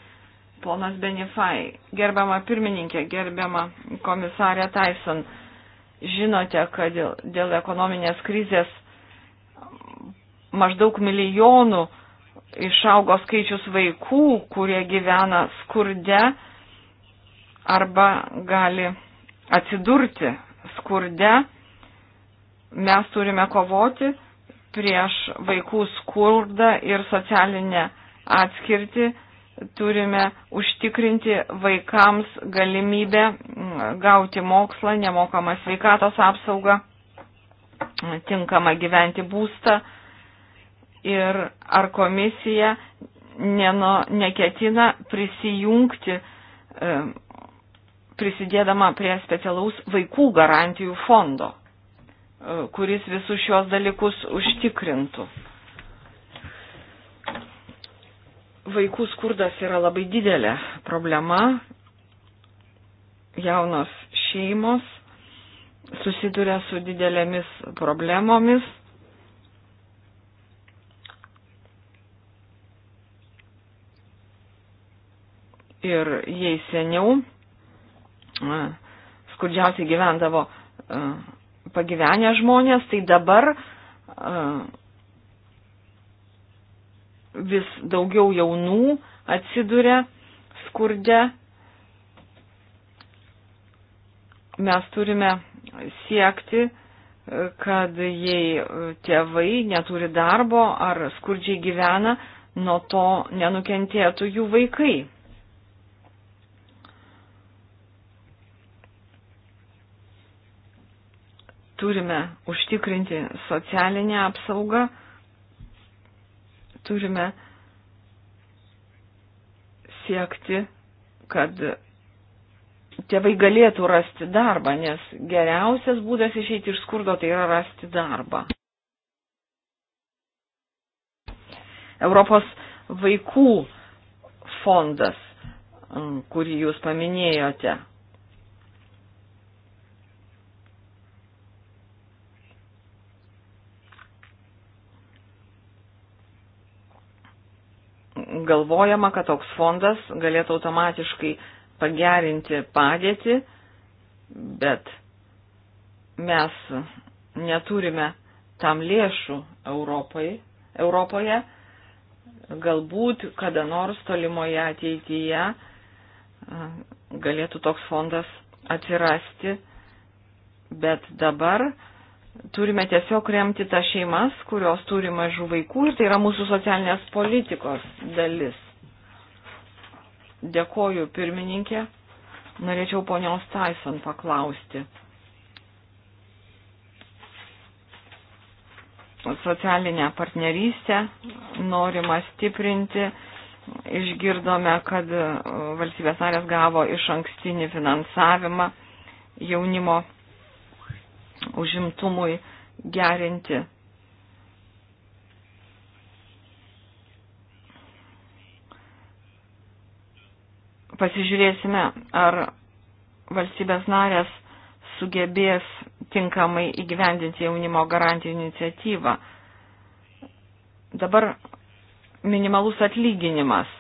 Ponas Benifai, gerbiama pirmininkė, gerbiama komisarė Tyson, žinote, kad dėl, dėl ekonominės krizės maždaug milijonų išaugo skaičius vaikų, kurie gyvena skurde arba gali atsidurti skurde, mes turime kovoti prieš vaikų skurdą ir socialinę atskirtį, turime užtikrinti vaikams galimybę mm, gauti mokslą, nemokamą sveikatos apsaugą, tinkamą gyventi būstą ir ar komisija neno, neketina prisijungti prisidėdama prie specialaus vaikų garantijų fondo, e, kuris visus šios dalykus užtikrintų. Vaikų skurdas yra labai didelė problema. Jaunos šeimos susiduria su didelėmis problemomis. Ir jei seniau skurdžiausiai gyvendavo pagyvenę žmonės, tai dabar vis daugiau jaunų atsiduria skurde. Mes turime siekti, kad jei tėvai neturi darbo ar skurdžiai gyvena, nuo to nenukentėtų jų vaikai. turime užtikrinti socialinę apsaugą, turime siekti, kad tėvai galėtų rasti darbą, nes geriausias būdas išeiti iš skurdo tai yra rasti darbą. Europos vaikų fondas, kurį jūs paminėjote, galvojama, kad toks fondas galėtų automatiškai pagerinti padėtį, bet mes neturime tam lėšų Europai, Europoje. Galbūt kada nors tolimoje ateityje galėtų toks fondas atsirasti, bet dabar turime tiesiog remti tas šeimas, kurios turi mažų vaikų ir tai yra mūsų socialinės politikos dalis. Dėkoju pirmininkė. Norėčiau ponios Tyson paklausti. Socialinę partnerystę norima stiprinti. Išgirdome, kad e, valstybės narės gavo iš ankstinį finansavimą jaunimo užimtumui gerinti. Pasižiūrėsime, ar valstybės narės sugebės tinkamai įgyvendinti jaunimo garantijų iniciatyvą. Dabar minimalus atlyginimas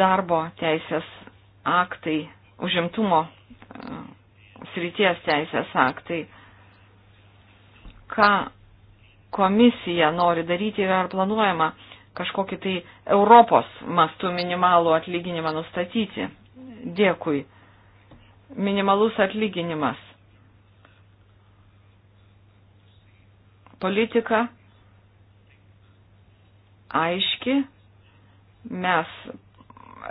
darbo teisės aktai, užimtumo srities teisės aktai. Ką komisija nori daryti ir ar planuojama kažkokį tai Europos mastų minimalų atlyginimą nustatyti? Dėkui. Minimalus atlyginimas. Politika aiški, mes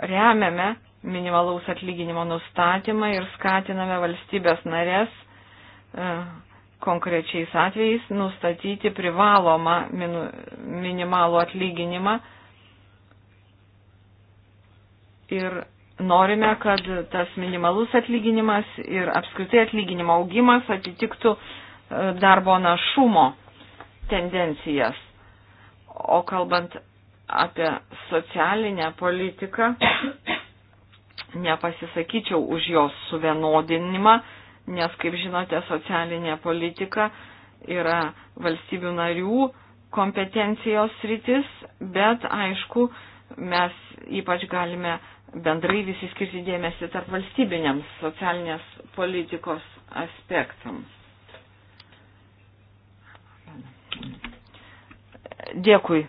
remiame minimalaus atlyginimo nustatymą ir skatiname valstybės narės e, konkrečiais atvejais nustatyti privalomą minimalų atlyginimą. Ir norime, kad tas minimalus atlyginimas ir apskritai atlyginimo augimas atitiktų e, darbo našumo tendencijas. O kalbant apie socialinę politiką, nepasisakyčiau už jos suvienodinimą, nes, kaip žinote, socialinė politika yra valstybių narių kompetencijos sritis, bet aišku, mes ypač galime bendrai visi skirti dėmesį tarp valstybiniams socialinės politikos aspektams. Dėkui.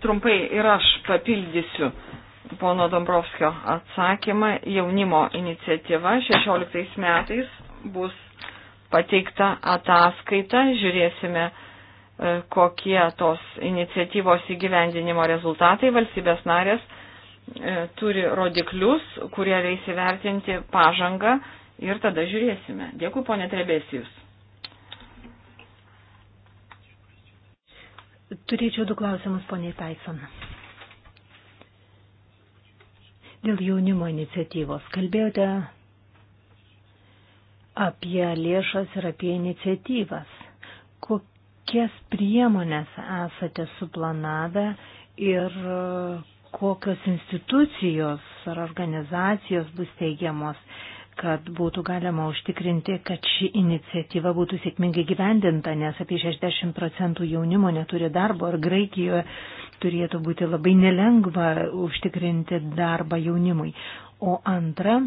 Trumpai ir aš papildysiu pono Dombrovskio atsakymą. Jaunimo iniciatyva 16 metais bus pateikta ataskaita. Žiūrėsime, e, kokie tos iniciatyvos įgyvendinimo rezultatai valstybės narės e, turi rodiklius, kurie leis įvertinti pažangą ir tada žiūrėsime. Dėkui, ponė Trebesijus. Turėčiau du klausimus, ponė Tyson. Dėl jaunimo iniciatyvos kalbėjote apie lėšas ir apie iniciatyvas. Kokias priemonės esate suplanavę ir kokios institucijos ar organizacijos bus teigiamos, kad būtų galima užtikrinti, kad ši iniciatyva būtų sėkmingai gyvendinta, nes apie 60 procentų jaunimo neturi darbo ir Graikijoje turėtų būti labai nelengva užtikrinti darbą jaunimui. O antra,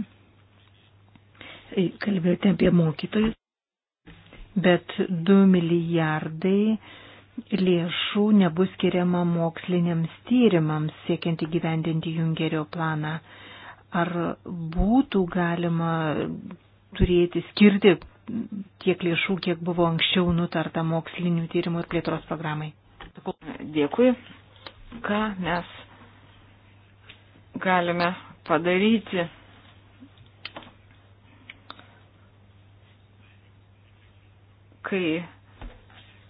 kalbėjote apie mokytojus, bet 2 milijardai lėšų nebus skiriama moksliniams tyrimams siekiant įgyvendinti Jungerio planą. Ar būtų galima turėti skirti tiek lėšų, kiek buvo anksčiau nutarta mokslinių tyrimų ir plėtros programai? Dėkui ką mes galime padaryti. Kai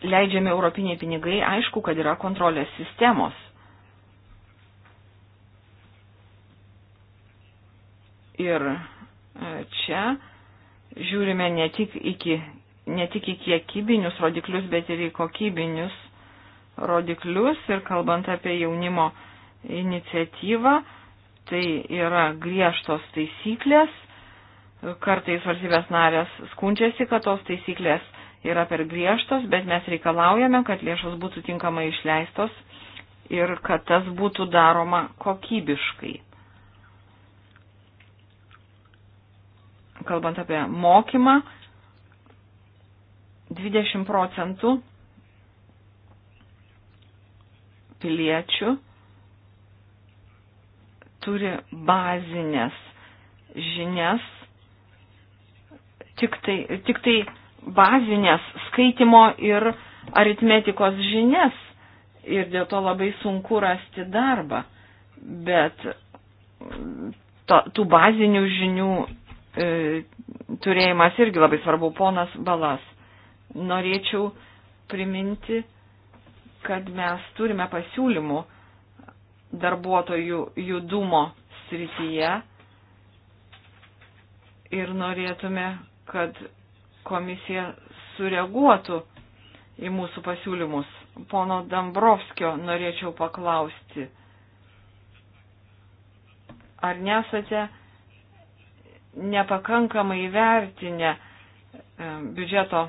leidžiami europiniai pinigai, aišku, kad yra kontrolės sistemos. Ir e, čia žiūrime ne tik, iki, ne tik į kiekybinius rodiklius, bet ir į kokybinius rodiklius ir kalbant apie jaunimo iniciatyvą, tai yra griežtos taisyklės. Kartais valstybės narės skundžiasi, kad tos taisyklės yra per griežtos, bet mes reikalaujame, kad lėšos būtų tinkamai išleistos ir kad tas būtų daroma kokybiškai. Kalbant apie mokymą, 20 procentų piliečių turi bazinės žinias, tik tai, tik tai bazinės skaitimo ir aritmetikos žinias ir dėl to labai sunku rasti darbą. Bet to, tų bazinių žinių e, turėjimas irgi labai svarbu. Ponas Balas, norėčiau priminti, kad mes turime pasiūlymų darbuotojų judumo srityje ir norėtume, kad komisija sureaguotų į mūsų pasiūlymus. Pono Dambrovskio norėčiau paklausti, ar nesate nepakankamai vertinę biudžeto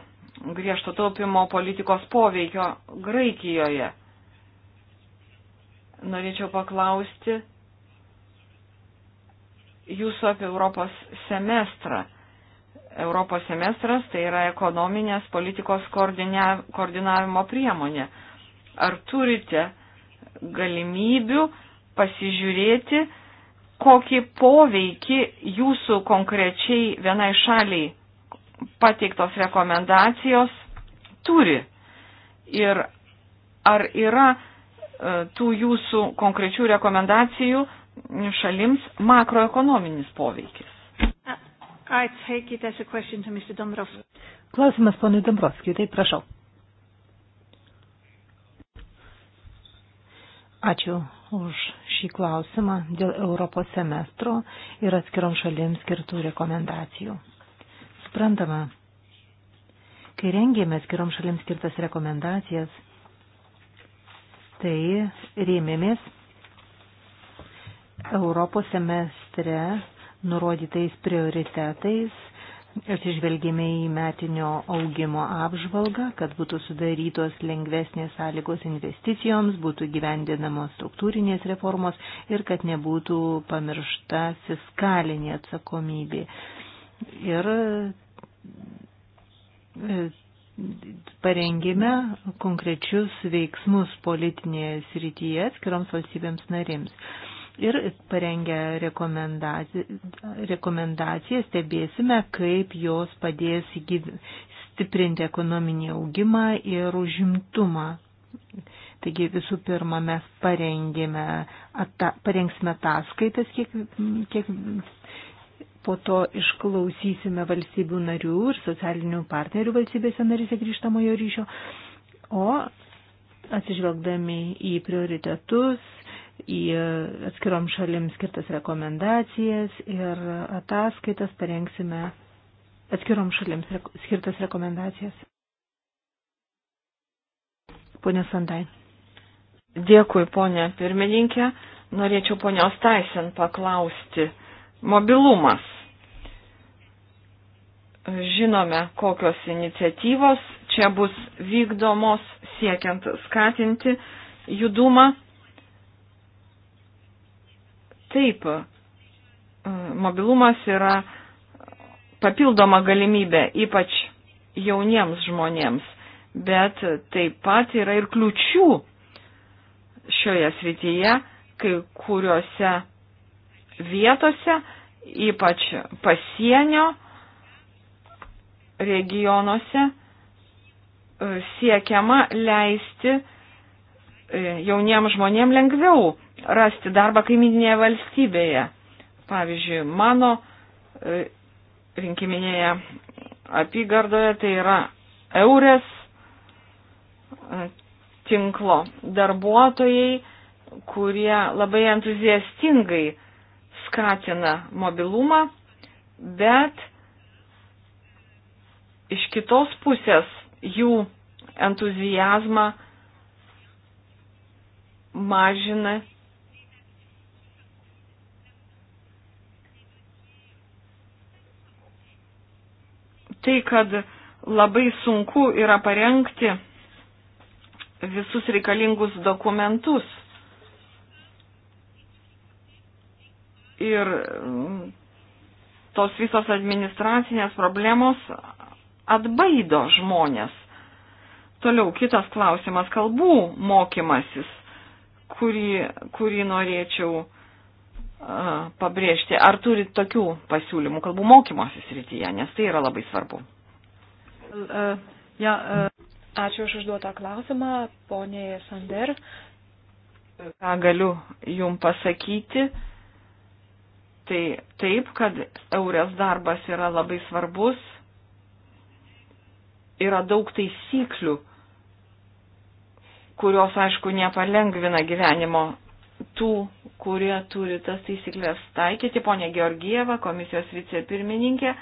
griežto taupimo politikos poveikio Graikijoje. Norėčiau paklausti jūsų apie Europos semestrą. Europos semestras tai yra ekonominės politikos koordinavimo priemonė. Ar turite galimybių pasižiūrėti, kokį poveikį jūsų konkrečiai vienai šaliai pateiktos rekomendacijos turi ir ar yra e, tų jūsų konkrečių rekomendacijų šalims makroekonominis poveikis. Klausimas ponui Dombrovskijui, tai prašau. Ačiū už šį klausimą dėl Europos semestro ir atskirom šalims skirtų rekomendacijų. Suprantama, kai rengėme skirom šalims skirtas rekomendacijas, tai rėmėmės Europos semestre nurodytais prioritetais, atsižvelgėme į metinio augimo apžvalgą, kad būtų sudarytos lengvesnės sąlygos investicijoms, būtų gyvendinamos struktūrinės reformos ir kad nebūtų pamiršta fiskalinė atsakomybė. Ir parengime konkrečius veiksmus politinėje srityje atskiroms valstybėms narims. Ir parengę rekomendaciją stebėsime, kaip jos padės stiprinti ekonominį augimą ir užimtumą. Taigi visų pirma, mes parengėme, ata, parengsime ataskaitas kiek, kiek po to išklausysime valstybių narių ir socialinių partnerių valstybėse narise grįžtamojo ryšio, o atsižvelgdami į prioritetus, į atskirom šalim skirtas rekomendacijas ir ataskaitas parengsime atskirom šalims skirtas rekomendacijas. Pone Sandai. Dėkui, ponė pirmininkė. Norėčiau ponios Taisen paklausti mobilumas. Žinome, kokios iniciatyvos čia bus vykdomos siekiant skatinti judumą. Taip, mobilumas yra papildoma galimybė, ypač jauniems žmonėms, bet taip pat yra ir kliučių šioje srityje, kai kuriuose vietose, ypač pasienio regionuose, e, siekiama leisti e, jauniems žmonėms lengviau rasti darbą kaimininėje valstybėje. Pavyzdžiui, mano e, rinkiminėje apygardoje tai yra eurės tinklo darbuotojai, kurie labai entuziastingai skatina mobilumą, bet iš kitos pusės jų entuzijazmą mažina tai, kad labai sunku yra parengti visus reikalingus dokumentus. ir mm, tos visos administracinės problemos atbaido žmonės. Toliau kitas klausimas - kalbų mokymasis, kurį, kurį norėčiau uh, pabrėžti. Ar turit tokių pasiūlymų kalbų mokymosi srityje, nes tai yra labai svarbu. Uh, ja, uh, ačiū už užduotą klausimą, ponė Sander. Ką galiu jum pasakyti? Uh, Tai taip, kad eurės darbas yra labai svarbus, yra daug taisyklių, kurios, aišku, nepalengvina gyvenimo tų, kurie turi tas taisyklės taikyti. Pone Georgieva, komisijos vicepirmininkė,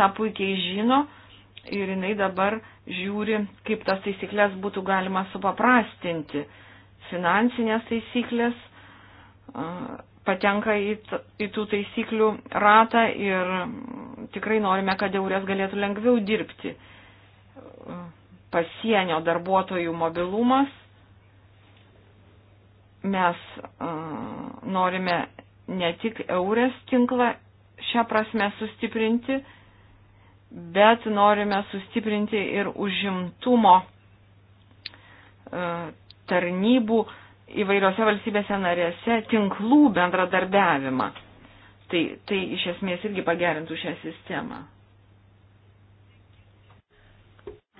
tą puikiai žino ir jinai dabar žiūri, kaip tas taisyklės būtų galima supaprastinti. Finansinės taisyklės patenka į, į tų taisyklių ratą ir tikrai norime, kad eurės galėtų lengviau dirbti. Pasienio darbuotojų mobilumas. Mes uh, norime ne tik eurės tinklą šią prasme sustiprinti, bet norime sustiprinti ir užimtumo uh, tarnybų uh, įvairiose valstybėse narėse tinklų bendradarbiavimą. Tai, tai iš esmės irgi pagerintų šią sistemą.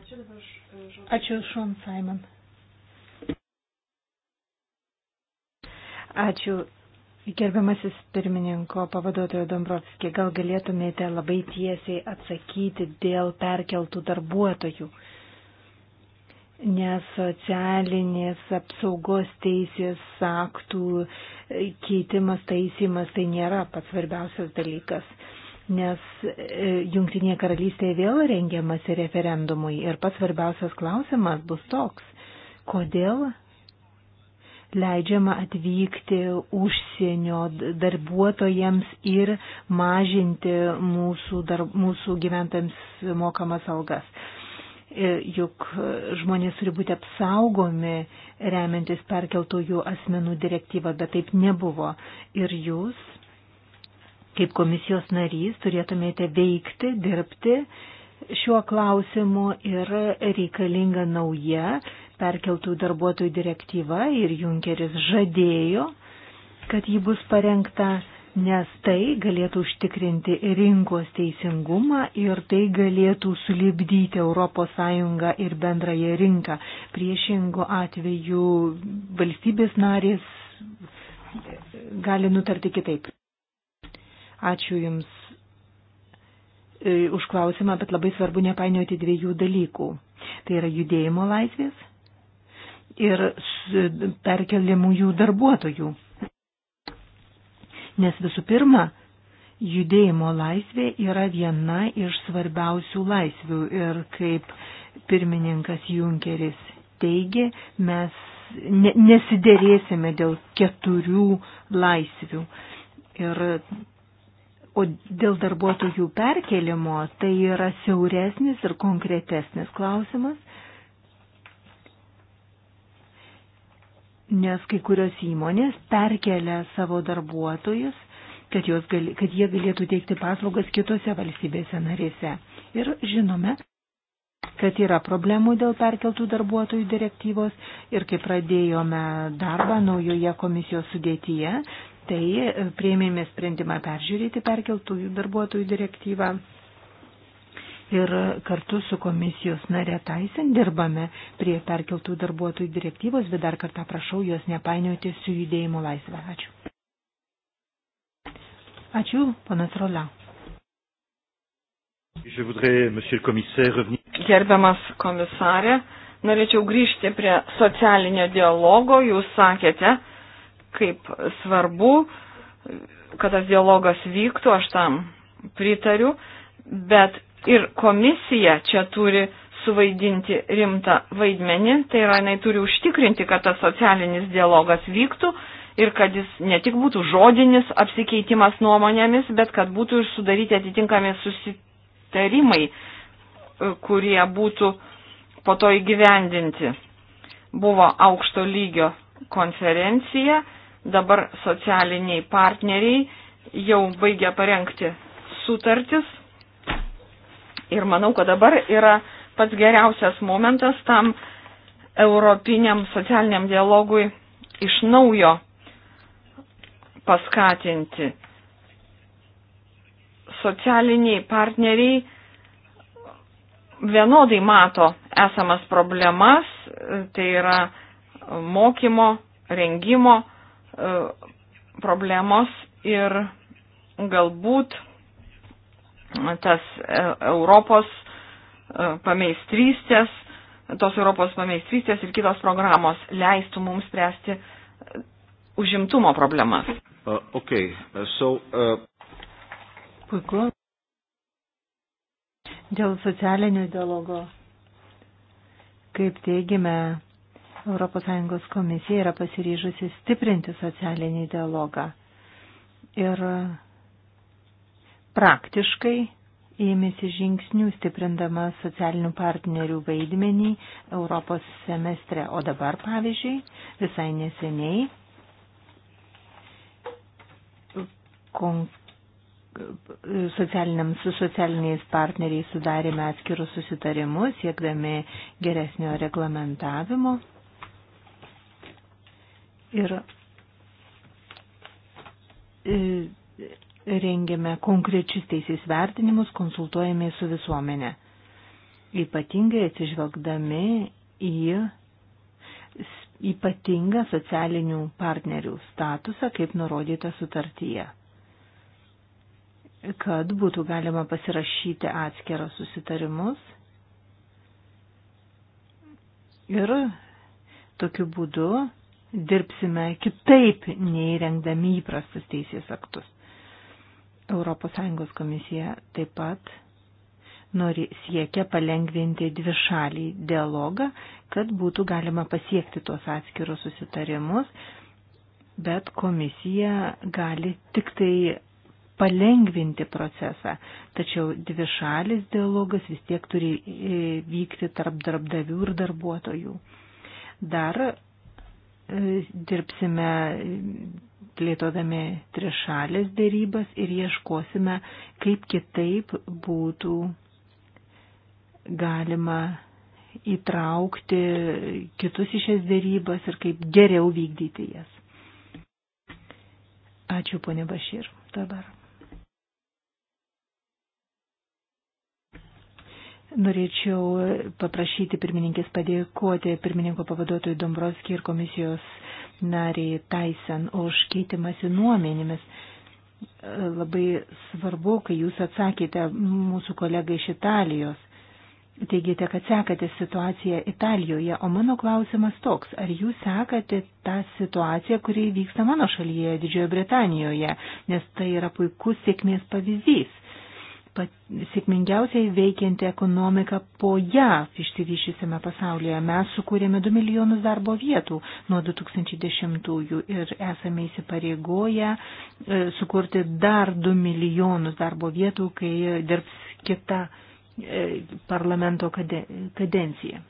Ačiū dabar. E, Ačiū, Šon Simon. Ačiū. Gerbiamasis pirmininko pavaduotojo Dombrovskį, gal galėtumėte labai tiesiai atsakyti dėl perkeltų darbuotojų. Uh, nes socialinės apsaugos teisės aktų keitimas, taisymas tai nėra pats svarbiausias dalykas, nes e, Junktinėje karalystėje vėl rengiamasi referendumui ir pats svarbiausias klausimas bus toks, kodėl leidžiama atvykti užsienio darbuotojams ir mažinti mūsų, dar, mūsų gyventams mokamas algas. E, juk žmonės turi būti apsaugomi remiantis perkeltųjų asmenų direktyvą, bet taip nebuvo. Ir jūs, kaip komisijos narys, turėtumėte veikti, dirbti šiuo klausimu ir reikalinga nauja perkeltųjų darbuotojų direktyva ir Junkeris žadėjo, kad ji bus parengta nes tai galėtų užtikrinti rinkos teisingumą ir tai galėtų sulibdyti ES ir bendrąją rinką. Priešingų atveju valstybės narės gali nutarti kitaip. Ačiū Jums e, už klausimą, bet labai svarbu nepainioti dviejų dalykų. Tai yra judėjimo laisvės ir perkeliamųjų darbuotojų nes visų pirma, judėjimo laisvė yra viena iš svarbiausių laisvių ir kaip pirmininkas Junkeris teigė, mes ne, nesidėrėsime dėl keturių laisvių. Ir, o dėl darbuotojų perkelimo tai yra siauresnis ir konkretesnis klausimas nes kai kurios įmonės perkelia savo darbuotojus, kad, gali, kad jie galėtų teikti paslaugas kitose valstybėse narėse. Ir žinome, kad yra problemų dėl perkeltų darbuotojų direktyvos ir kai pradėjome darbą naujoje komisijos sudėtyje, tai e, prieimėme sprendimą peržiūrėti perkeltųjų darbuotojų direktyvą ir kartu su komisijos narė Taisen dirbame prie perkeltų darbuotojų direktyvos, bet dar kartą prašau juos nepainioti su judėjimo laisvę. Ačiū. Ačiū, panas Rola. Gerbiamas komisarė, norėčiau grįžti prie socialinio dialogo. Jūs sakėte, kaip svarbu, kad tas dialogas vyktų, aš tam pritariu, bet ir komisija čia turi suvaidinti rimtą vaidmenį, tai yra jinai turi užtikrinti, kad tas socialinis dialogas vyktų ir kad jis ne tik būtų žodinis apsikeitimas nuomonėmis, bet kad būtų ir sudaryti atitinkami susitarimai, e, kurie būtų po to įgyvendinti. Buvo aukšto lygio konferencija, dabar socialiniai partneriai jau baigia parengti sutartis Ir manau, kad dabar yra pats geriausias momentas tam europiniam socialiniam dialogui iš naujo paskatinti. Socialiniai partneriai vienodai mato esamas problemas, tai yra mokymo, rengimo e, problemos ir galbūt tas e, Europos e, pameistrystės, tos Europos pameistrystės ir kitos programos leistų mums spręsti e, užimtumo problemas. Uh, okay. Uh, so, uh... Puiku. Dėl socialinio dialogo. Kaip teigime, ES komisija yra pasiryžusi stiprinti socialinį dialogą. Ir praktiškai ėmėsi žingsnių stiprindama socialinių partnerių vaidmenį Europos semestre. O dabar, pavyzdžiui, visai neseniai kon... socialiniams su socialiniais partneriais sudarėme atskirus susitarimus, siekdami geresnio reglamentavimo. Ir e, rengiame konkrečius teisės vertinimus, konsultuojame su visuomenė, ypatingai atsižvelgdami į ypatingą socialinių partnerių statusą, kaip nurodyta sutartyje, kad būtų galima pasirašyti atskiras susitarimus ir tokiu būdu dirbsime kitaip nei rengdami įprastus teisės aktus. ES komisija taip pat nori siekia palengvinti dvišalį dialogą, kad būtų galima pasiekti tuos atskirus susitarimus, bet komisija gali tik tai palengvinti procesą. Tačiau dvišalis dialogas vis tiek turi e, vykti tarp darbdavių ir darbuotojų. Dar dirbsime plėtodami trišalės dėrybas ir ieškosime, kaip kitaip būtų galima įtraukti kitus į šias dėrybas ir kaip geriau vykdyti jas. Ačiū, ponė Bašir. Dabar. Norėčiau paprašyti pirmininkės padėkoti pirmininko pavaduotojui Dombrovskijai ir komisijos nariai Taisen už keitimąsi nuomenimis. Labai svarbu, kai jūs atsakėte mūsų kolegai iš Italijos. Teigite, kad sekate situaciją Italijoje, o mano klausimas toks, ar jūs sekate tą situaciją, kuri vyksta mano šalyje, Didžiojo Britanijoje, nes tai yra puikus sėkmės pavyzdys sėkmingiausiai veikianti ekonomika po JAV išsivyšysiame pasaulyje. Mes sukūrėme 2 milijonus darbo vietų nuo 2010 ir esame įsipareigoję e, sukurti dar 2 milijonus darbo vietų, kai dirbs kita e, parlamento kadencija.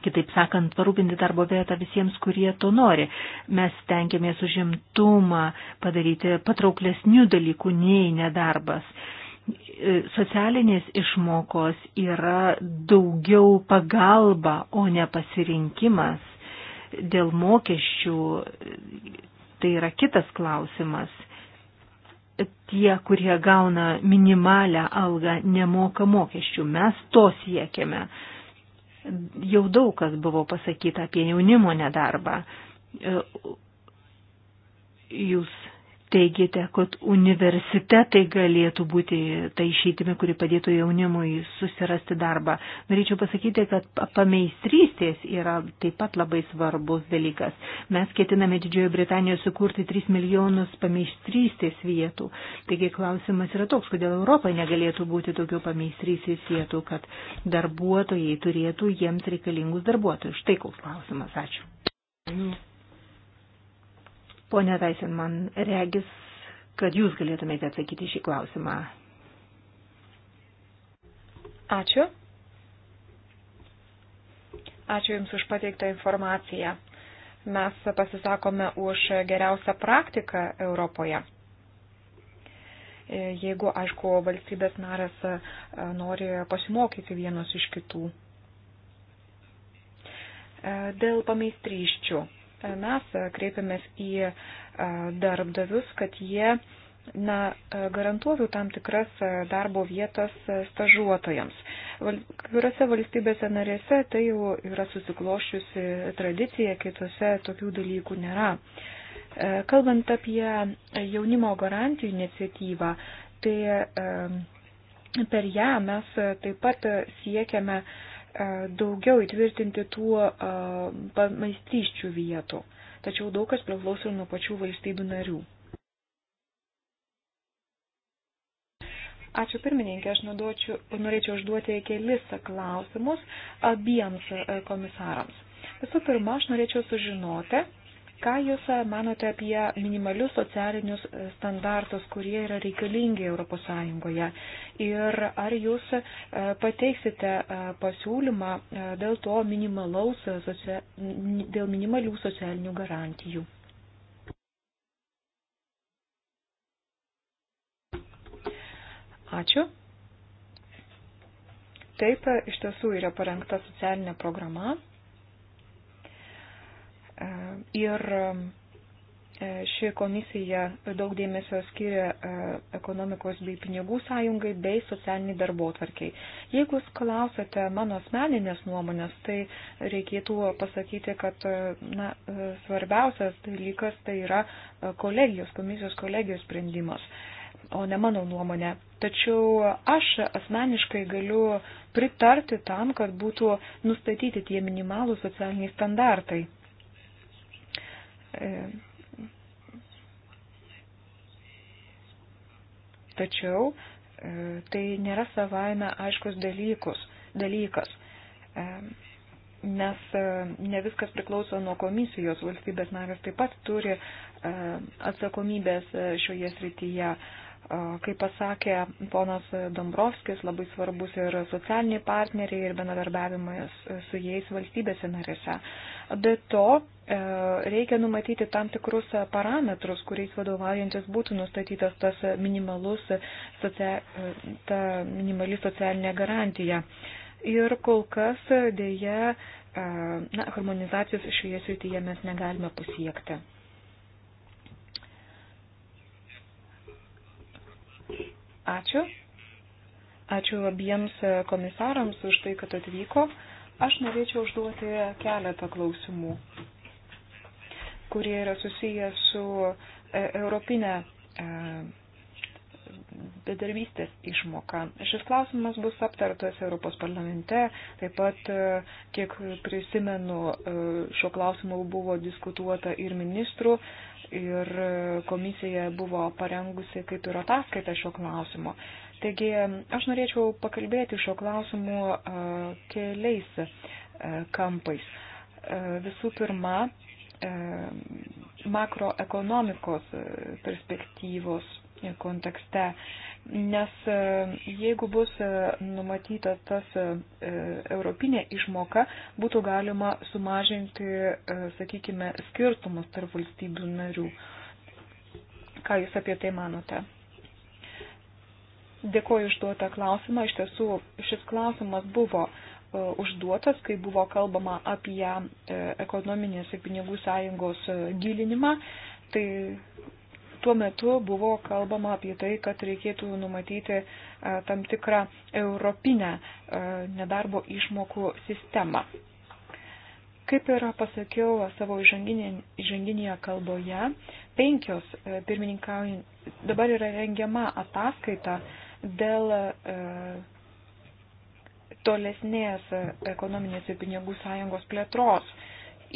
Kitaip sakant, parūpinti darbo vietą visiems, kurie to nori. Mes tenkiamės užimtumą padaryti patrauklesnių dalykų nei nedarbas. Uh, E, socialinės išmokos yra daugiau pagalba, o ne pasirinkimas. Dėl mokesčių e, tai yra kitas klausimas. Tie, kurie gauna minimalę algą, nemoka mokesčių. Mes to siekiame. Jau daug kas buvo pasakyta apie jaunimo nedarbą. E, jūs teigiate, kad universitetai galėtų būti tai išeitimi, kuri padėtų jaunimui susirasti darbą. Norėčiau pasakyti, kad pameistrystės yra taip pat labai svarbus dalykas. Mes ketiname Didžiojo Britanijoje sukurti 3 milijonus pameistrystės vietų. Taigi klausimas yra toks, kodėl Europoje negalėtų būti tokių pameistrystės vietų, kad darbuotojai turėtų jiems reikalingus darbuotojus. Štai koks klausimas. Ačiū. Pone Veisen, man regis, kad jūs galėtumėte atsakyti šį klausimą. Ačiū. Ačiū Jums už pateiktą informaciją. Mes pasisakome už geriausią praktiką Europoje. Jeigu, aišku, valstybės narės e, nori pasimokyti vienos iš kitų. E, dėl pameistryščių mes kreipiamės į darbdavius, kad jie na, garantuotų tam tikras darbo vietas stažuotojams. Kuriuose valstybėse narėse tai jau yra susiklošiusi tradicija, kitose tokių dalykų nėra. Kalbant apie jaunimo garantijų iniciatyvą, tai per ją mes taip pat siekiame uh, E, daugiau įtvirtinti tų e, pameistrysčių vietų, tačiau daug kas priklauso nuo pačių valstybių narių. Ačiū pirmininkė, aš naudočiau, norėčiau užduoti kelis klausimus abiems e, komisarams. Visų pirma, aš norėčiau sužinoti, Ką Jūs e, manote apie minimalius socialinius e, standartus, kurie yra reikalingi ES? Ir ar Jūs e, pateiksite pasiūlymą dėl to minimalaus, dėl minimalių socialinių garantijų? Ačiū. Taip, iš tiesų yra parengta socialinė programa Ir e, ši komisija daug dėmesio skiria e, ekonomikos bei pinigų sąjungai bei socialiniai darbo tvarkiai. Jeigu jūs klausate mano asmeninės nuomonės, tai reikėtų pasakyti, kad e, na, svarbiausias dalykas tai yra kolegijos, komisijos kolegijos sprendimas o ne mano nuomonė. Tačiau aš asmeniškai galiu pritarti tam, kad būtų nustatyti tie minimalų socialiniai standartai E, tačiau e, tai nėra savaime aiškus dalykus, dalykas, e, nes ne viskas priklauso nuo komisijos, valstybės narės taip pat turi atsakomybės šioje srityje. Kaip pasakė ponas Dombrovskis, labai svarbus ir socialiniai partneriai ir bendradarbiavimas su jais valstybėse narėse. Be to, E, reikia numatyti tam tikrus e, parametrus, kuriais vadovaujantis būtų nustatytas tas e, minimalus, socia, ta minimali socialinė garantija. Ir kol kas dėja, na, harmonizacijos šioje srityje mes negalime pasiekti. Ačiū. Ačiū abiems komisarams už tai, kad atvyko. Aš norėčiau užduoti keletą klausimų kurie yra susiję su e, europinė e, bedarbystės išmoka. Šis klausimas bus aptartas Europos parlamente, taip pat, e, kiek prisimenu, šio klausimu buvo diskutuota ir ministrų, ir komisija buvo parengusi kaip ir ataskaitą šio klausimo. Taigi, aš norėčiau pakalbėti šio klausimu keliais kampais. Visų pirma, makroekonomikos e, perspektyvos kontekste, nes e, jeigu bus e, numatyta tas europinė išmoka, būtų galima sumažinti, sakykime, skirtumus tarp valstybių narių. Ką Jūs apie tai manote? Dėkuoju išduotą klausimą. Iš tiesų, šis klausimas buvo uh, E, užduotas, kai buvo kalbama apie e, ekonominės ir pinigų sąjungos e, gilinimą, tai tuo metu buvo kalbama apie tai, kad reikėtų numatyti tam tikrą europinę nedarbo išmokų sistemą. Kaip ir pasakiau savo įžanginėje kalboje, penkios pirmininkaujant dabar yra rengiama ataskaita dėl e, tolesnės ekonominės ir pinigų sąjungos plėtros.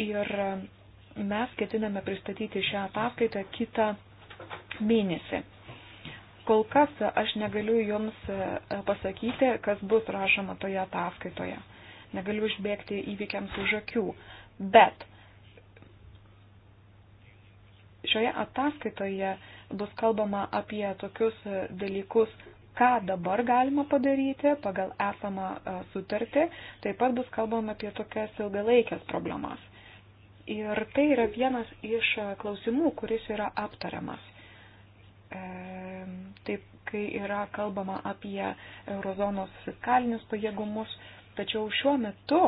Ir mes ketiname pristatyti šią ataskaitą kitą mėnesį. Kol kas aš negaliu Jums e, pasakyti, kas bus rašoma toje ataskaitoje. Negaliu išbėgti įvykiams už akių. Bet šioje ataskaitoje bus kalbama apie tokius dalykus ką dabar galima padaryti pagal esamą e, sutartį, taip pat bus kalbama apie tokias ilgalaikės problemas. Ir tai yra vienas iš e, klausimų, kuris yra aptariamas. E, taip, kai yra kalbama apie eurozonos fiskalinius pajėgumus, tačiau šiuo metu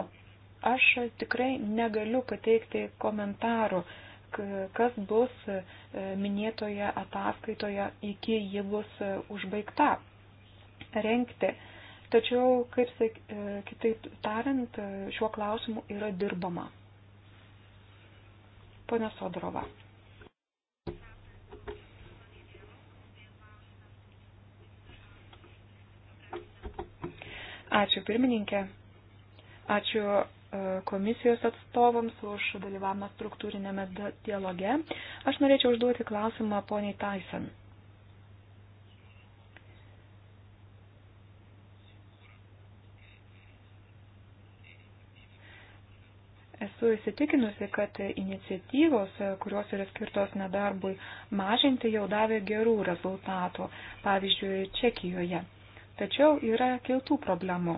aš tikrai negaliu pateikti komentarų kas bus minėtoje ataskaitoje iki ji bus užbaigta renkti. Tačiau, kaip e, kitaip tariant, e, šiuo klausimu yra dirbama. Pone Sodorova. Ačiū pirmininkė. Ačiū e, komisijos atstovams už dalyvavimą struktūrinėme dialoge. Aš norėčiau užduoti klausimą poniai Tyson. Esu įsitikinusi, kad iniciatyvos, kurios yra skirtos nedarbui mažinti, jau davė gerų rezultatų, pavyzdžiui, Čekijoje. Tačiau yra kiltų problemų,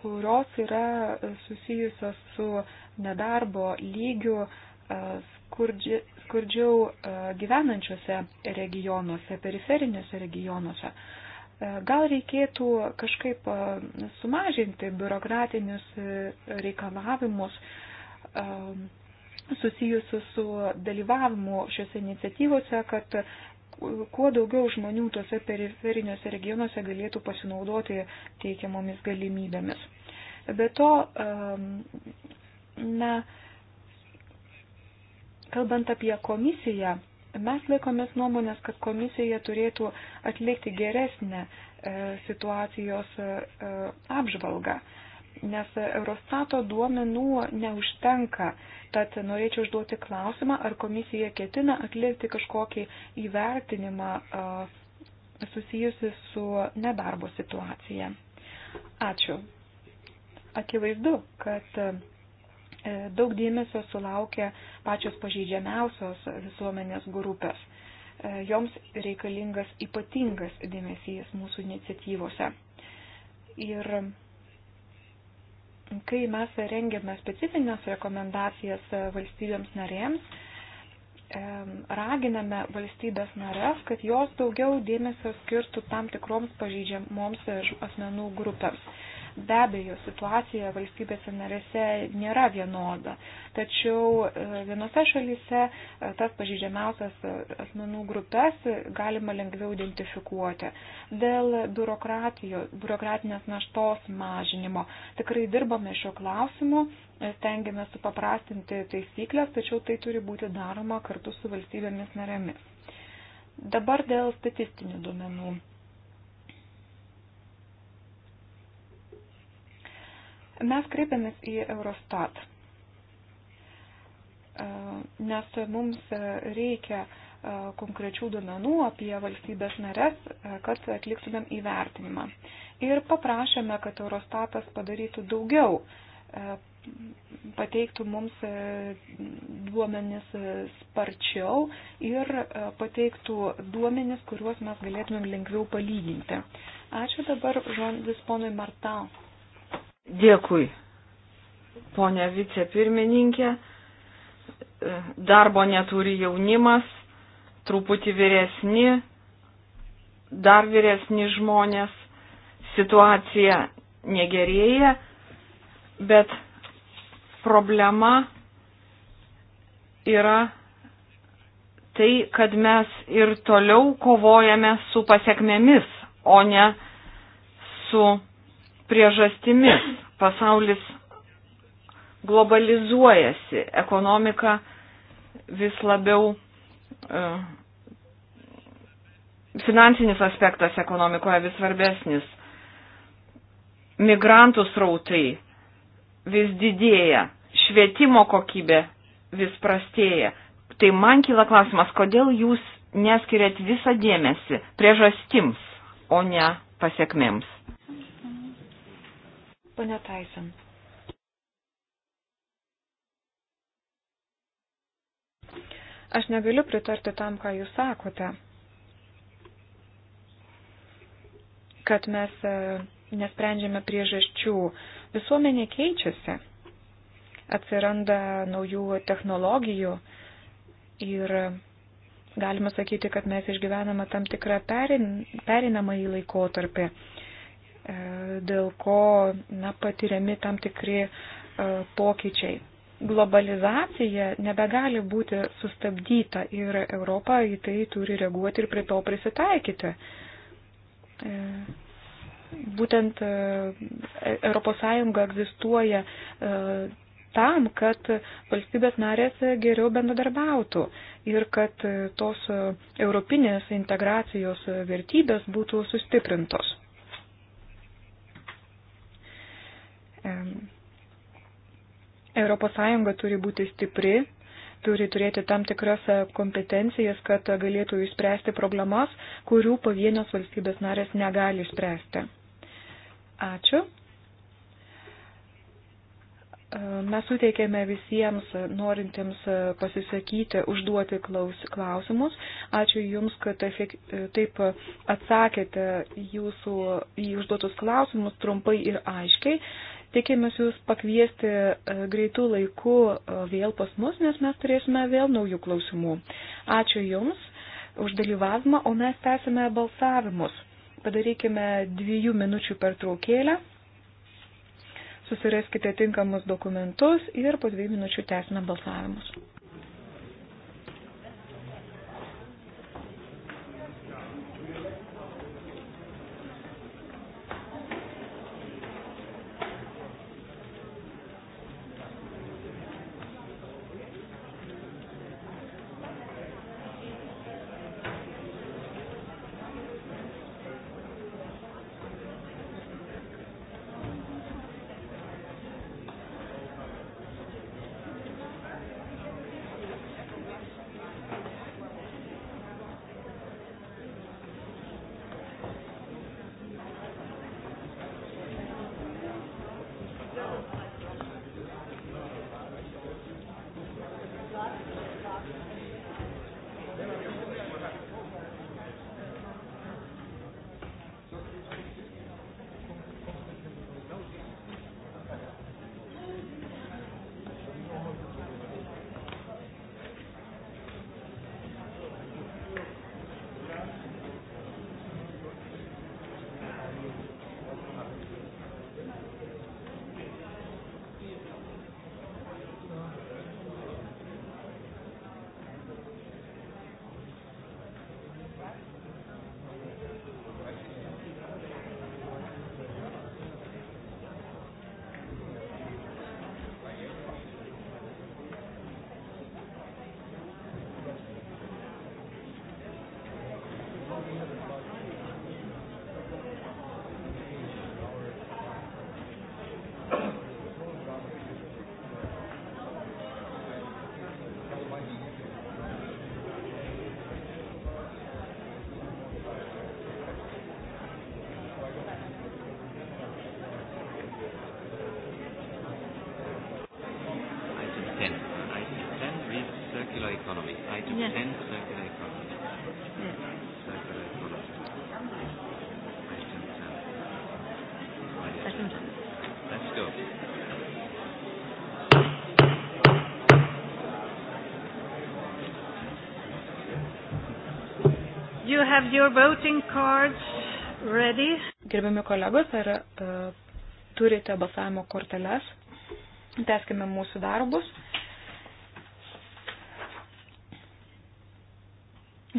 kurios yra susijusios su nedarbo lygiu e, skurdži, skurdžiau e, gyvenančiose regionuose, periferinėse regionuose. Gal reikėtų kažkaip sumažinti biurokratinius e, reikalavimus susijusius su dalyvavimu šiuose iniciatyvose, kad kuo daugiau žmonių tuose periferiniuose regionuose galėtų pasinaudoti teikiamomis galimybėmis. Be to, na, kalbant apie komisiją, Mes laikomės nuomonės, kad komisija turėtų atlikti geresnę e, situacijos e, e, apžvalgą, nes Eurostato duomenų neužtenka. Tad norėčiau užduoti klausimą, ar komisija ketina atlikti kažkokį įvertinimą susijusi su nedarbo situacija. Ačiū. Akivaizdu, kad E, daug dėmesio sulaukia pačios pažeidžiamiausios visuomenės grupės. E, joms reikalingas ypatingas dėmesys mūsų iniciatyvose. Ir kai mes rengiame specifines rekomendacijas valstybėms narėms, e, raginame valstybės narės, kad jos daugiau dėmesio skirtų tam tikroms pažeidžiamoms asmenų grupėms. Be abejo, situacija valstybėse narėse nėra vienoda, tačiau e, vienose šalyse e, tas pažydžiamiausias e, asmenų grupės galima lengviau identifikuoti. Dėl biurokratinės naštos mažinimo tikrai dirbame šio klausimu, stengiame supaprastinti taisyklės, tačiau tai turi būti daroma kartu su valstybėmis narėmis. Dabar dėl statistinių duomenų Mes kreipiamės į Eurostat, e, nes mums reikia e, konkrečių duomenų apie valstybės narės, e, kad atliktumėm įvertinimą. Ir paprašėme, kad Eurostatas padarytų daugiau, pateiktų mums duomenis sparčiau ir pateiktų duomenis, kuriuos mes galėtumėm lengviau palyginti. Ačiū dabar žodis ponui Martau. Dėkui, ponė vicepirmininkė. Darbo neturi jaunimas, truputį vyresni, dar vyresni žmonės. Situacija negerėja, bet problema yra tai, kad mes ir toliau kovojame su pasiekmėmis, o ne su priežastimis. Pasaulis globalizuojasi, ekonomika vis labiau, e, finansinis aspektas ekonomikoje vis svarbesnis, migrantų srautai vis didėja, švietimo kokybė vis prastėja. Tai man kyla klausimas, kodėl jūs neskiriat visą dėmesį priežastims, o ne pasiekmėms. Pane Taisen. Aš negaliu pritarti tam, ką jūs sakote, kad mes e, nesprendžiame priežasčių. Visuomenė keičiasi, atsiranda naujų technologijų ir galima sakyti, kad mes išgyvename tam tikrą perinamąjį laikotarpį. E, dėl ko na, patiriami tam tikri e, pokyčiai. Globalizacija nebegali būti sustabdyta ir Europa į tai turi reaguoti ir prie to prisitaikyti. E, būtent ES egzistuoja tam, kad valstybės narės geriau bendradarbiautų ir kad tos europinės integracijos vertybės būtų sustiprintos. ES turi būti stipri, turi turėti tam tikras e, kompetencijas, kad e, galėtų išspręsti problemas, kurių pavienios valstybės narės negali išspręsti. Ačiū. E, mes suteikėme visiems norintiems pasisakyti, užduoti klausimus. Ačiū Jums, kad taip atsakėte jūsų į užduotus klausimus trumpai ir aiškiai. Tikėmės jūs pakviesti e, greitų laikų e, vėl pas mus, nes mes turėsime vėl naujų klausimų. Ačiū Jums už dalyvavimą, o mes tęsime balsavimus. Padarykime dviejų minučių pertraukėlę. Susiraskite tinkamus dokumentus ir po dviejų minučių tęsime balsavimus. have your voting cards ready? Gerbiami kolegos, ar uh, turite balsavimo korteles? Teskime mūsų darbus.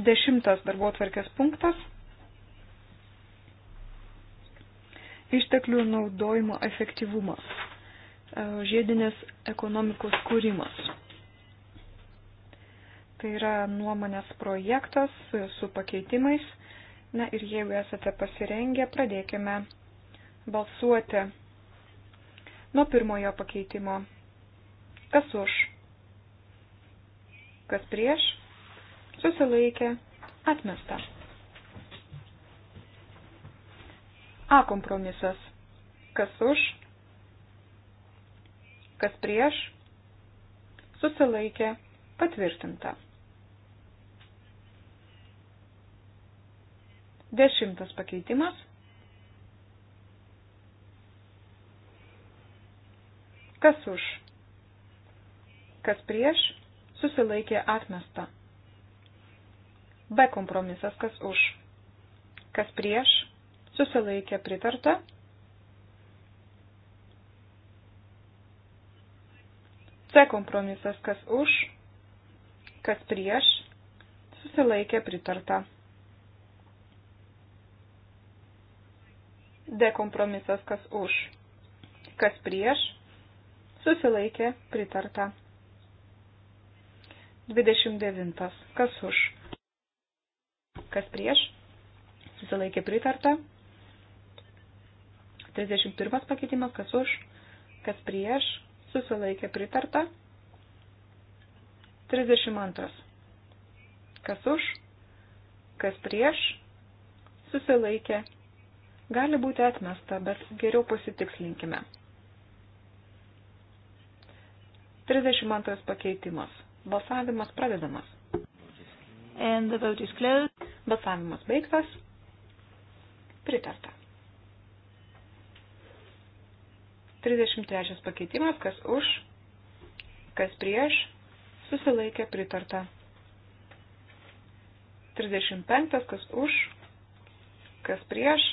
Dešimtas darbo tvarkės punktas. Išteklių naudojimo efektyvumas. E, žiedinės ekonomikos kūrimas. Tai yra nuomonės projektas su pakeitimais. Na ir jeigu esate pasirengę, pradėkime balsuoti nuo pirmojo pakeitimo. Kas už? Kas prieš? Susilaikė. Atmesta. A kompromisas. Kas už? Kas prieš? Susilaikė. Patvirtinta. Dešimtas pakeitimas. Kas už? Kas prieš? Susilaikė atmesta. B kompromisas kas už? Kas prieš? Susilaikė pritarta. C kompromisas kas už? Kas prieš? Susilaikė pritarta. D kompromisas kas už, kas prieš, susilaikė pritarta. 29. Kas už? Kas prieš? Susilaikė pritarta. 31 pakeitimas. Kas už? Kas prieš? Susilaikė pritarta. 32. Kas už? Kas prieš? Susilaikė Gali būti atmesta, bet geriau pasitikslinkime. 32 pakeitimas. Balsavimas pradedamas. And the vote is closed. Balsavimas baigtas. Pritarta. 33 pakeitimas, kas už, kas prieš, susilaikė pritarta. 35, kas už, kas prieš,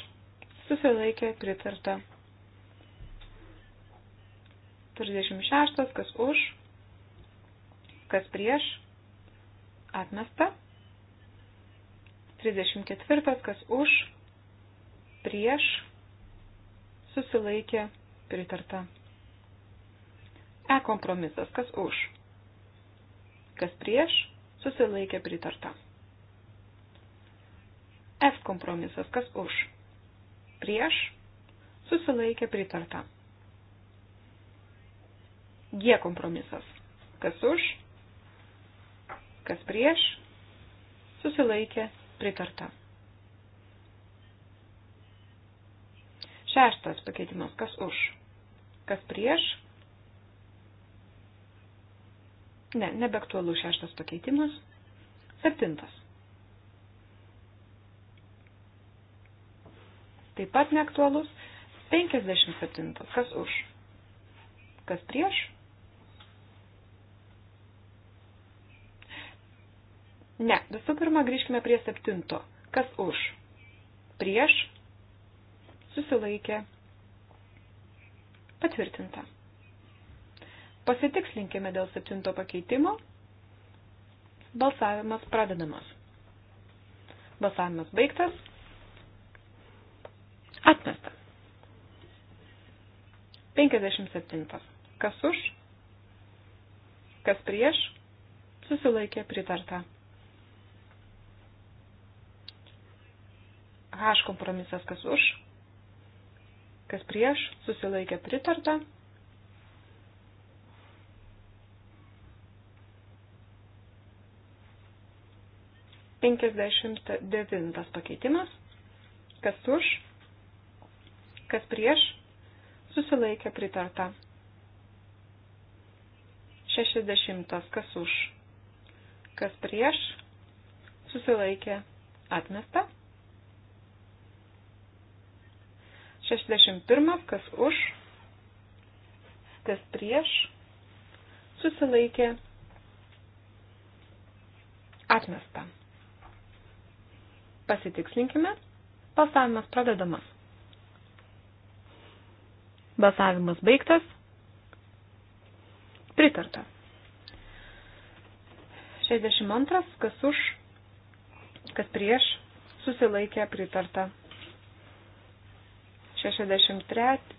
susilaikė pritarta. 36. Kas už, kas prieš, atmesta. 34. Kas už, prieš, susilaikė pritarta. E kompromisas. Kas už, kas prieš, susilaikė pritarta. F kompromisas. Kas už prieš, susilaikė pritarta. G kompromisas. Kas už, kas prieš, susilaikė pritarta. Šeštas pakeitimas. Kas už, kas prieš. Ne, nebeaktualu šeštas pakeitimas. Septintas. taip pat neaktualus. 57. Kas už? Kas prieš? Ne, visų pirma grįžkime prie septinto. Kas už? Prieš? Susilaikė. Patvirtinta. Pasitikslinkime dėl septinto pakeitimo. Balsavimas pradedamas. Balsavimas baigtas. Atmesta. 57. Kas už? Kas prieš? Susilaikė pritarta. H kompromisas kas už? Kas prieš? Susilaikė pritarta. Penkiasdešimt devintas pakeitimas. Kas už? Kas prieš? Susilaikė pritarta. 60. Kas už? Kas prieš? Susilaikė atmesta. 61. Kas už? Kas prieš? Susilaikė atmesta. Pasitikslinkime. Balsavimas pradedamas. Balsavimas baigtas. Pritarta. 62. Kas už, kas prieš, susilaikė pritarta. 63.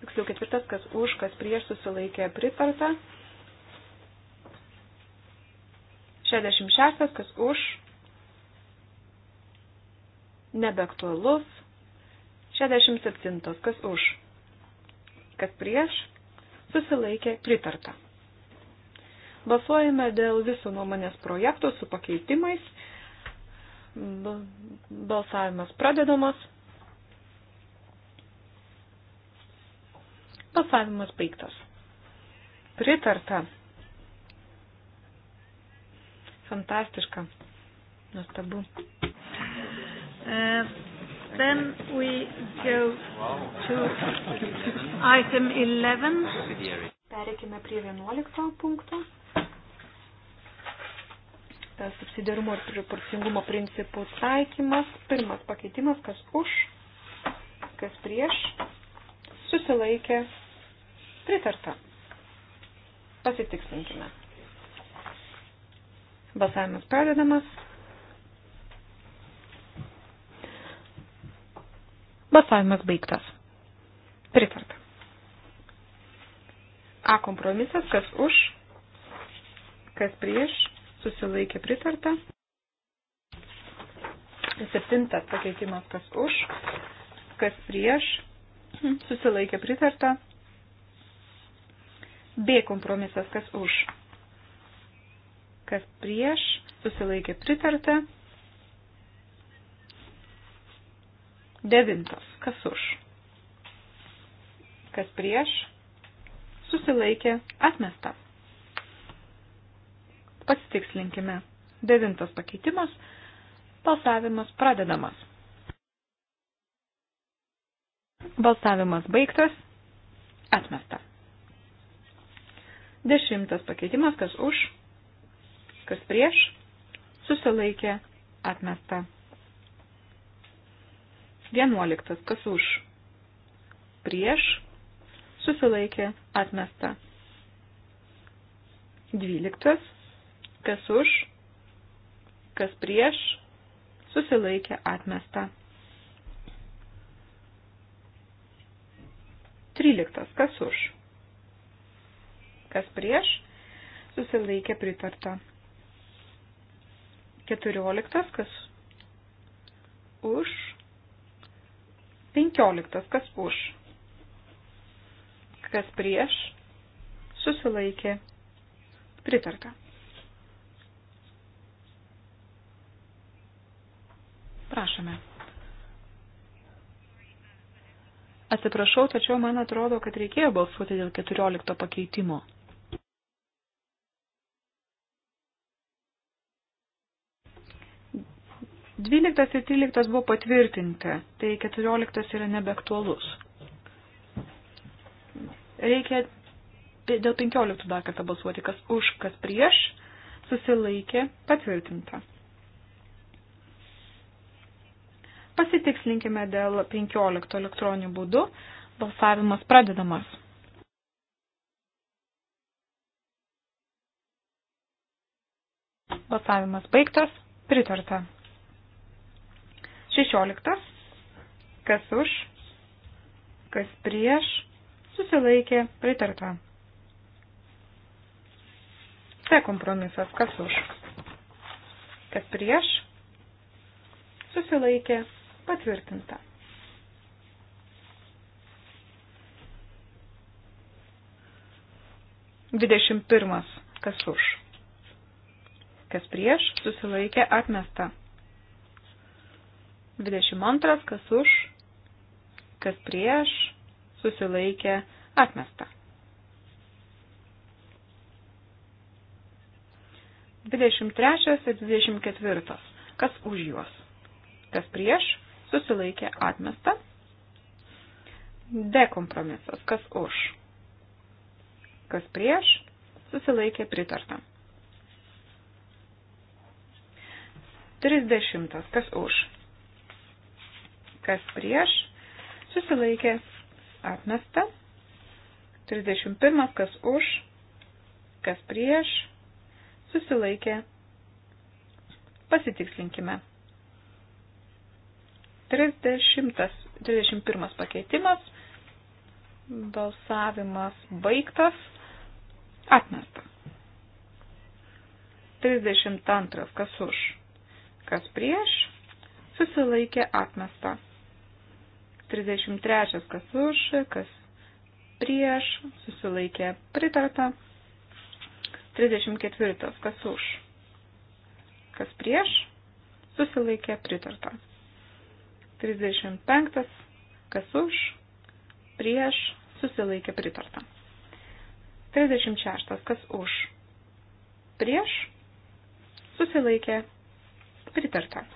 Tiksliau ketvirtas, kas už, kas prieš, susilaikė pritarta. 66. Kas už, nebeaktualus. 67. Kas už? Kas prieš? Susilaikė pritarta. Balsuojame dėl viso nuomonės projekto su pakeitimais. Balsavimas pradedamas. Balsavimas baigtas. Pritarta. Fantastiška. Nuostabu. E... Then we go to item 11. Pereikime prie 11 punkto. Subsidiarumo ir proporcingumo principų taikymas. Pirmas pakeitimas, kas už, kas prieš, susilaikė, pritarta. Pasitikslinkime. Balsavimas pradedamas. Balsavimas baigtas. Pritarta. A kompromisas, kas už, kas prieš, susilaikė pritarta. Septintas pakeitimas, kas už, kas prieš, susilaikė pritarta. B kompromisas, kas už, kas prieš, susilaikė pritarta. Devintas. Kas už? Kas prieš? Susilaikė. Atmesta. Pasitikslinkime. Devintas pakeitimas. Balsavimas pradedamas. Balsavimas baigtas. Atmesta. Dešimtas pakeitimas. Kas už? Kas prieš? Susilaikė. Atmesta. 11. Kas už? Prieš. Susilaikė. Atmesta. 12. Kas už? Kas prieš? Susilaikė. Atmesta. 13. Kas už? Kas prieš? Susilaikė pritarta. 14. Kas už? 15. Kas už? Kas prieš? Susilaikė. Pritarta. Prašome. Atsiprašau, tačiau man atrodo, kad reikėjo balsuoti dėl 14 pakeitimo. 12 ir 13 buvo patvirtinti, tai 14 yra nebeaktualus. Reikia dėl 15 dar kartą balsuoti, kas už, kas prieš, susilaikė patvirtinta. Pasitikslinkime dėl 15 elektroninių būdų. Balsavimas pradedamas. Balsavimas baigtas. Pritarta. 16. Kas už, kas prieš, susilaikė, pritarta. C kompromisas. Kas už, kas prieš, susilaikė, patvirtinta. Dvidešimt pirmas. Kas už? Kas prieš, susilaikė, atmesta. 22. Kas už, kas prieš, susilaikė, atmesta. 23 ir 24. Kas už juos? Kas prieš? Susilaikė atmesta. D kompromisas. Kas už? Kas prieš? Susilaikė pritarta. 30. Kas už? kas prieš, susilaikė, atmesta. 31, kas už, kas prieš, susilaikė, pasitikslinkime. 30, 31 pakeitimas, balsavimas baigtas, atmesta. 32, kas už, kas prieš, susilaikė atmesta. 33 kas už, kas prieš, susilaikė pritarta. 34 kas už, kas prieš, susilaikė pritarta. 35 kas už, prieš, susilaikė pritarta. 36 kas už, prieš, susilaikė pritarta.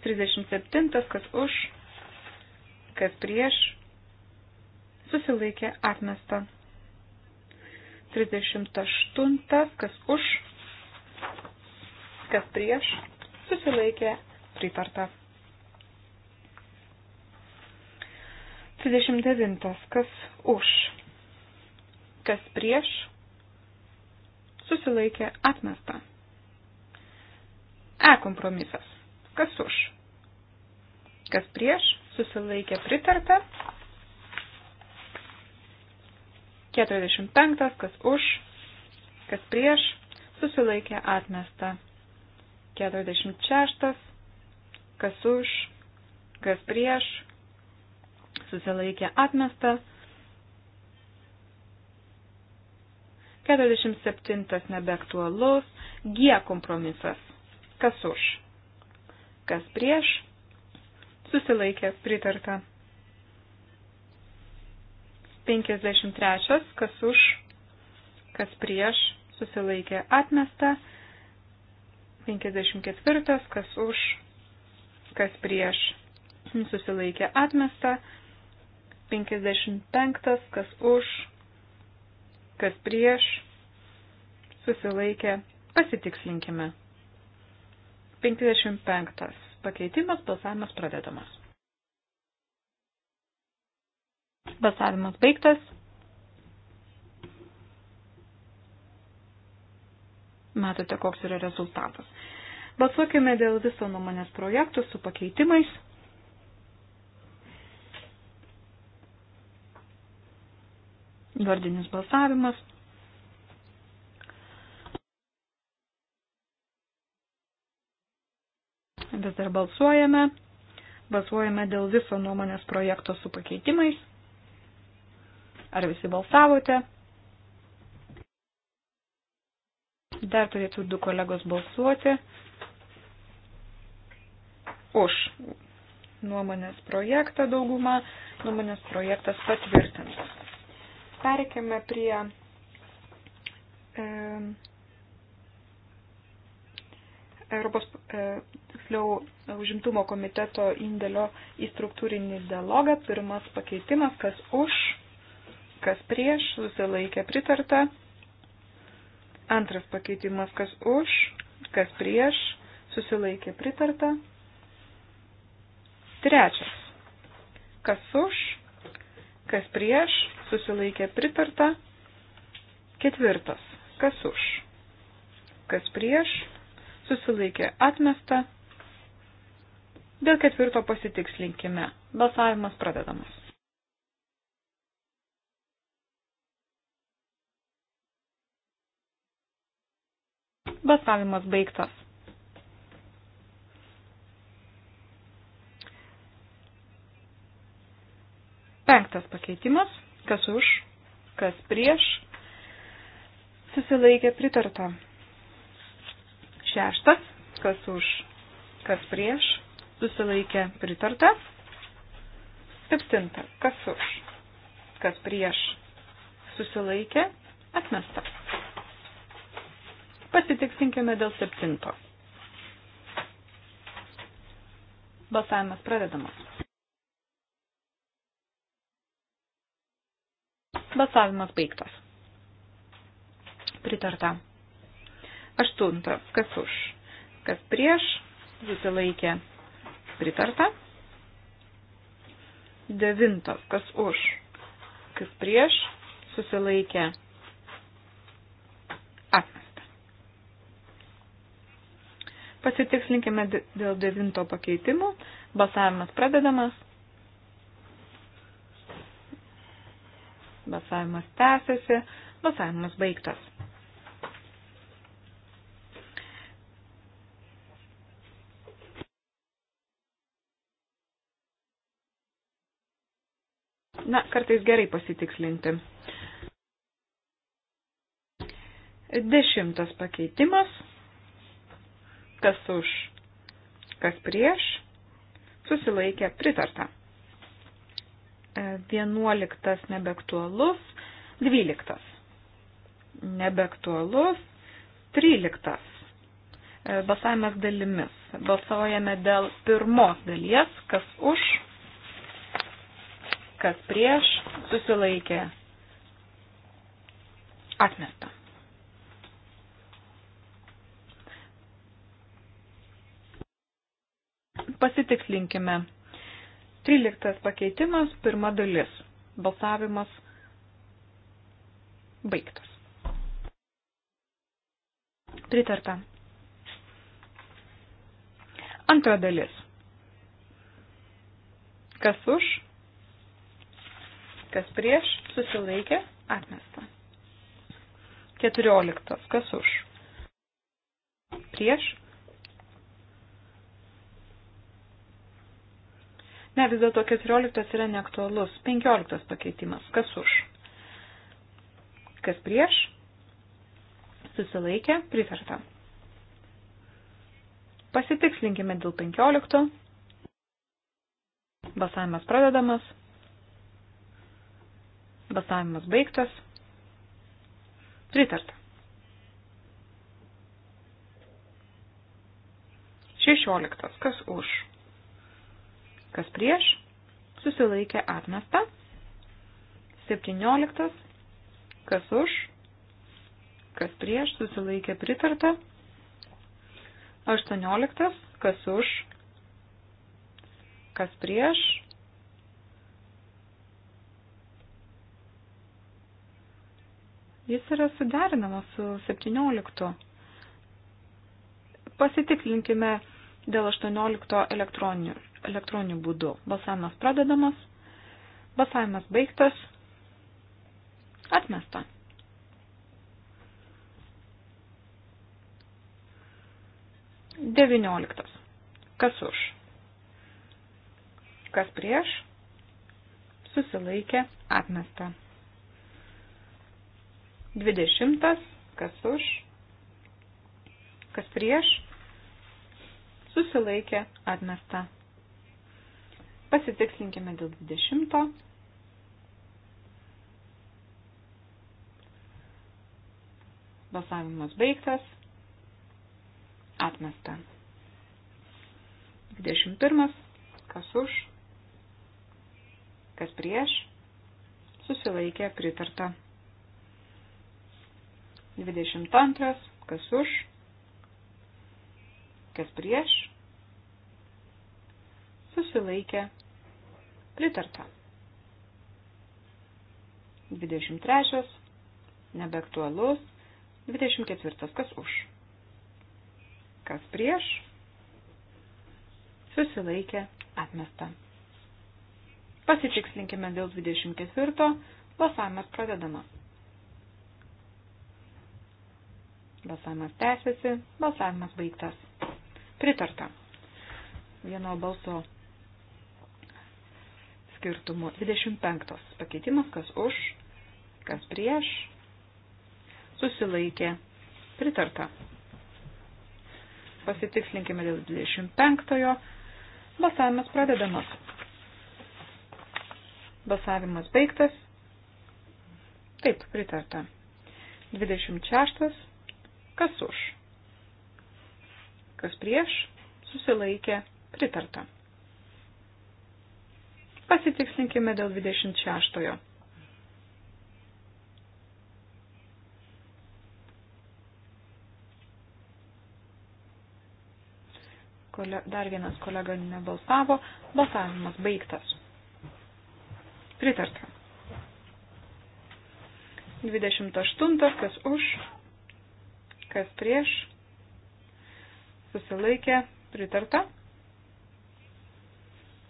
37, kas už, kas prieš, susilaikė atmesta. 38, kas už, kas prieš, susilaikė pritarta. 39, kas už, kas prieš, susilaikė atmesta. E kompromisas. Kas už? Kas prieš? Susilaikė pritarta. 45. Kas už? Kas prieš? Susilaikė atmesta. 46. Kas už? Kas prieš? Susilaikė atmesta. 47 nebeaktualus, G kompromisas. Kas už? kas prieš, susilaikė pritarta. 53, kas už, kas prieš, susilaikė atmesta. 54, kas už, kas prieš, susilaikė atmesta. 55, kas už, kas prieš, susilaikė, pasitikslinkime. 55. Pakeitimas balsavimas pradedamas. Balsavimas baigtas. Matote, koks yra rezultatas. Balsuokime dėl viso nuomonės projektų su pakeitimais. Vardinis balsavimas. vis dar balsuojame. Balsuojame dėl viso nuomonės projekto su pakeitimais. Ar visi balsavote? Dar turėtų du kolegos balsuoti už nuomonės projektą daugumą. Nuomonės projektas patvirtintas. Perkime prie e, Europos, e, tiksliau, užimtumo komiteto indėlio į struktūrinį dialogą. Pirmas pakeitimas, kas už, kas prieš, susilaikė pritarta. Antras pakeitimas, kas už, kas prieš, susilaikė pritarta. Trečias, kas už, kas prieš, susilaikė pritarta. Ketvirtas, kas už, kas prieš, susilaikė atmesta. Dėl ketvirto pasitikslinkime. Balsavimas pradedamas. Balsavimas baigtas. Penktas pakeitimas. Kas už, kas prieš. Susilaikė pritarta. Šeštas, kas už, kas prieš, susilaikė pritarta. Septinta, kas už, kas prieš, susilaikė atmesta. Pasitiksinkime dėl septinto. Balsavimas pradedamas. Balsavimas baigtas. Pritarta. Aštuntas. Kas už? Kas prieš? Susilaikė. Pritarta. Devintas. Kas už? Kas prieš? Susilaikė. Atmesta. Pasitikslinkime dėl devinto pakeitimų. Balsavimas pradedamas. Balsavimas tęsiasi. Balsavimas baigtas. Na, kartais gerai pasitikslinti. Dešimtas pakeitimas. Kas už, kas prieš, susilaikė pritarta. E, vienuoliktas nebeaktualus, dvyliktas nebeaktualus, tryliktas e, balsavimas dalimis. Balsuojame dėl pirmos dalies, kas už, kas prieš, susilaikė, atmesta. Pasitikslinkime. 13 pakeitimas, pirma dalis. Balsavimas baigtas. Pritarta. Antra dalis. Kas už? kas prieš, susilaikė, atmesta. 14. Kas už? Prieš. Ne, vis dėlto 14 yra neaktualus. 15 pakeitimas. Kas už? Kas prieš? Susilaikė, pritarta. Pasitikslinkime dėl 15. Balsavimas pradedamas. Balsavimas baigtas. Pritarta. 16. Kas už? Kas prieš? Susilaikė atmesta. 17. Kas už? Kas prieš? Susilaikė pritarta. 18. Kas už? Kas prieš? Jis yra suderinamas su 17. Pasitiklinkime dėl 18 elektroninių, elektroninių būdų. Balsavimas pradedamas, balsavimas baigtas, atmesta. Devynioliktas. Kas už? Kas prieš? Susilaikė atmesta. 20. Kas už? Kas prieš? Susilaikė atmesta. Pasitikslinkime dėl 20. Balsavimas baigtas. Atmesta. 21. Kas už? Kas prieš? Susilaikė pritarta. 22. Kas už? Kas prieš? Susilaikė. Pritarta. 23. Nebeaktualus. 24. Kas už? Kas prieš? Susilaikė. Atmesta. Pasitikslinkime dėl 24. Balsavimas pradedamas. Balsavimas tęsiasi, balsavimas baigtas. Pritarta. Vieno balso skirtumu 25. Pakeitimas, kas už, kas prieš, susilaikė. Pritarta. Pasitikslinkime dėl 25. Balsavimas pradedamas. Balsavimas baigtas. Taip, pritarta. 26 Kas už? Kas prieš? Susilaikė. Pritarta. Pasitikslinkime dėl 26. Kole, dar vienas kolega nebalsavo. Balsavimas baigtas. Pritarta. 28. Kas už? kas prieš, susilaikė, pritarta.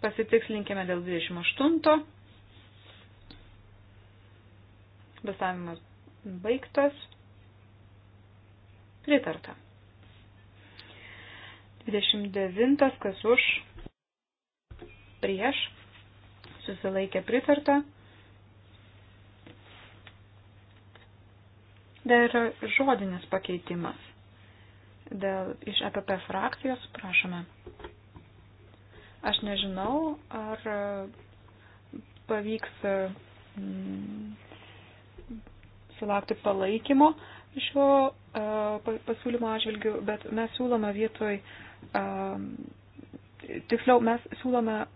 Pasitikslinkime dėl 28. Basavimas baigtas. Pritarta. 29. Kas už? Prieš. Susilaikė pritarta. Dar yra žodinis pakeitimas. Dėl iš EPP frakcijos prašome. Aš nežinau, ar mm, pavyks mm, sulaukti palaikymo šio e, pasiūlymo atžvilgiu, bet mes siūlome vietoj, e, tiksliau, mes siūlome e,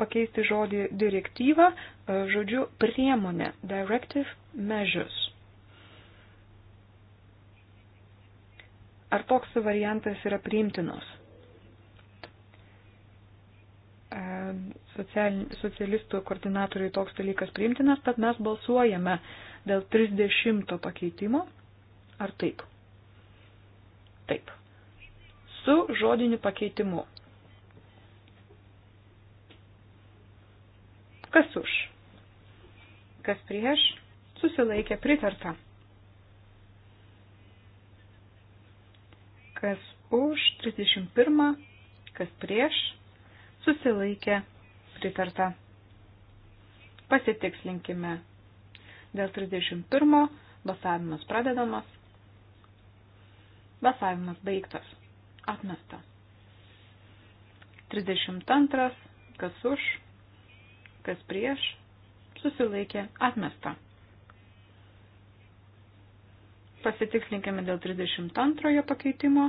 pakeisti žodį direktyvą žodžiu priemonė, directive measures. Ar toks variantas yra priimtinos? E, social, socialistų koordinatoriai toks dalykas priimtinas, tad mes balsuojame dėl 30 pakeitimo. Ar taip? Taip. Su žodiniu pakeitimu. Kas už? Kas prieš? Susilaikė pritarta. kas už 31, kas prieš, susilaikė, pritarta. Pasitikslinkime. Dėl 31 balsavimas pradedamas, balsavimas baigtas, atmesta. 32, kas už, kas prieš, susilaikė, atmesta. Pasitikslinkime dėl 32 pakeitimo.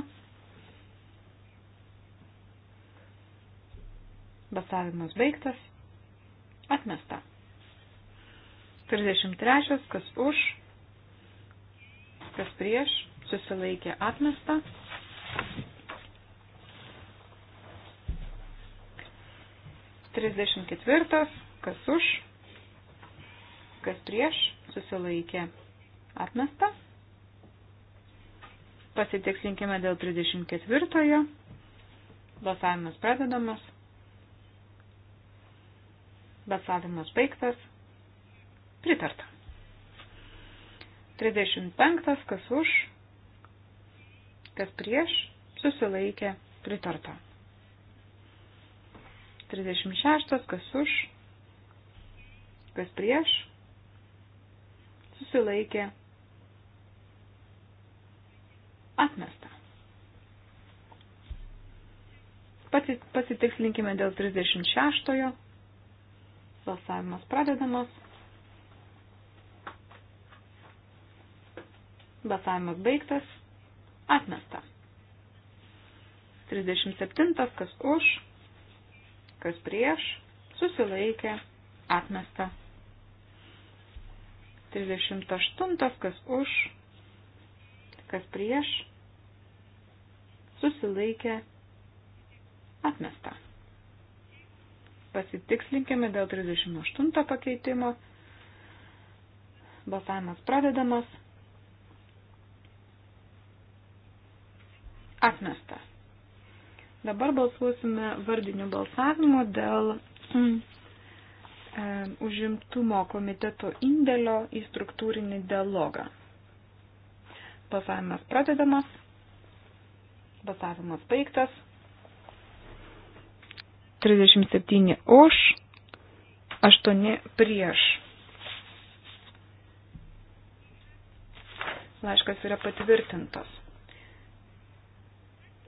Basavimas baigtas. Atmesta. 33. Kas už, kas prieš, susilaikė atmesta. Trisdešimt ketvirtas, kas už, kas prieš, susilaikė atmesta. Pasitikslinkime dėl 34-ojo. Balsavimas pradedamas. Balsavimas baigtas. Pritarta. 35, kas už, kas prieš, susilaikė, pritarta. 36, kas už, kas prieš, susilaikė, pritarta Atmesta. Pasitikslinkime dėl 36-ojo. Balsavimas pradedamas. Balsavimas baigtas. Atmesta. 37. Kas už, kas prieš, susilaikė, atmesta. 38. Kas už, kas prieš, susilaikė, atmesta. Pasitikslinkime dėl 38 pakeitimo. Balsavimas pradedamas. Atmesta. Dabar balsuosime vardiniu balsavimu dėl mm, e, užimtumo komiteto indėlio į struktūrinį dialogą. Balsavimas pradedamas. Balsavimas baigtas. 37 už, 8 prieš. Laiškas yra patvirtintas.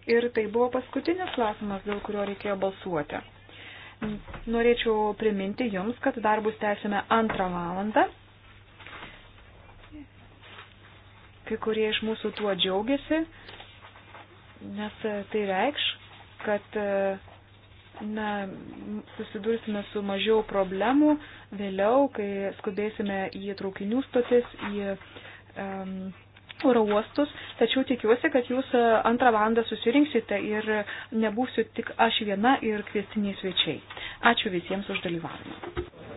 Ir tai buvo paskutinis klausimas, dėl kurio reikėjo balsuoti. Norėčiau priminti Jums, kad darbus tęsime antrą valandą. Kai kurie iš mūsų tuo džiaugiasi, nes e, tai reikš, kad e, na, susidursime su mažiau problemų vėliau, kai skubėsime į traukinių stotis, į um, oro uostus, tačiau tikiuosi, kad jūs e, antrą valandą susirinksite ir nebūsiu tik aš viena ir kvestiniai svečiai. Ačiū visiems už dalyvavimą.